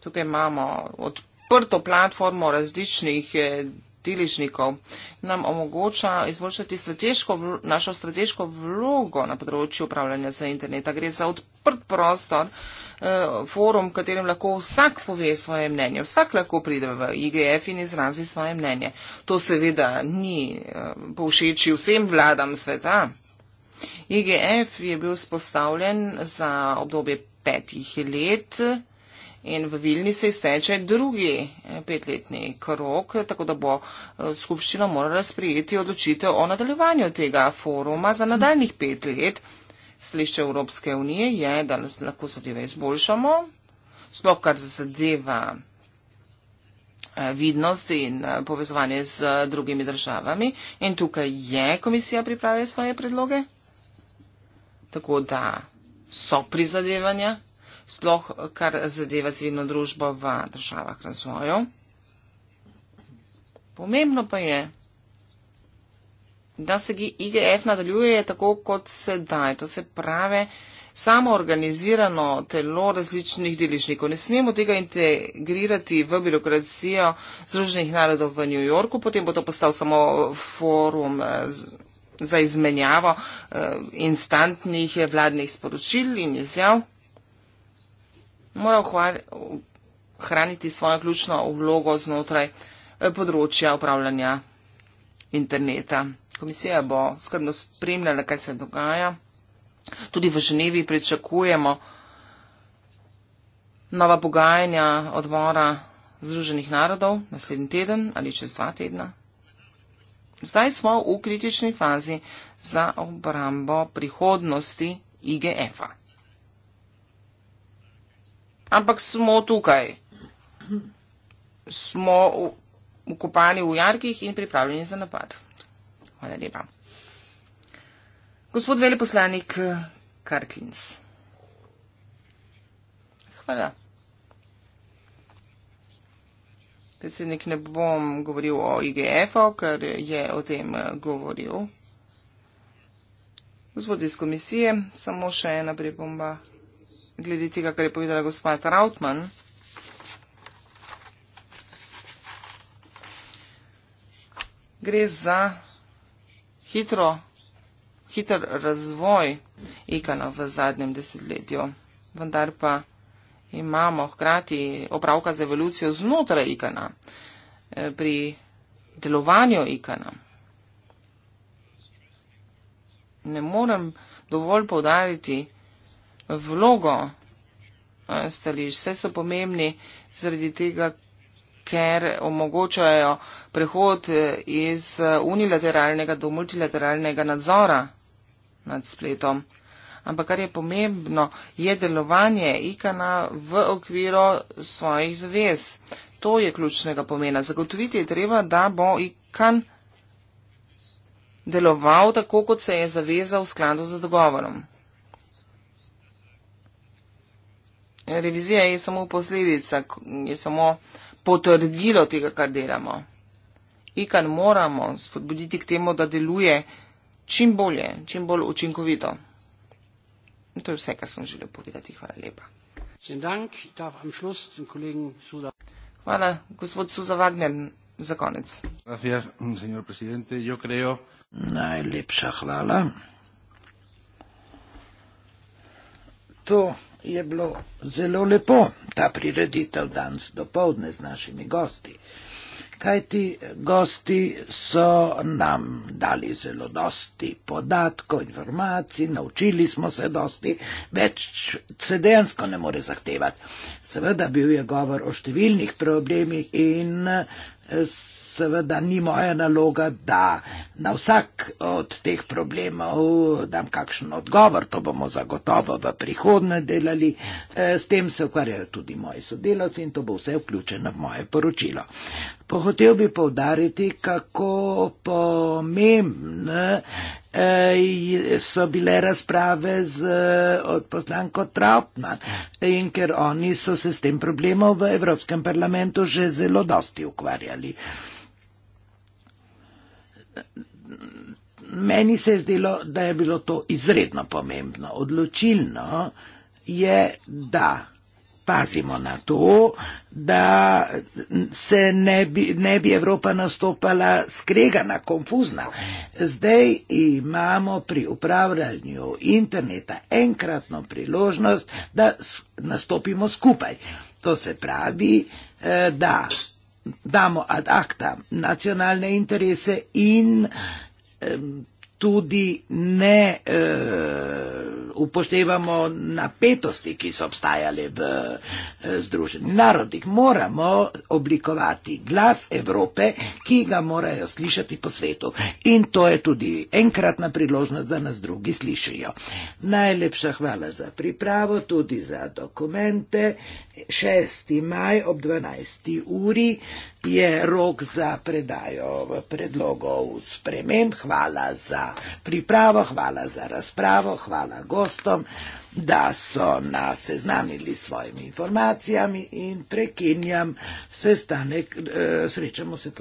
Tukaj imamo odprto platformo različnih eh, deležnikov, nam omogoča izboljšati strateško, našo strateško vlogo na področju upravljanja za interneta. Gre za odprt prostor, eh, forum, v katerem lahko vsak pove svoje mnenje, vsak lahko pride v IGF in izrazi svoje mnenje. To seveda ni eh, povšeči vsem vladam sveta. IGF e je bil spostavljen za obdobje petih let in v Vilni se izteče drugi eh, petletni krok, tako da bo eh, skupščina morala sprijeti odločitev o nadaljevanju tega foruma za nadaljnih pet let. Slišče Evropske unije je, da lahko zadeve izboljšamo, sploh kar zadeva eh, vidnost in povezovanje z drugimi državami. In tukaj je komisija pripravila svoje predloge tako da so prizadevanja, sploh kar zadeva civilno družbo v državah razvoju. Pomembno pa je, da se IGF nadaljuje tako kot sedaj, to se pravi samo organizirano telo različnih deležnikov. Ne smemo tega integrirati v birokracijo Združenih narodov v New Yorku, potem bo to postal samo forum. Eh, za izmenjavo eh, instantnih vladnih sporočil in izjav, mora ohraniti svojo ključno vlogo znotraj eh, področja upravljanja interneta. Komisija bo skrbno spremljala, kaj se dogaja. Tudi v Ženevi pričakujemo nova pogajanja odbora Združenih narodov naslednji teden ali čez dva tedna. Zdaj smo v kritični fazi za obrambo prihodnosti IGF-a. Ampak smo tukaj. Smo ukopani v jarkih in pripravljeni za napad. Hvala lepa. Gospod veleposlanik eh, Karklins. Hvala. predsednik ne bom govoril o IGF-u, ker je o tem eh, govoril. Gospod iz komisije, samo še ena pripomba glede tega, kar je povedala gospa Trautmann. Gre za hitro, hiter razvoj ikana v zadnjem desetletju, vendar pa imamo hkrati opravka z evolucijo znotraj ikana, eh, pri delovanju ikana. Ne morem dovolj povdariti vlogo eh, stališč, vse so pomembni zaradi tega, ker omogočajo prehod eh, iz unilateralnega do multilateralnega nadzora nad spletom ampak kar je pomembno, je delovanje IKANA v okviru svojih zvez. To je ključnega pomena. Zagotoviti je treba, da bo IKAN deloval tako, kot se je zavezal v skladu z dogovorom. Revizija je samo posledica, je samo potrdilo tega, kar delamo. IKAN moramo spodbuditi k temu, da deluje čim bolje, čim bolj učinkovito. In to je vse, kar sem želel povedati. Hvala lepa. Hvala, gospod Suza Wagner, za konec. Najlepša hvala. To je bilo zelo lepo, ta prireditev danes do povdne z našimi gosti kajti gosti so nam dali zelo dosti podatkov, informacij, naučili smo se dosti, več se dejansko ne more zahtevati. Seveda bil je govor o številnih problemih in seveda ni moja naloga, da na vsak od teh problemov dam kakšen odgovor, to bomo zagotovo v prihodnje delali, e, s tem se ukvarjajo tudi moji sodelavci in to bo vse vključeno v moje poročilo. Pohotel bi povdariti, kako pomembne e, so bile razprave z odposlanko Trautmann in ker oni so se s tem problemom v Evropskem parlamentu že zelo dosti ukvarjali meni se je zdelo, da je bilo to izredno pomembno. Odločilno je, da pazimo na to, da se ne bi, ne bi Evropa nastopala skregana, konfuzna. Zdaj imamo pri upravljanju interneta enkratno priložnost, da nastopimo skupaj. To se pravi, eh, da damo ad acta nacionalne interese in ehm, tudi ne eh, upoštevamo napetosti, ki so obstajale v eh, Združenih narodih. Moramo oblikovati glas Evrope, ki ga morajo slišati po svetu. In to je tudi enkratna priložnost, da nas drugi slišijo. Najlepša hvala za pripravo, tudi za dokumente. 6. maj ob 12. uri je rok za predajo predlogov sprememb. Hvala za pripravo, hvala za razpravo, hvala gostom, da so nas seznanili s svojimi informacijami in prekinjam sestanek. Eh, srečamo se.